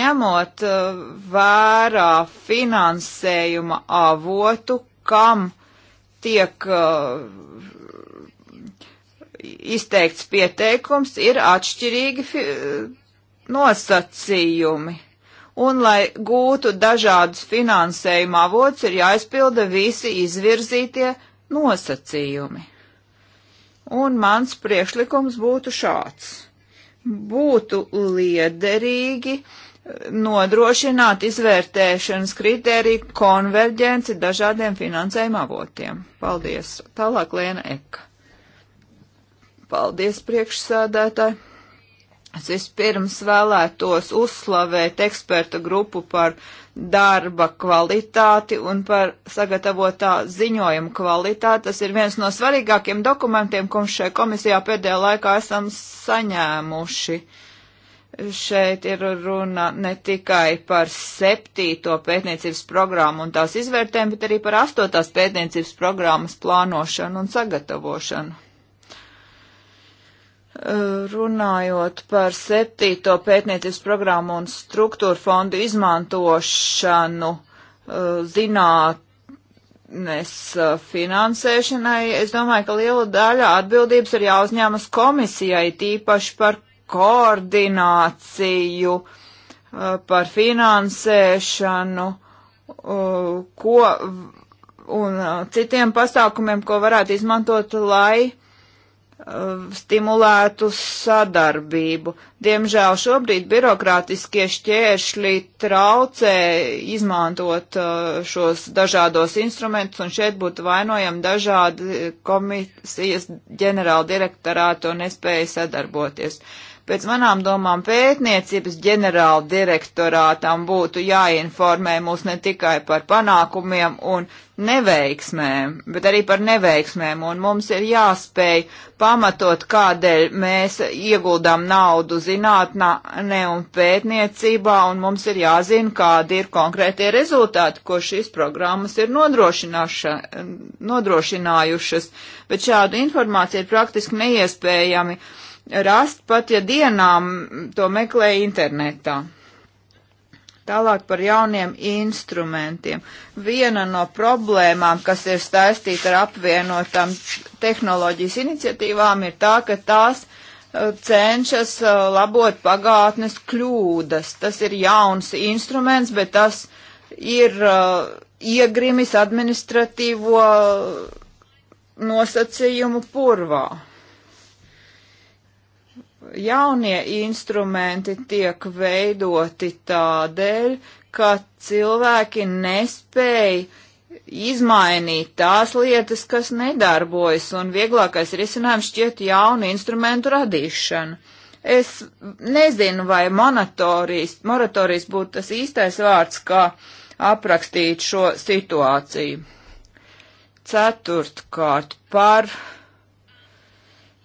Ņemot eh, vērā finansējuma avotu, kam tiek uh, izteikts pieteikums, ir atšķirīgi uh, nosacījumi. Un, lai gūtu dažādus finansējuma avots, ir jāizpilda visi izvirzītie nosacījumi. Un mans priekšlikums būtu šāds. Būtu liederīgi uh, nodrošināt izvērtēšanas kritēriju konverģenci dažādiem finansējuma avotiem. Paldies. Tālāk Lēna Eka. Paldies, priekšsādētāji. Es vispirms vēlētos uzslavēt ekspertu grupu par darba kvalitāti un par sagatavotā ziņojuma kvalitāti. Tas ir viens no svarīgākiem dokumentiem, ko šajā komisijā pēdējā laikā esam saņēmuši. Uh, šeit ir runa ne tikai par septīto pētniecības programmu un tās izvērtēm, bet arī par astotās pētniecības programmas plānošanu un sagatavošanu. Runājot par septīto pētniecības programmu un struktūru fondu izmantošanu zinātnes finansēšanai, es domāju, ka liela daļa atbildības ir jāuzņemas komisijai, tīpaši par koordināciju, uh, par finansēšanu, uh, ko un uh, citiem pasākumiem, ko varētu izmantot, lai stimulētu sadarbību. Diemžēl šobrīd birokrātiskie šķēršļi traucē izmantot šos dažādos instrumentus, un šeit būtu vainojami dažādi komisijas ģenerāla direktorāti un nespēja sadarboties. Uh, Pēc manām domām pētniecības ģenerāla direktorātam būtu jāinformē mūs ne tikai par panākumiem un neveiksmēm, bet arī par neveiksmēm, un mums ir jāspēj pamatot, kādēļ mēs ieguldām naudu zinātnē un pētniecībā, un mums ir jāzina, kādi ir konkrētie rezultāti, ko šīs programmas ir nodrošinājušas, bet šādu informāciju ir praktiski neiespējami uh, rast pat, ja dienām to meklē internetā. Tālāk par jauniem instrumentiem. Viena no problēmām, kas ir saistīta ar apvienotām tehnoloģijas iniciatīvām, ir tā, ka tās uh, cenšas uh, labot pagātnes kļūdas. Tas ir jauns instruments, bet tas ir uh, iegrimis administratīvo uh, nosacījumu purvā jaunie instrumenti tiek veidoti tādēļ, ka cilvēki nespēja izmainīt tās lietas, kas nedarbojas, un vieglākais risinājums šķiet jaunu instrumentu radīšana. Es nezinu, vai moratorijas, moratorijas būtu tas īstais vārds, kā aprakstīt šo situāciju. Ceturtkārt par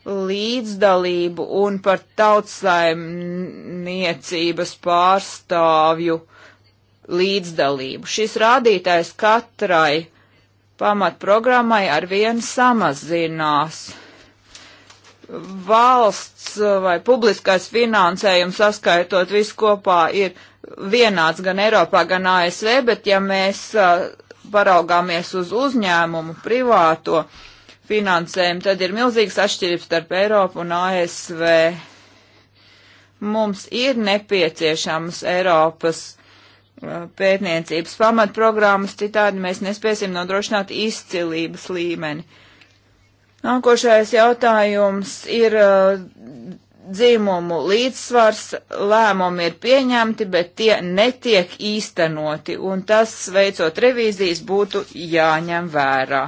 līdzdalību un par tautsaimniecības pārstāvju līdzdalību. Šis rādītājs katrai pamatprogrammai arvien samazinās. Valsts vai publiskais finansējums saskaitot visu kopā ir vienāds gan Eiropā, gan ASV, bet ja mēs uh, paraugāmies uz uzņēmumu privāto, uh, finansējumu, tad ir milzīgas atšķirības starp Eiropu un ASV. Mums ir nepieciešams Eiropas uh, pētniecības pamatprogrammas, citādi mēs nespēsim nodrošināt izcilības līmeni. Nākošais jautājums ir uh, dzimumu līdzsvars, lēmumi ir pieņemti, bet tie netiek īstenoti, un tas, veicot revīzijas, būtu jāņem vērā.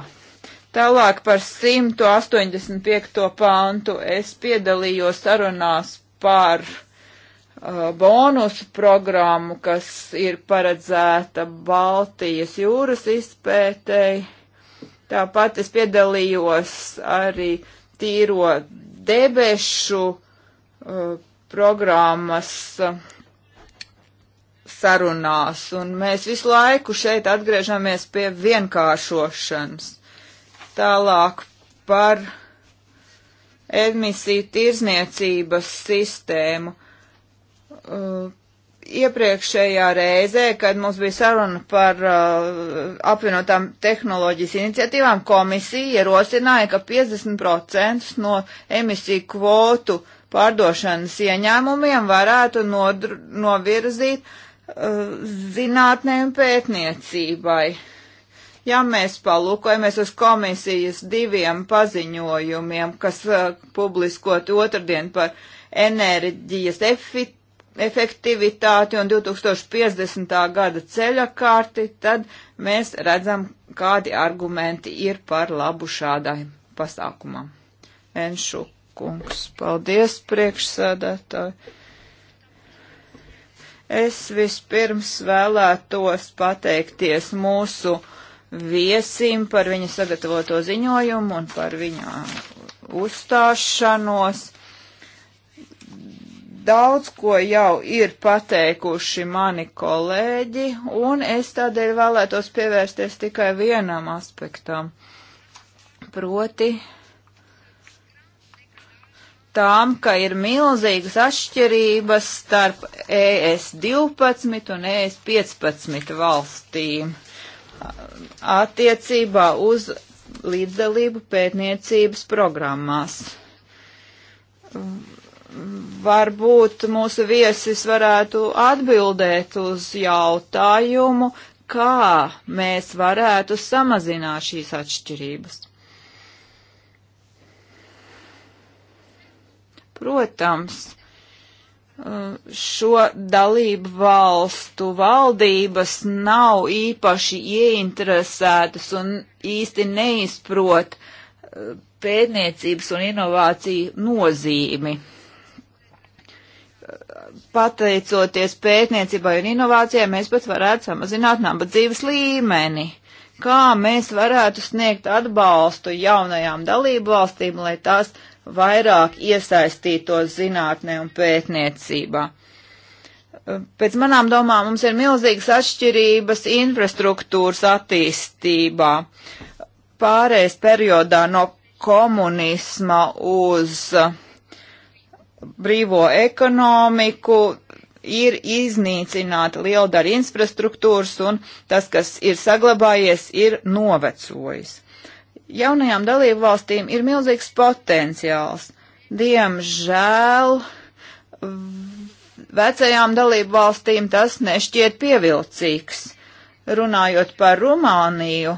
Tālāk par 185. pāntu es piedalījos sarunās par uh, bonusu programmu, kas ir paredzēta Baltijas jūras izpētēji. Tāpat es piedalījos arī tīro debešu uh, programmas uh, sarunās, un mēs visu laiku šeit atgriežamies pie vienkāršošanas Tālāk par emisiju tirzniecības sistēmu. Uh, iepriekšējā reizē, kad mums bija saruna par uh, apvienotām tehnoloģijas iniciatīvām, komisija ierosināja, ka 50% no emisiju kvotu pārdošanas ieņēmumiem varētu nodru, novirzīt uh, zinātnē un pētniecībai. Uh, Ja mēs palūkojamies uz komisijas diviem paziņojumiem, kas uh, publiskot otrdien par enerģijas efektivitāti, efektivitāti un 2050. gada ceļa kārti, tad mēs redzam, kādi argumenti ir par labu šādai pasākumam. Enšu kungs, paldies priekšsēdētāji. Es vispirms vēlētos pateikties mūsu viesim par viņa sagatavoto ziņojumu un par viņa uzstāšanos. Daudz ko jau ir pateikuši mani kolēģi, un es tādēļ vēlētos pievērsties tikai vienam aspektam, proti tām, ka ir milzīgas atšķirības starp ES 12 un ES 15 valstīm attiecībā uz līdzdalību pētniecības programmās. Varbūt mūsu viesis varētu atbildēt uz jautājumu, kā mēs varētu samazināt šīs atšķirības. Protams, šo dalību valstu valdības nav īpaši ieinteresētas un īsti neizprot uh, pētniecības un inovāciju nozīmi. Pateicoties pētniecībai un inovācijai, mēs pat varētu samazināt nabadzības līmeni. Kā mēs varētu sniegt atbalstu jaunajām dalību valstīm, lai tās uh, vairāk iesaistītos zinātnē un pētniecībā. Pēc manām domām mums ir milzīgas atšķirības infrastruktūras attīstībā. Pārējais periodā no komunisma uz brīvo ekonomiku ir iznīcināta liela daļa infrastruktūras un tas, kas ir saglabājies, ir novecojis jaunajām dalību valstīm ir milzīgs potenciāls. Diemžēl vecajām dalību valstīm tas nešķiet pievilcīgs. Runājot par Rumāniju,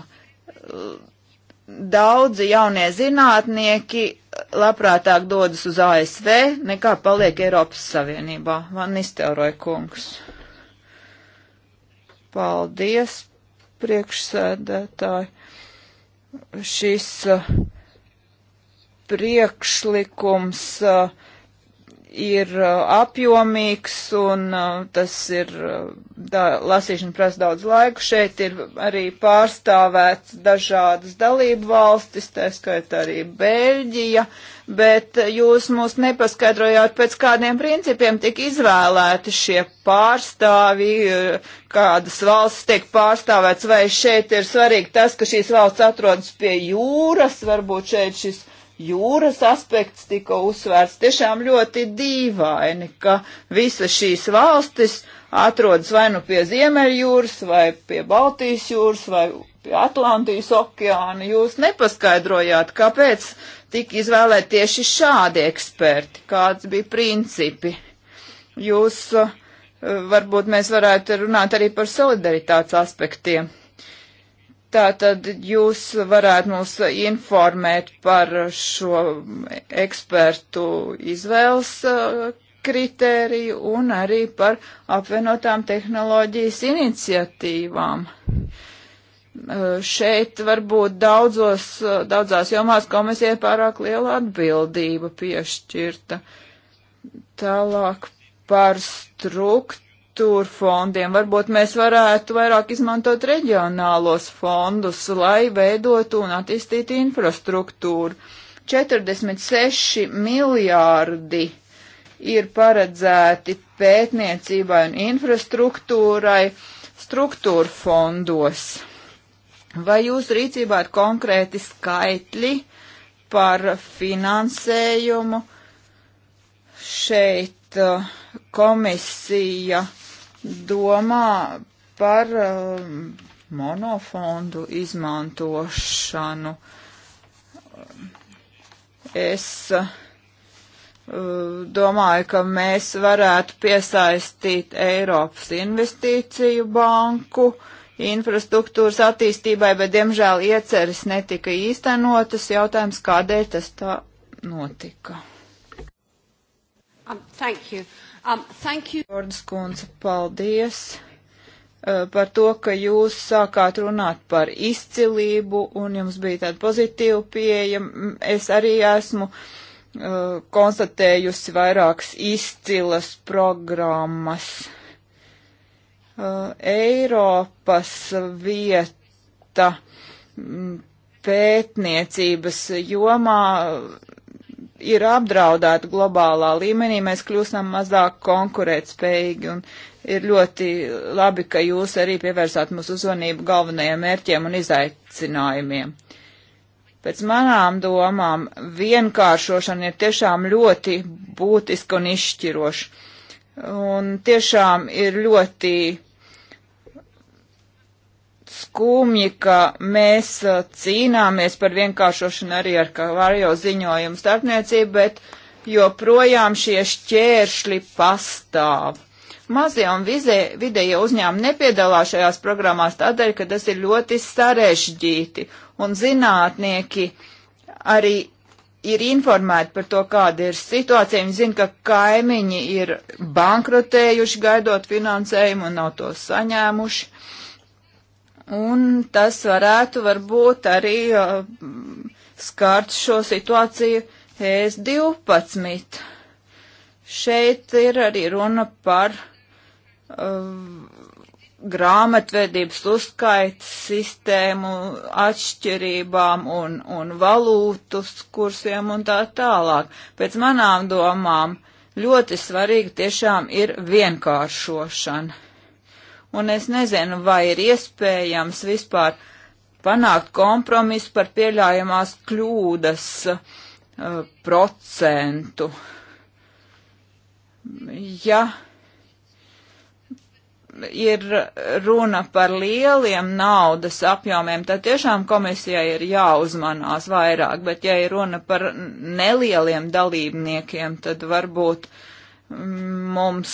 daudzi jaunie zinātnieki labprātāk dodas uz ASV nekā paliek Eiropas Savienībā. Man izteuroja kungs. Paldies, priekšsēdētāji šis uh, priekšlikums uh, ir uh, apjomīgs un uh, tas ir, uh, da, lasīšana prasa daudz laiku, šeit ir arī pārstāvēts dažādas dalību valstis, tā skaitā arī Beļģija, bet jūs mūs nepaskaidrojāt, pēc kādiem principiem tik izvēlēti šie pārstāvji, kādas valstis tiek pārstāvēts, vai šeit ir svarīgi tas, ka šīs valsts atrodas pie jūras, varbūt šeit šis jūras aspekts tika uzsvērts. Tiešām ļoti dīvaini, ka visas šīs valstis atrodas vai nu pie Ziemeļjūras, vai pie Baltijas jūras, vai pie Atlantijas okeāna. Jūs nepaskaidrojāt, kāpēc tika izvēlēti tieši šādi eksperti, kāds bija principi. Jūs eh, varbūt mēs varētu runāt arī par solidaritātes aspektiem. Tātad jūs varētu mūs informēt par šo ekspertu izvēles uh, kritēriju un arī par apvienotām tehnoloģijas iniciatīvām. Uh, šeit varbūt daudzos, uh, daudzās jomās komisijai pārāk liela atbildība piešķirta. Tālāk par struktūru struktūra fondiem. Varbūt mēs varētu vairāk izmantot reģionālos fondus, lai veidotu un attīstītu infrastruktūru. 46 miljārdi ir paredzēti pētniecībai un infrastruktūrai struktūra fondos. Vai jūs rīcībā ir konkrēti skaitļi par finansējumu? Šeit uh, komisija domā par um, monofondu izmantošanu. Es uh, domāju, ka mēs varētu piesaistīt Eiropas investīciju banku infrastruktūras attīstībai, bet diemžēl ieceres netika īstenotas. Jautājums, kādēļ tas tā notika? Um, thank you. Um, thank you. Jordas kundze, paldies uh, par to, ka jūs sākāt runāt par izcilību un jums bija tāda pozitīva pieeja. Es arī esmu uh, konstatējusi vairākas izcilas programmas. Uh, Eiropas vieta pētniecības jomā ir apdraudēti globālā līmenī, mēs kļūstam mazāk konkurētspējīgi un ir ļoti labi, ka jūs arī pievērsāt mūsu uzmanību galvenajiem mērķiem un izaicinājumiem. Pēc manām domām vienkāršošana ir tiešām ļoti būtiska un izšķiroša. Un tiešām ir ļoti skumji, ka mēs uh, cīnāmies par vienkāršošanu arī ar Kavarjo ziņojumu starpniecību, bet joprojām šie šķēršļi pastāv. Mazie un vizē, vidējie uzņēmumi nepiedalās šajās programmās tādēļ, ka tas ir ļoti sarežģīti, un zinātnieki arī ir informēti par to, kāda ir situācija. Viņi zina, ka kaimiņi ir bankrotējuši gaidot finansējumu un nav to saņēmuši. Un tas varētu varbūt arī uh, skārt šo situāciju S12. Šeit ir arī runa par uh, grāmatvedības uzskaits sistēmu atšķirībām un, un valūtus kursiem un tā tālāk. Pēc manām domām ļoti svarīga tiešām ir vienkāršošana un es nezinu, vai ir iespējams vispār panākt kompromisu par pieļaujamās kļūdas uh, procentu. Ja ir runa par lieliem naudas apjomiem, tad tiešām komisijai ir jāuzmanās vairāk, bet ja ir runa par nelieliem dalībniekiem, tad varbūt uh, mums,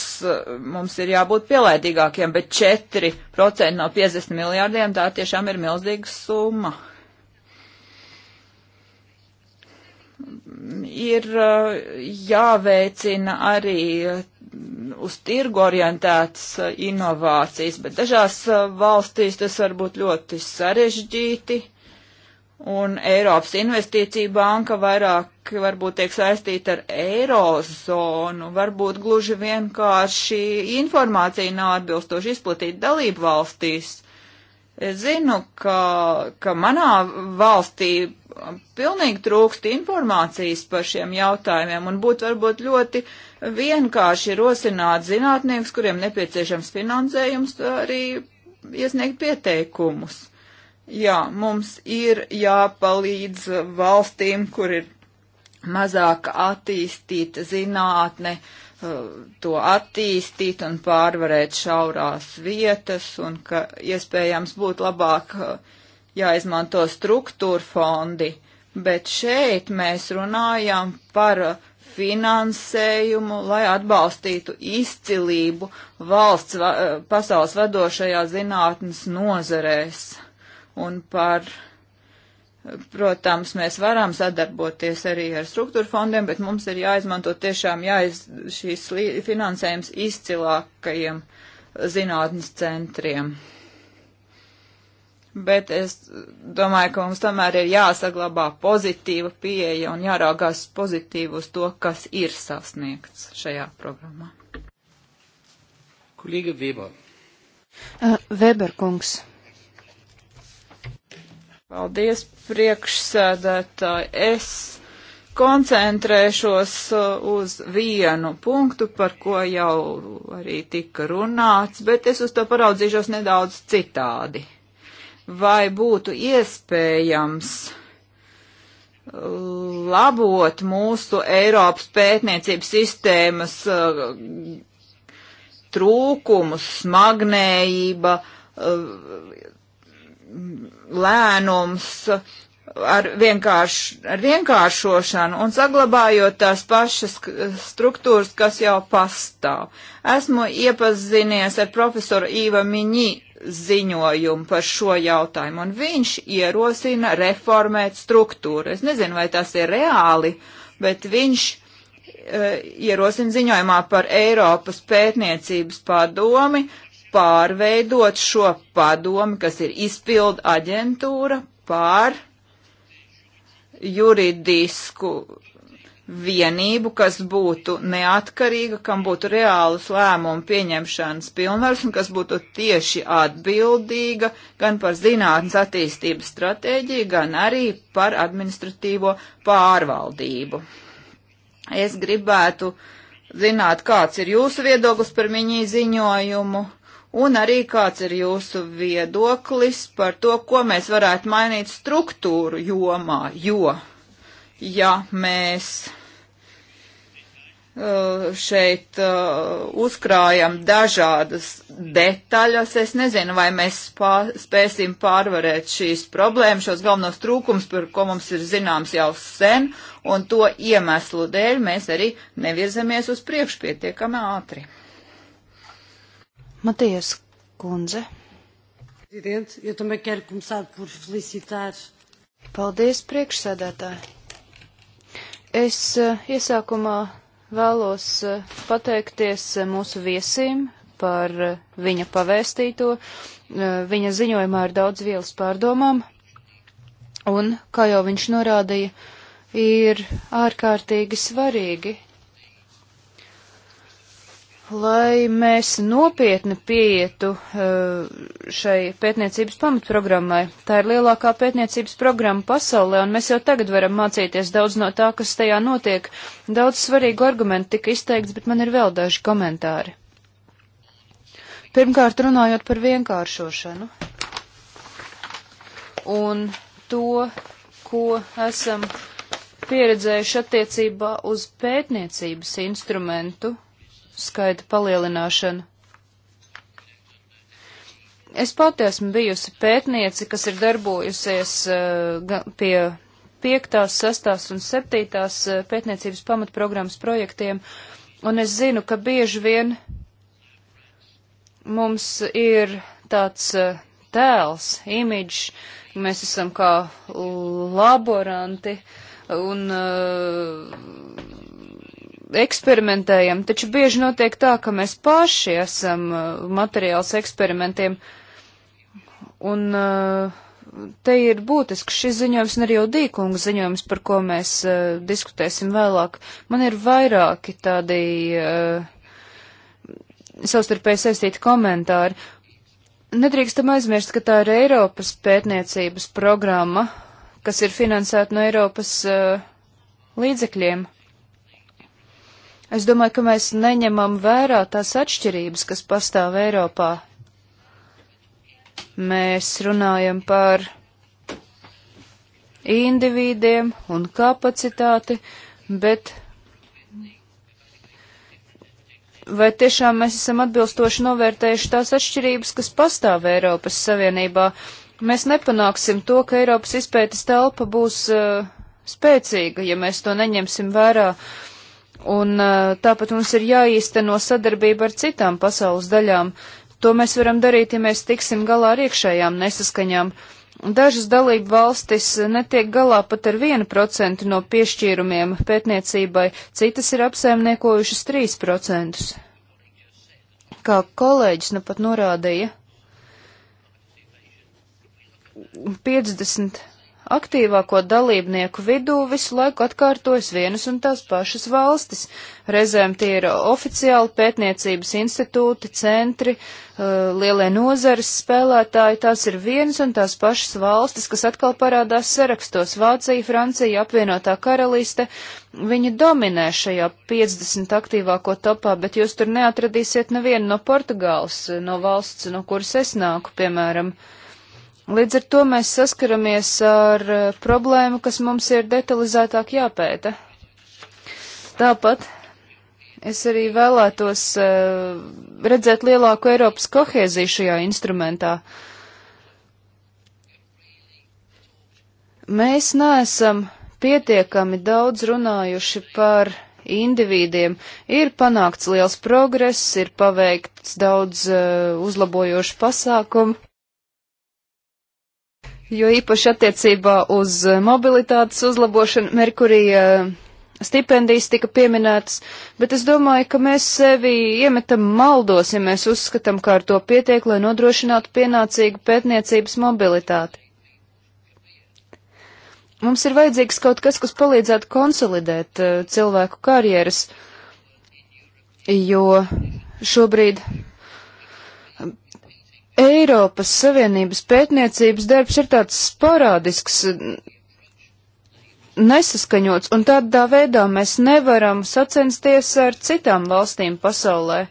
mums ir jābūt pielaidīgākiem, bet 4% no 50 miljārdiem tā tiešām ir milzīga summa. Ir uh, jāveicina arī uh, uz tirgu orientētas uh, inovācijas, bet dažās valstīs tas var būt ļoti sarežģīti un Eiropas investīcija banka vairāk varbūt tiek saistīta ar eirozonu, varbūt gluži vienkārši informācija nav atbilstoši izplatīta dalību valstīs. Es zinu, ka, ka manā valstī pilnīgi trūkst informācijas par šiem jautājumiem un būtu varbūt ļoti vienkārši rosināt zinātniekus, kuriem nepieciešams finansējums, arī iesniegt pieteikumus Jā, mums ir jāpalīdz valstīm, kur ir mazāk attīstīta zinātne, uh, to attīstīt un pārvarēt šaurās vietas, un ka iespējams būtu labāk uh, jāizmanto struktūra fondi, bet šeit mēs runājam par finansējumu, lai atbalstītu izcilību valsts va uh, pasaules vadošajā zinātnes nozarēs un par. Protams, mēs varam sadarboties arī ar struktūra fondiem, bet mums ir jāizmanto tiešām jāiz, šīs finansējums izcilākajiem zinātnes centriem. Bet es domāju, ka mums tomēr ir jāsaglabā pozitīva pieeja un jāraugās pozitīvi uz to, kas ir sasniegts šajā programmā. Kolīga Weber. Uh, Weber kungs. Paldies, priekšsēdētāji. Es koncentrēšos uh, uz vienu punktu, par ko jau arī tika runāts, bet es uz to paraudzīšos nedaudz citādi. Vai būtu iespējams uh, labot mūsu Eiropas pētniecības sistēmas uh, trūkumus, smagnējība, lēnums ar, vienkārš, ar vienkāršošanu un saglabājot tās pašas struktūras, kas jau pastāv. Esmu iepazinies ar profesoru Īva Miņī ziņojumu par šo jautājumu, un viņš ierosina reformēt struktūru. Es nezinu, vai tas ir reāli, bet viņš eh, ierosina ziņojumā par Eiropas pētniecības padomi, pārveidot šo padomi, kas ir izpildu aģentūra pār juridisku vienību, kas būtu neatkarīga, kam būtu reālas lēmumu pieņemšanas pilnvaras un kas būtu tieši atbildīga gan par zinātnes attīstības stratēģiju, gan arī par administratīvo pārvaldību. Es gribētu zināt, kāds ir jūsu viedoklis par viņī ziņojumu un arī kāds ir jūsu viedoklis par to, ko mēs varētu mainīt struktūru jomā, jo, ja mēs uh, šeit uh, uzkrājam dažādas detaļas, es nezinu, vai mēs spā, spēsim pārvarēt šīs problēmas, šos galvenos trūkums, par ko mums ir zināms jau sen, un to iemeslu dēļ mēs arī nevirzamies uz priekšu pietiekami ātri. Matijas kundze. Paldies, priekšsēdētāji. Es eh, iesākumā vēlos eh, pateikties eh, mūsu viesīm par viņa pavēstīto. Viņa ziņojumā ir daudz vielas pārdomām, un, kā jau viņš norādīja, ir ārkārtīgi svarīgi lai mēs nopietni pieietu eh, šai pētniecības pamatprogrammai. Tā ir lielākā pētniecības programma pasaulē, un mēs jau tagad varam mācīties daudz no tā, kas tajā notiek. Daudz svarīgu argumentu tika izteikts, bet man ir vēl daži komentāri. Pirmkārt, runājot par vienkāršošanu un to, ko esam pieredzējuši attiecībā uz pētniecības instrumentu skaita palielināšanu. Es pati esmu bijusi pētniece, kas ir darbojusies eh, pie 5., 6. un 7. Eh, pētniecības pamatprogrammas projektiem, un es zinu, ka bieži vien mums ir tāds eh, tēls, imidžs, mēs esam kā laboranti, un uh, eksperimentējam, taču bieži notiek tā, ka mēs paši esam uh, materiāls eksperimentiem. Un uh, te ir būtisks šis ziņojums un arī jau dīkunga ziņojums, par ko mēs uh, diskutēsim vēlāk. Man ir vairāki tādi savstarpēji saistīti komentāri. Nedrīkstam aizmirst, ka tā ir Eiropas pētniecības programma, kas ir finansēta no Eiropas uh, līdzekļiem. Es domāju, ka mēs neņemam vērā tās atšķirības, kas pastāv Eiropā. Mēs runājam par individiem un kapacitāti, bet vai tiešām mēs esam atbilstoši novērtējuši tās atšķirības, kas pastāv Eiropas Savienībā? Mēs nepanāksim to, ka Eiropas izpētes telpa būs uh, spēcīga, ja mēs to neņemsim vērā. Uh, Un tāpat mums ir jāīsteno sadarbība ar citām pasaules daļām. To mēs varam darīt, ja mēs tiksim galā ar iekšējām nesaskaņām. Dažas dalību valstis netiek galā pat ar 1% no piešķīrumiem pētniecībai, citas ir apsaimniekojušas 3%. Kā kolēģis nu pat norādīja, 50 aktīvāko dalībnieku vidū visu laiku atkārtojas vienas un tās pašas valstis. Reizēm tie ir oficiāli pētniecības institūti, centri, uh, lielie nozares spēlētāji, tās ir vienas un tās pašas valstis, kas atkal parādās sarakstos - Vācija, Francija, apvienotā karaliste. Viņi dominē šajā 50 aktīvāko topā, bet jūs tur neatradīsiet nevienu no Portugāles, no valsts, no kuras es nāku, piemēram. Uh, Līdz ar to mēs saskaramies ar eh, problēmu, kas mums ir detalizētāk jāpēta. Tāpat es arī vēlētos eh, redzēt lielāku Eiropas kohēziju šajā instrumentā. Mēs neesam pietiekami daudz runājuši par indivīdiem. Ir panākts liels progress, ir paveikts daudz eh, uzlabojošu pasākumu jo īpaši attiecībā uz eh, mobilitātes uzlabošanu Merkurija eh, stipendijas tika pieminētas, bet es domāju, ka mēs sevi iemetam maldos, ja mēs uzskatām, ka ar to pietiek, lai nodrošinātu pienācīgu pētniecības mobilitāti. Mums ir vajadzīgs kaut kas, kas palīdzētu konsolidēt eh, cilvēku karjeras, jo šobrīd Eiropas Savienības pētniecības darbs ir tāds sporādisks, nesaskaņots, un tādā veidā mēs nevaram sacensties ar citām valstīm pasaulē.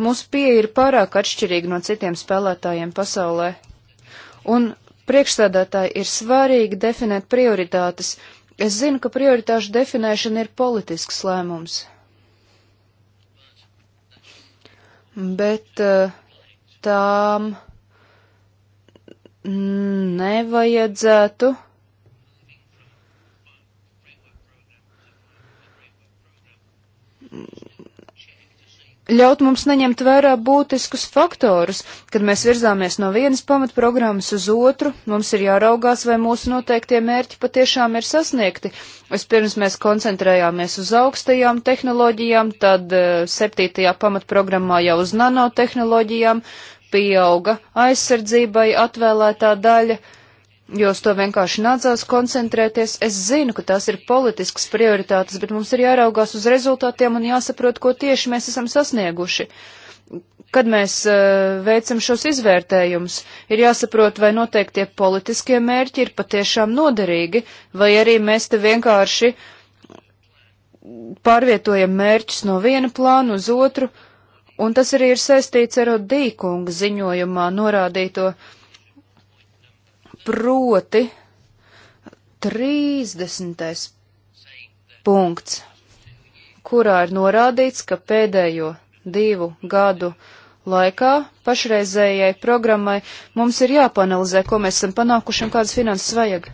Mūsu pieeja ir pārāk atšķirīga no citiem spēlētājiem pasaulē. Un priekšstādātāji ir svarīgi definēt prioritātes. Es zinu, ka prioritāšu definēšana ir politisks lēmums. Bet uh, tām nevajadzētu ļaut mums neņemt vērā būtiskus faktorus. Kad mēs virzāmies no vienas pamatprogrammas uz otru, mums ir jāraugās, vai mūsu noteiktie mērķi patiešām ir sasniegti. Vispirms mēs koncentrējāmies uz augstajām tehnoloģijām, tad eh, septītajā pamatprogrammā jau uz nanotehnoloģijām pieauga aizsardzībai atvēlētā daļa. Jūs to vienkārši nācās koncentrēties. Es zinu, ka tās ir politiskas prioritātes, bet mums ir jāraugās uz rezultātiem un jāsaprot, ko tieši mēs esam sasnieguši. Kad mēs uh, veicam šos izvērtējumus, ir jāsaprot, vai noteiktie politiskie mērķi ir patiešām noderīgi, vai arī mēs te vienkārši pārvietojam mērķus no viena plāna uz otru, un tas arī ir saistīts ar Odīkunga ziņojumā norādīto. Uh, proti 30. punkts, kurā ir norādīts, ka pēdējo divu gadu laikā pašreizējai programmai mums ir jāpanalizē, ko mēs esam panākuši un kādas finanses vajag.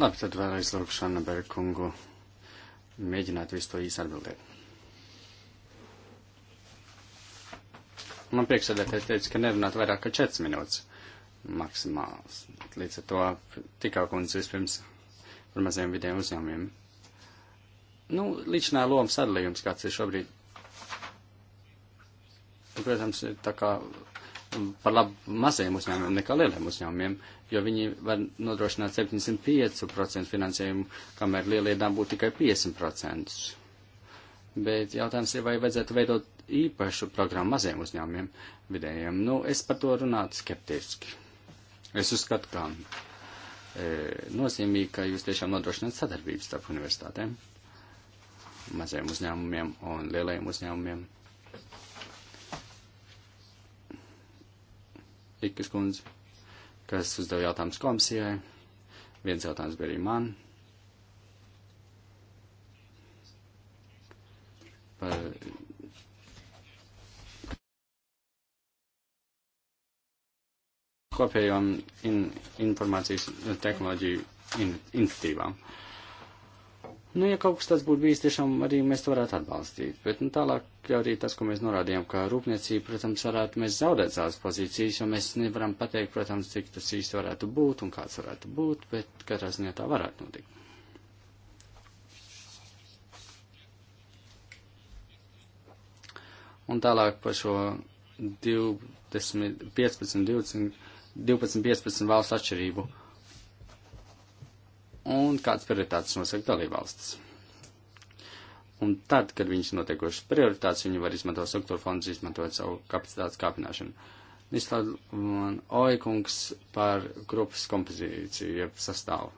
Labi, tad vēlreiz lūkšu Annaberu kungu mēģināt visu to īsi atbildēt. Man priekšsēdētājs teica, ka nerunāt vairāk kā 4 minūtes maksimāls. Līdz ar to tikā kundze vispirms par maziem vidiem uzņēmumiem. Nu, līdzinā loma sadalījums, kāds ir šobrīd. Nu, protams, tā kā par labu mazajiem uzņēmumiem nekā lieliem uzņēmumiem, jo viņi var nodrošināt 75% finansējumu, kamēr lielie dabūtu tikai 50%. Bet jautājums ir, vai vajadzētu veidot īpašu programmu maziem uzņēmumiem vidējiem. Nu, es par to runātu skeptiski. Es uzskatu, ka e, nozīmīgi, ka jūs tiešām nodrošināt sadarbības starp universitātēm, mazajiem uzņēmumiem un lielajiem uzņēmumiem. Ikas kundze, kas uzdeva jautājumus komisijai, viens jautājums bija arī man, par kopējo in, informācijas eh, tehnoloģiju in, iniciatīvām. Nu, ja kaut kas tāds būtu bijis, tiešām arī mēs to varētu atbalstīt. Bet nu, tālāk jau arī tas, ko mēs norādījām, ka rūpniecība, protams, varētu mēs zaudēt savas pozīcijas, jo mēs nevaram pateikt, protams, cik tas īsti varētu būt un kāds varētu būt, bet katrā ziņā tā varētu notikt. Un tālāk par šo 20, 15, 20 12-15 valstu atšķirību un kādas prioritātes nosaka dalībvalstis. Un tad, kad viņas noteikušas prioritātes, viņi var izmantot struktūra fondus, izmantot savu kapacitātes kāpināšanu. Nislāda man oikungs par grupas kompozīciju, jeb sastāvu.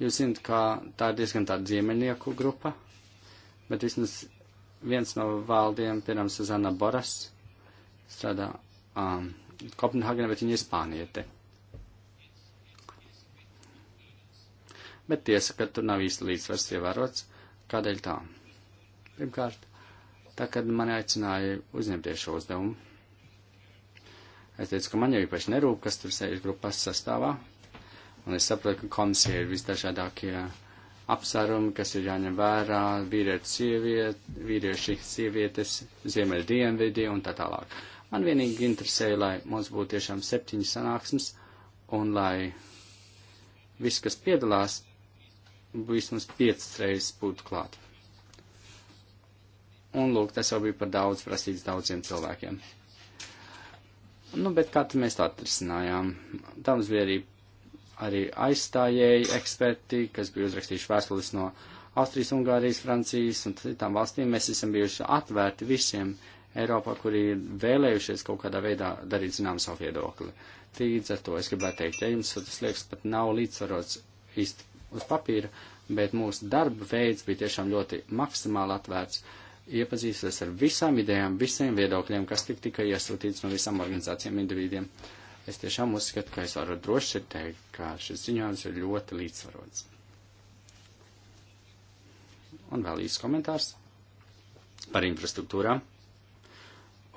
Jūs zināt, ka tā ir diezgan tāda ziemeļnieku grupa, bet vismaz viens no valdiem, piemēram, Suzana Boras, strādā um, Kopenhāgena, bet viņa ir spāniete. Bet tiesa, ka tur nav īsti līdzsvars ievērots. Kādēļ tā? Pirmkārt, tā kad mani aicināja uzņemties šo uzdevumu, es teicu, ka man jau īpaši nerūp, kas tur sēž grupas sastāvā, un es saprotu, ka komisija ir visdažādākie apsarumi, kas ir jāņem vērā, vīrieši, sieviet, vīrieši sievietes, ziemeļdienvidi un tā tālāk. Man vienīgi interesēja, lai mums būtu tiešām septiņas sanāksmes un lai viss, kas piedalās, vismaz piecas reizes būtu klāt. Un lūk, tas jau bija par daudz prasīts daudziem cilvēkiem. Nu, bet kā mēs tā atrisinājām? Tam bija arī, arī aizstājēji eksperti, kas bija uzrakstījuši vēstulis no Austrijas, Ungārijas, Francijas un citām valstīm. Mēs esam bijuši atvērti visiem Eiropā, kuri ir vēlējušies kaut kādā veidā darīt zinām savu viedokli. Līdz ar to es gribētu teikt, ja jums tas liekas pat nav līdzsvarots īsti uz papīra, bet mūsu darba veids bija tiešām ļoti maksimāli atvērts, iepazīstas ar visām idejām, visiem viedokļiem, kas tik tika iesūtīts no visām organizācijām individiem. Es tiešām uzskatu, ka es varu droši teikt, ka šis ziņojums ir ļoti līdzsvarots. Un vēl īsts komentārs par infrastruktūrām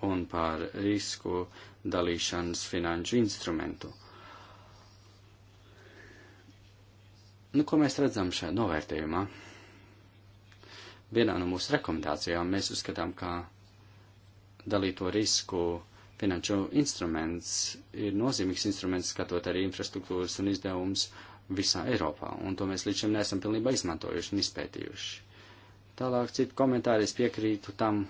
un par risku dalīšanas finanšu instrumentu. Nu, ko mēs redzam šajā novērtējumā? Vienā no mūsu rekomendācijām mēs uzskatām, ka dalīto risku finanšu instruments ir nozīmīgs instruments, skatot arī infrastruktūras un izdevums visā Eiropā, un to mēs līdz šim neesam pilnībā izmantojuši un izpētījuši. Tālāk citu komentāru es piekrītu tam,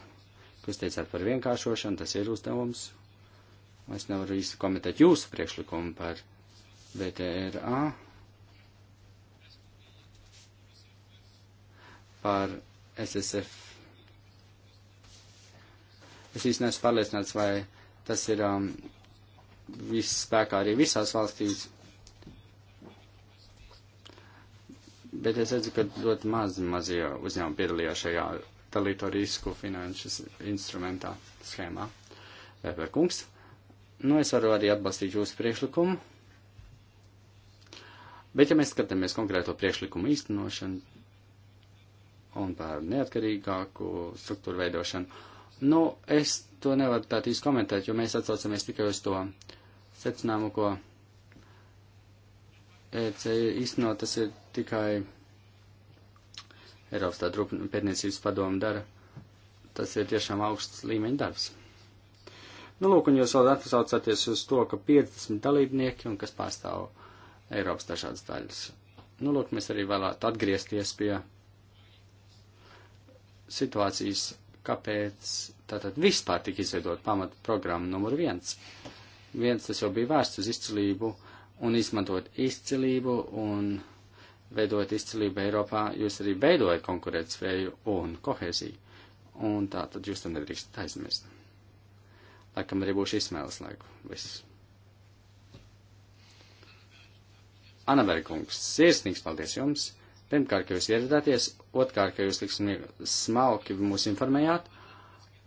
Jūs teicāt par vienkāršošanu, tas ir uzdevums. Es nevaru īsti komentēt jūsu priekšlikumu par BTRA, par SSF. Es īsti neesmu pārliecināts, vai tas ir um, viss spēkā arī visās valstīs. Bet es redzu, ka ļoti maz mazie uzņēmumi piedalījās šajā dalīto risku finanšu instrumentā schēmā. Vēberkungs. Nu, es varu arī atbalstīt jūsu priekšlikumu. Bet, ja mēs skatāmies konkrēto priekšlikumu īstenošanu un par neatkarīgāku struktūru veidošanu, nu, es to nevaru tā tīs komentēt, jo mēs atsaucamies tikai uz to secinājumu, ko EC īstenot, tas ir tikai Eiropas tā pētniecības padomu dara, tas ir tiešām augsts līmeņa darbs. Nu, lūk, un jūs vēl atsaucaties uz to, ka 50 dalībnieki un kas pārstāv Eiropas dažādas daļas. Nu, lūk, mēs arī vēlētu atgriezties pie situācijas, kāpēc tātad vispār tika izveidot pamata programma numur viens. Viens tas jau bija vērsts uz izcilību un izmantot izcilību un veidojat izcilību Eiropā, jūs arī veidojat konkurētspēju un kohēziju. Un tā tad jūs to nedrīkstat aizmirst. Laikam arī būšu izsmēles laiku. Viss. Anaberkungs, sirsnīgs paldies jums! Pirmkārt, ka jūs ieradāties, otrkārt, ka jūs liksim smalki mūs informējāt,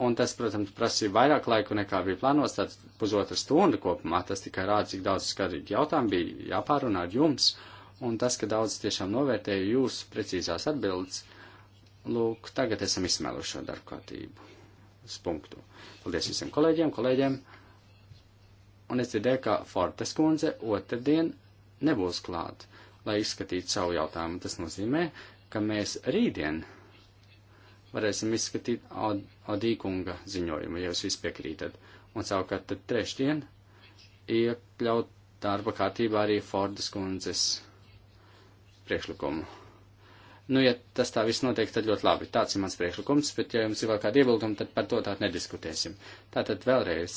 un tas, protams, prasīja vairāk laiku nekā bija plānots, tāds pusotra stunda kopumā, tas tikai rāda, cik daudz skatīt jautājumu bija jāpārunā ar jums. Uh, un tas, ka daudz tiešām novērtēju jūsu precīzās atbildes, lūk, tagad esam izsmēluši šo darbu kārtību punktu. Paldies visiem kolēģiem, kolēģiem, un es dzirdēju, ka Fortes kundze otrdien nebūs klāt, lai izskatītu savu jautājumu. Tas nozīmē, ka mēs rītdien varēsim izskatīt Odīkunga ziņojumu, ja jūs visi piekrītat. Un savukārt tad trešdien iekļaut darba kārtībā arī Fordas kundzes priekšlikumu. Nu, ja tas tā viss notiek, tad ļoti labi. Tāds ir mans priekšlikums, bet ja jums ir vēl kādi iebildumi, tad par to tā nediskutēsim. Tātad vēlreiz,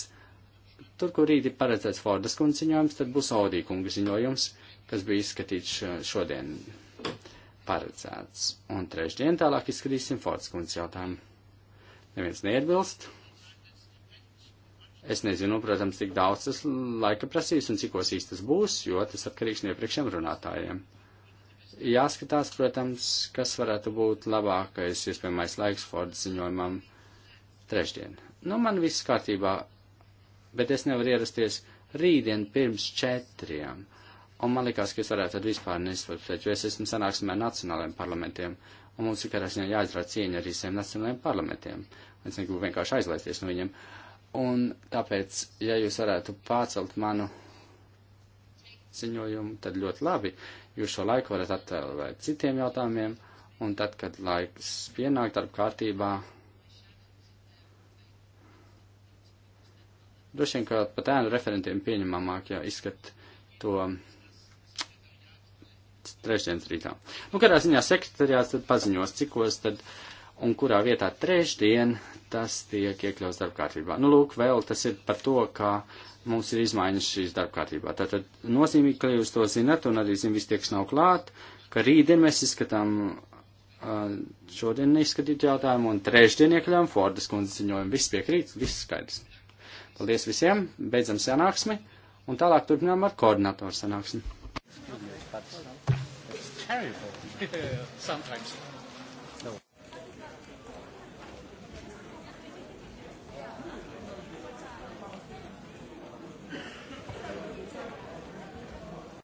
tur, kur rīt ir paredzēts Fordas kundas ziņojums, tad būs Audī kunga ziņojums, kas bija izskatīts šodien paredzēts. Un trešdien tālāk izskatīsim Fordas kundas jautājumu. Neviens neiebilst. Es nezinu, protams, cik daudz tas laika prasīs un cikos īstas būs, jo tas atkarīgs no iepriekšējiem runātājiem jāskatās, protams, kas varētu būt labākais iespējamais laiks Ford ziņojumam trešdien. Nu, man viss kārtībā, bet es nevaru ierasties rītdien pirms četriem. Un man likās, ka es varētu tad vispār neizpratīt, jo es esmu sanāksmē nacionālajiem parlamentiem, un mums ir kādās ziņā jāizrāda cieņa arī saviem nacionālajiem parlamentiem. Es negribu vienkārši aizlaisties no viņiem. Un tāpēc, ja jūs varētu pārcelt manu ziņojumu, tad ļoti labi, Jūs šo laiku varat attēlēt citiem jautājumiem, un tad, kad laiks pienāk darba kārtībā, droši vien, ka pat ēnu referentiem pieņemamāk, ja izskat to trešdienas rītā. Nu, kādā ziņā sekretariāts tad paziņos, cikos tad. Uh, un kurā vietā trešdien tas tiek iekļauts darbkārtībā. Nu, lūk, vēl tas ir par to, ka mums ir izmaiņas šīs darbkārtībā. Tātad nozīmīgi, ka jūs to zinat, un arī zin, viss tiek nav klāt, ka rītdien mēs izskatām šodien neizskatīt jautājumu, un trešdien iekļām Fordas kundze ziņojumu. Viss piekrīt, viss skaidrs. Paldies visiem, beidzam sanāksmi, un tālāk turpinām ar koordinatoru sanāksmi. It's terrible. Sometimes.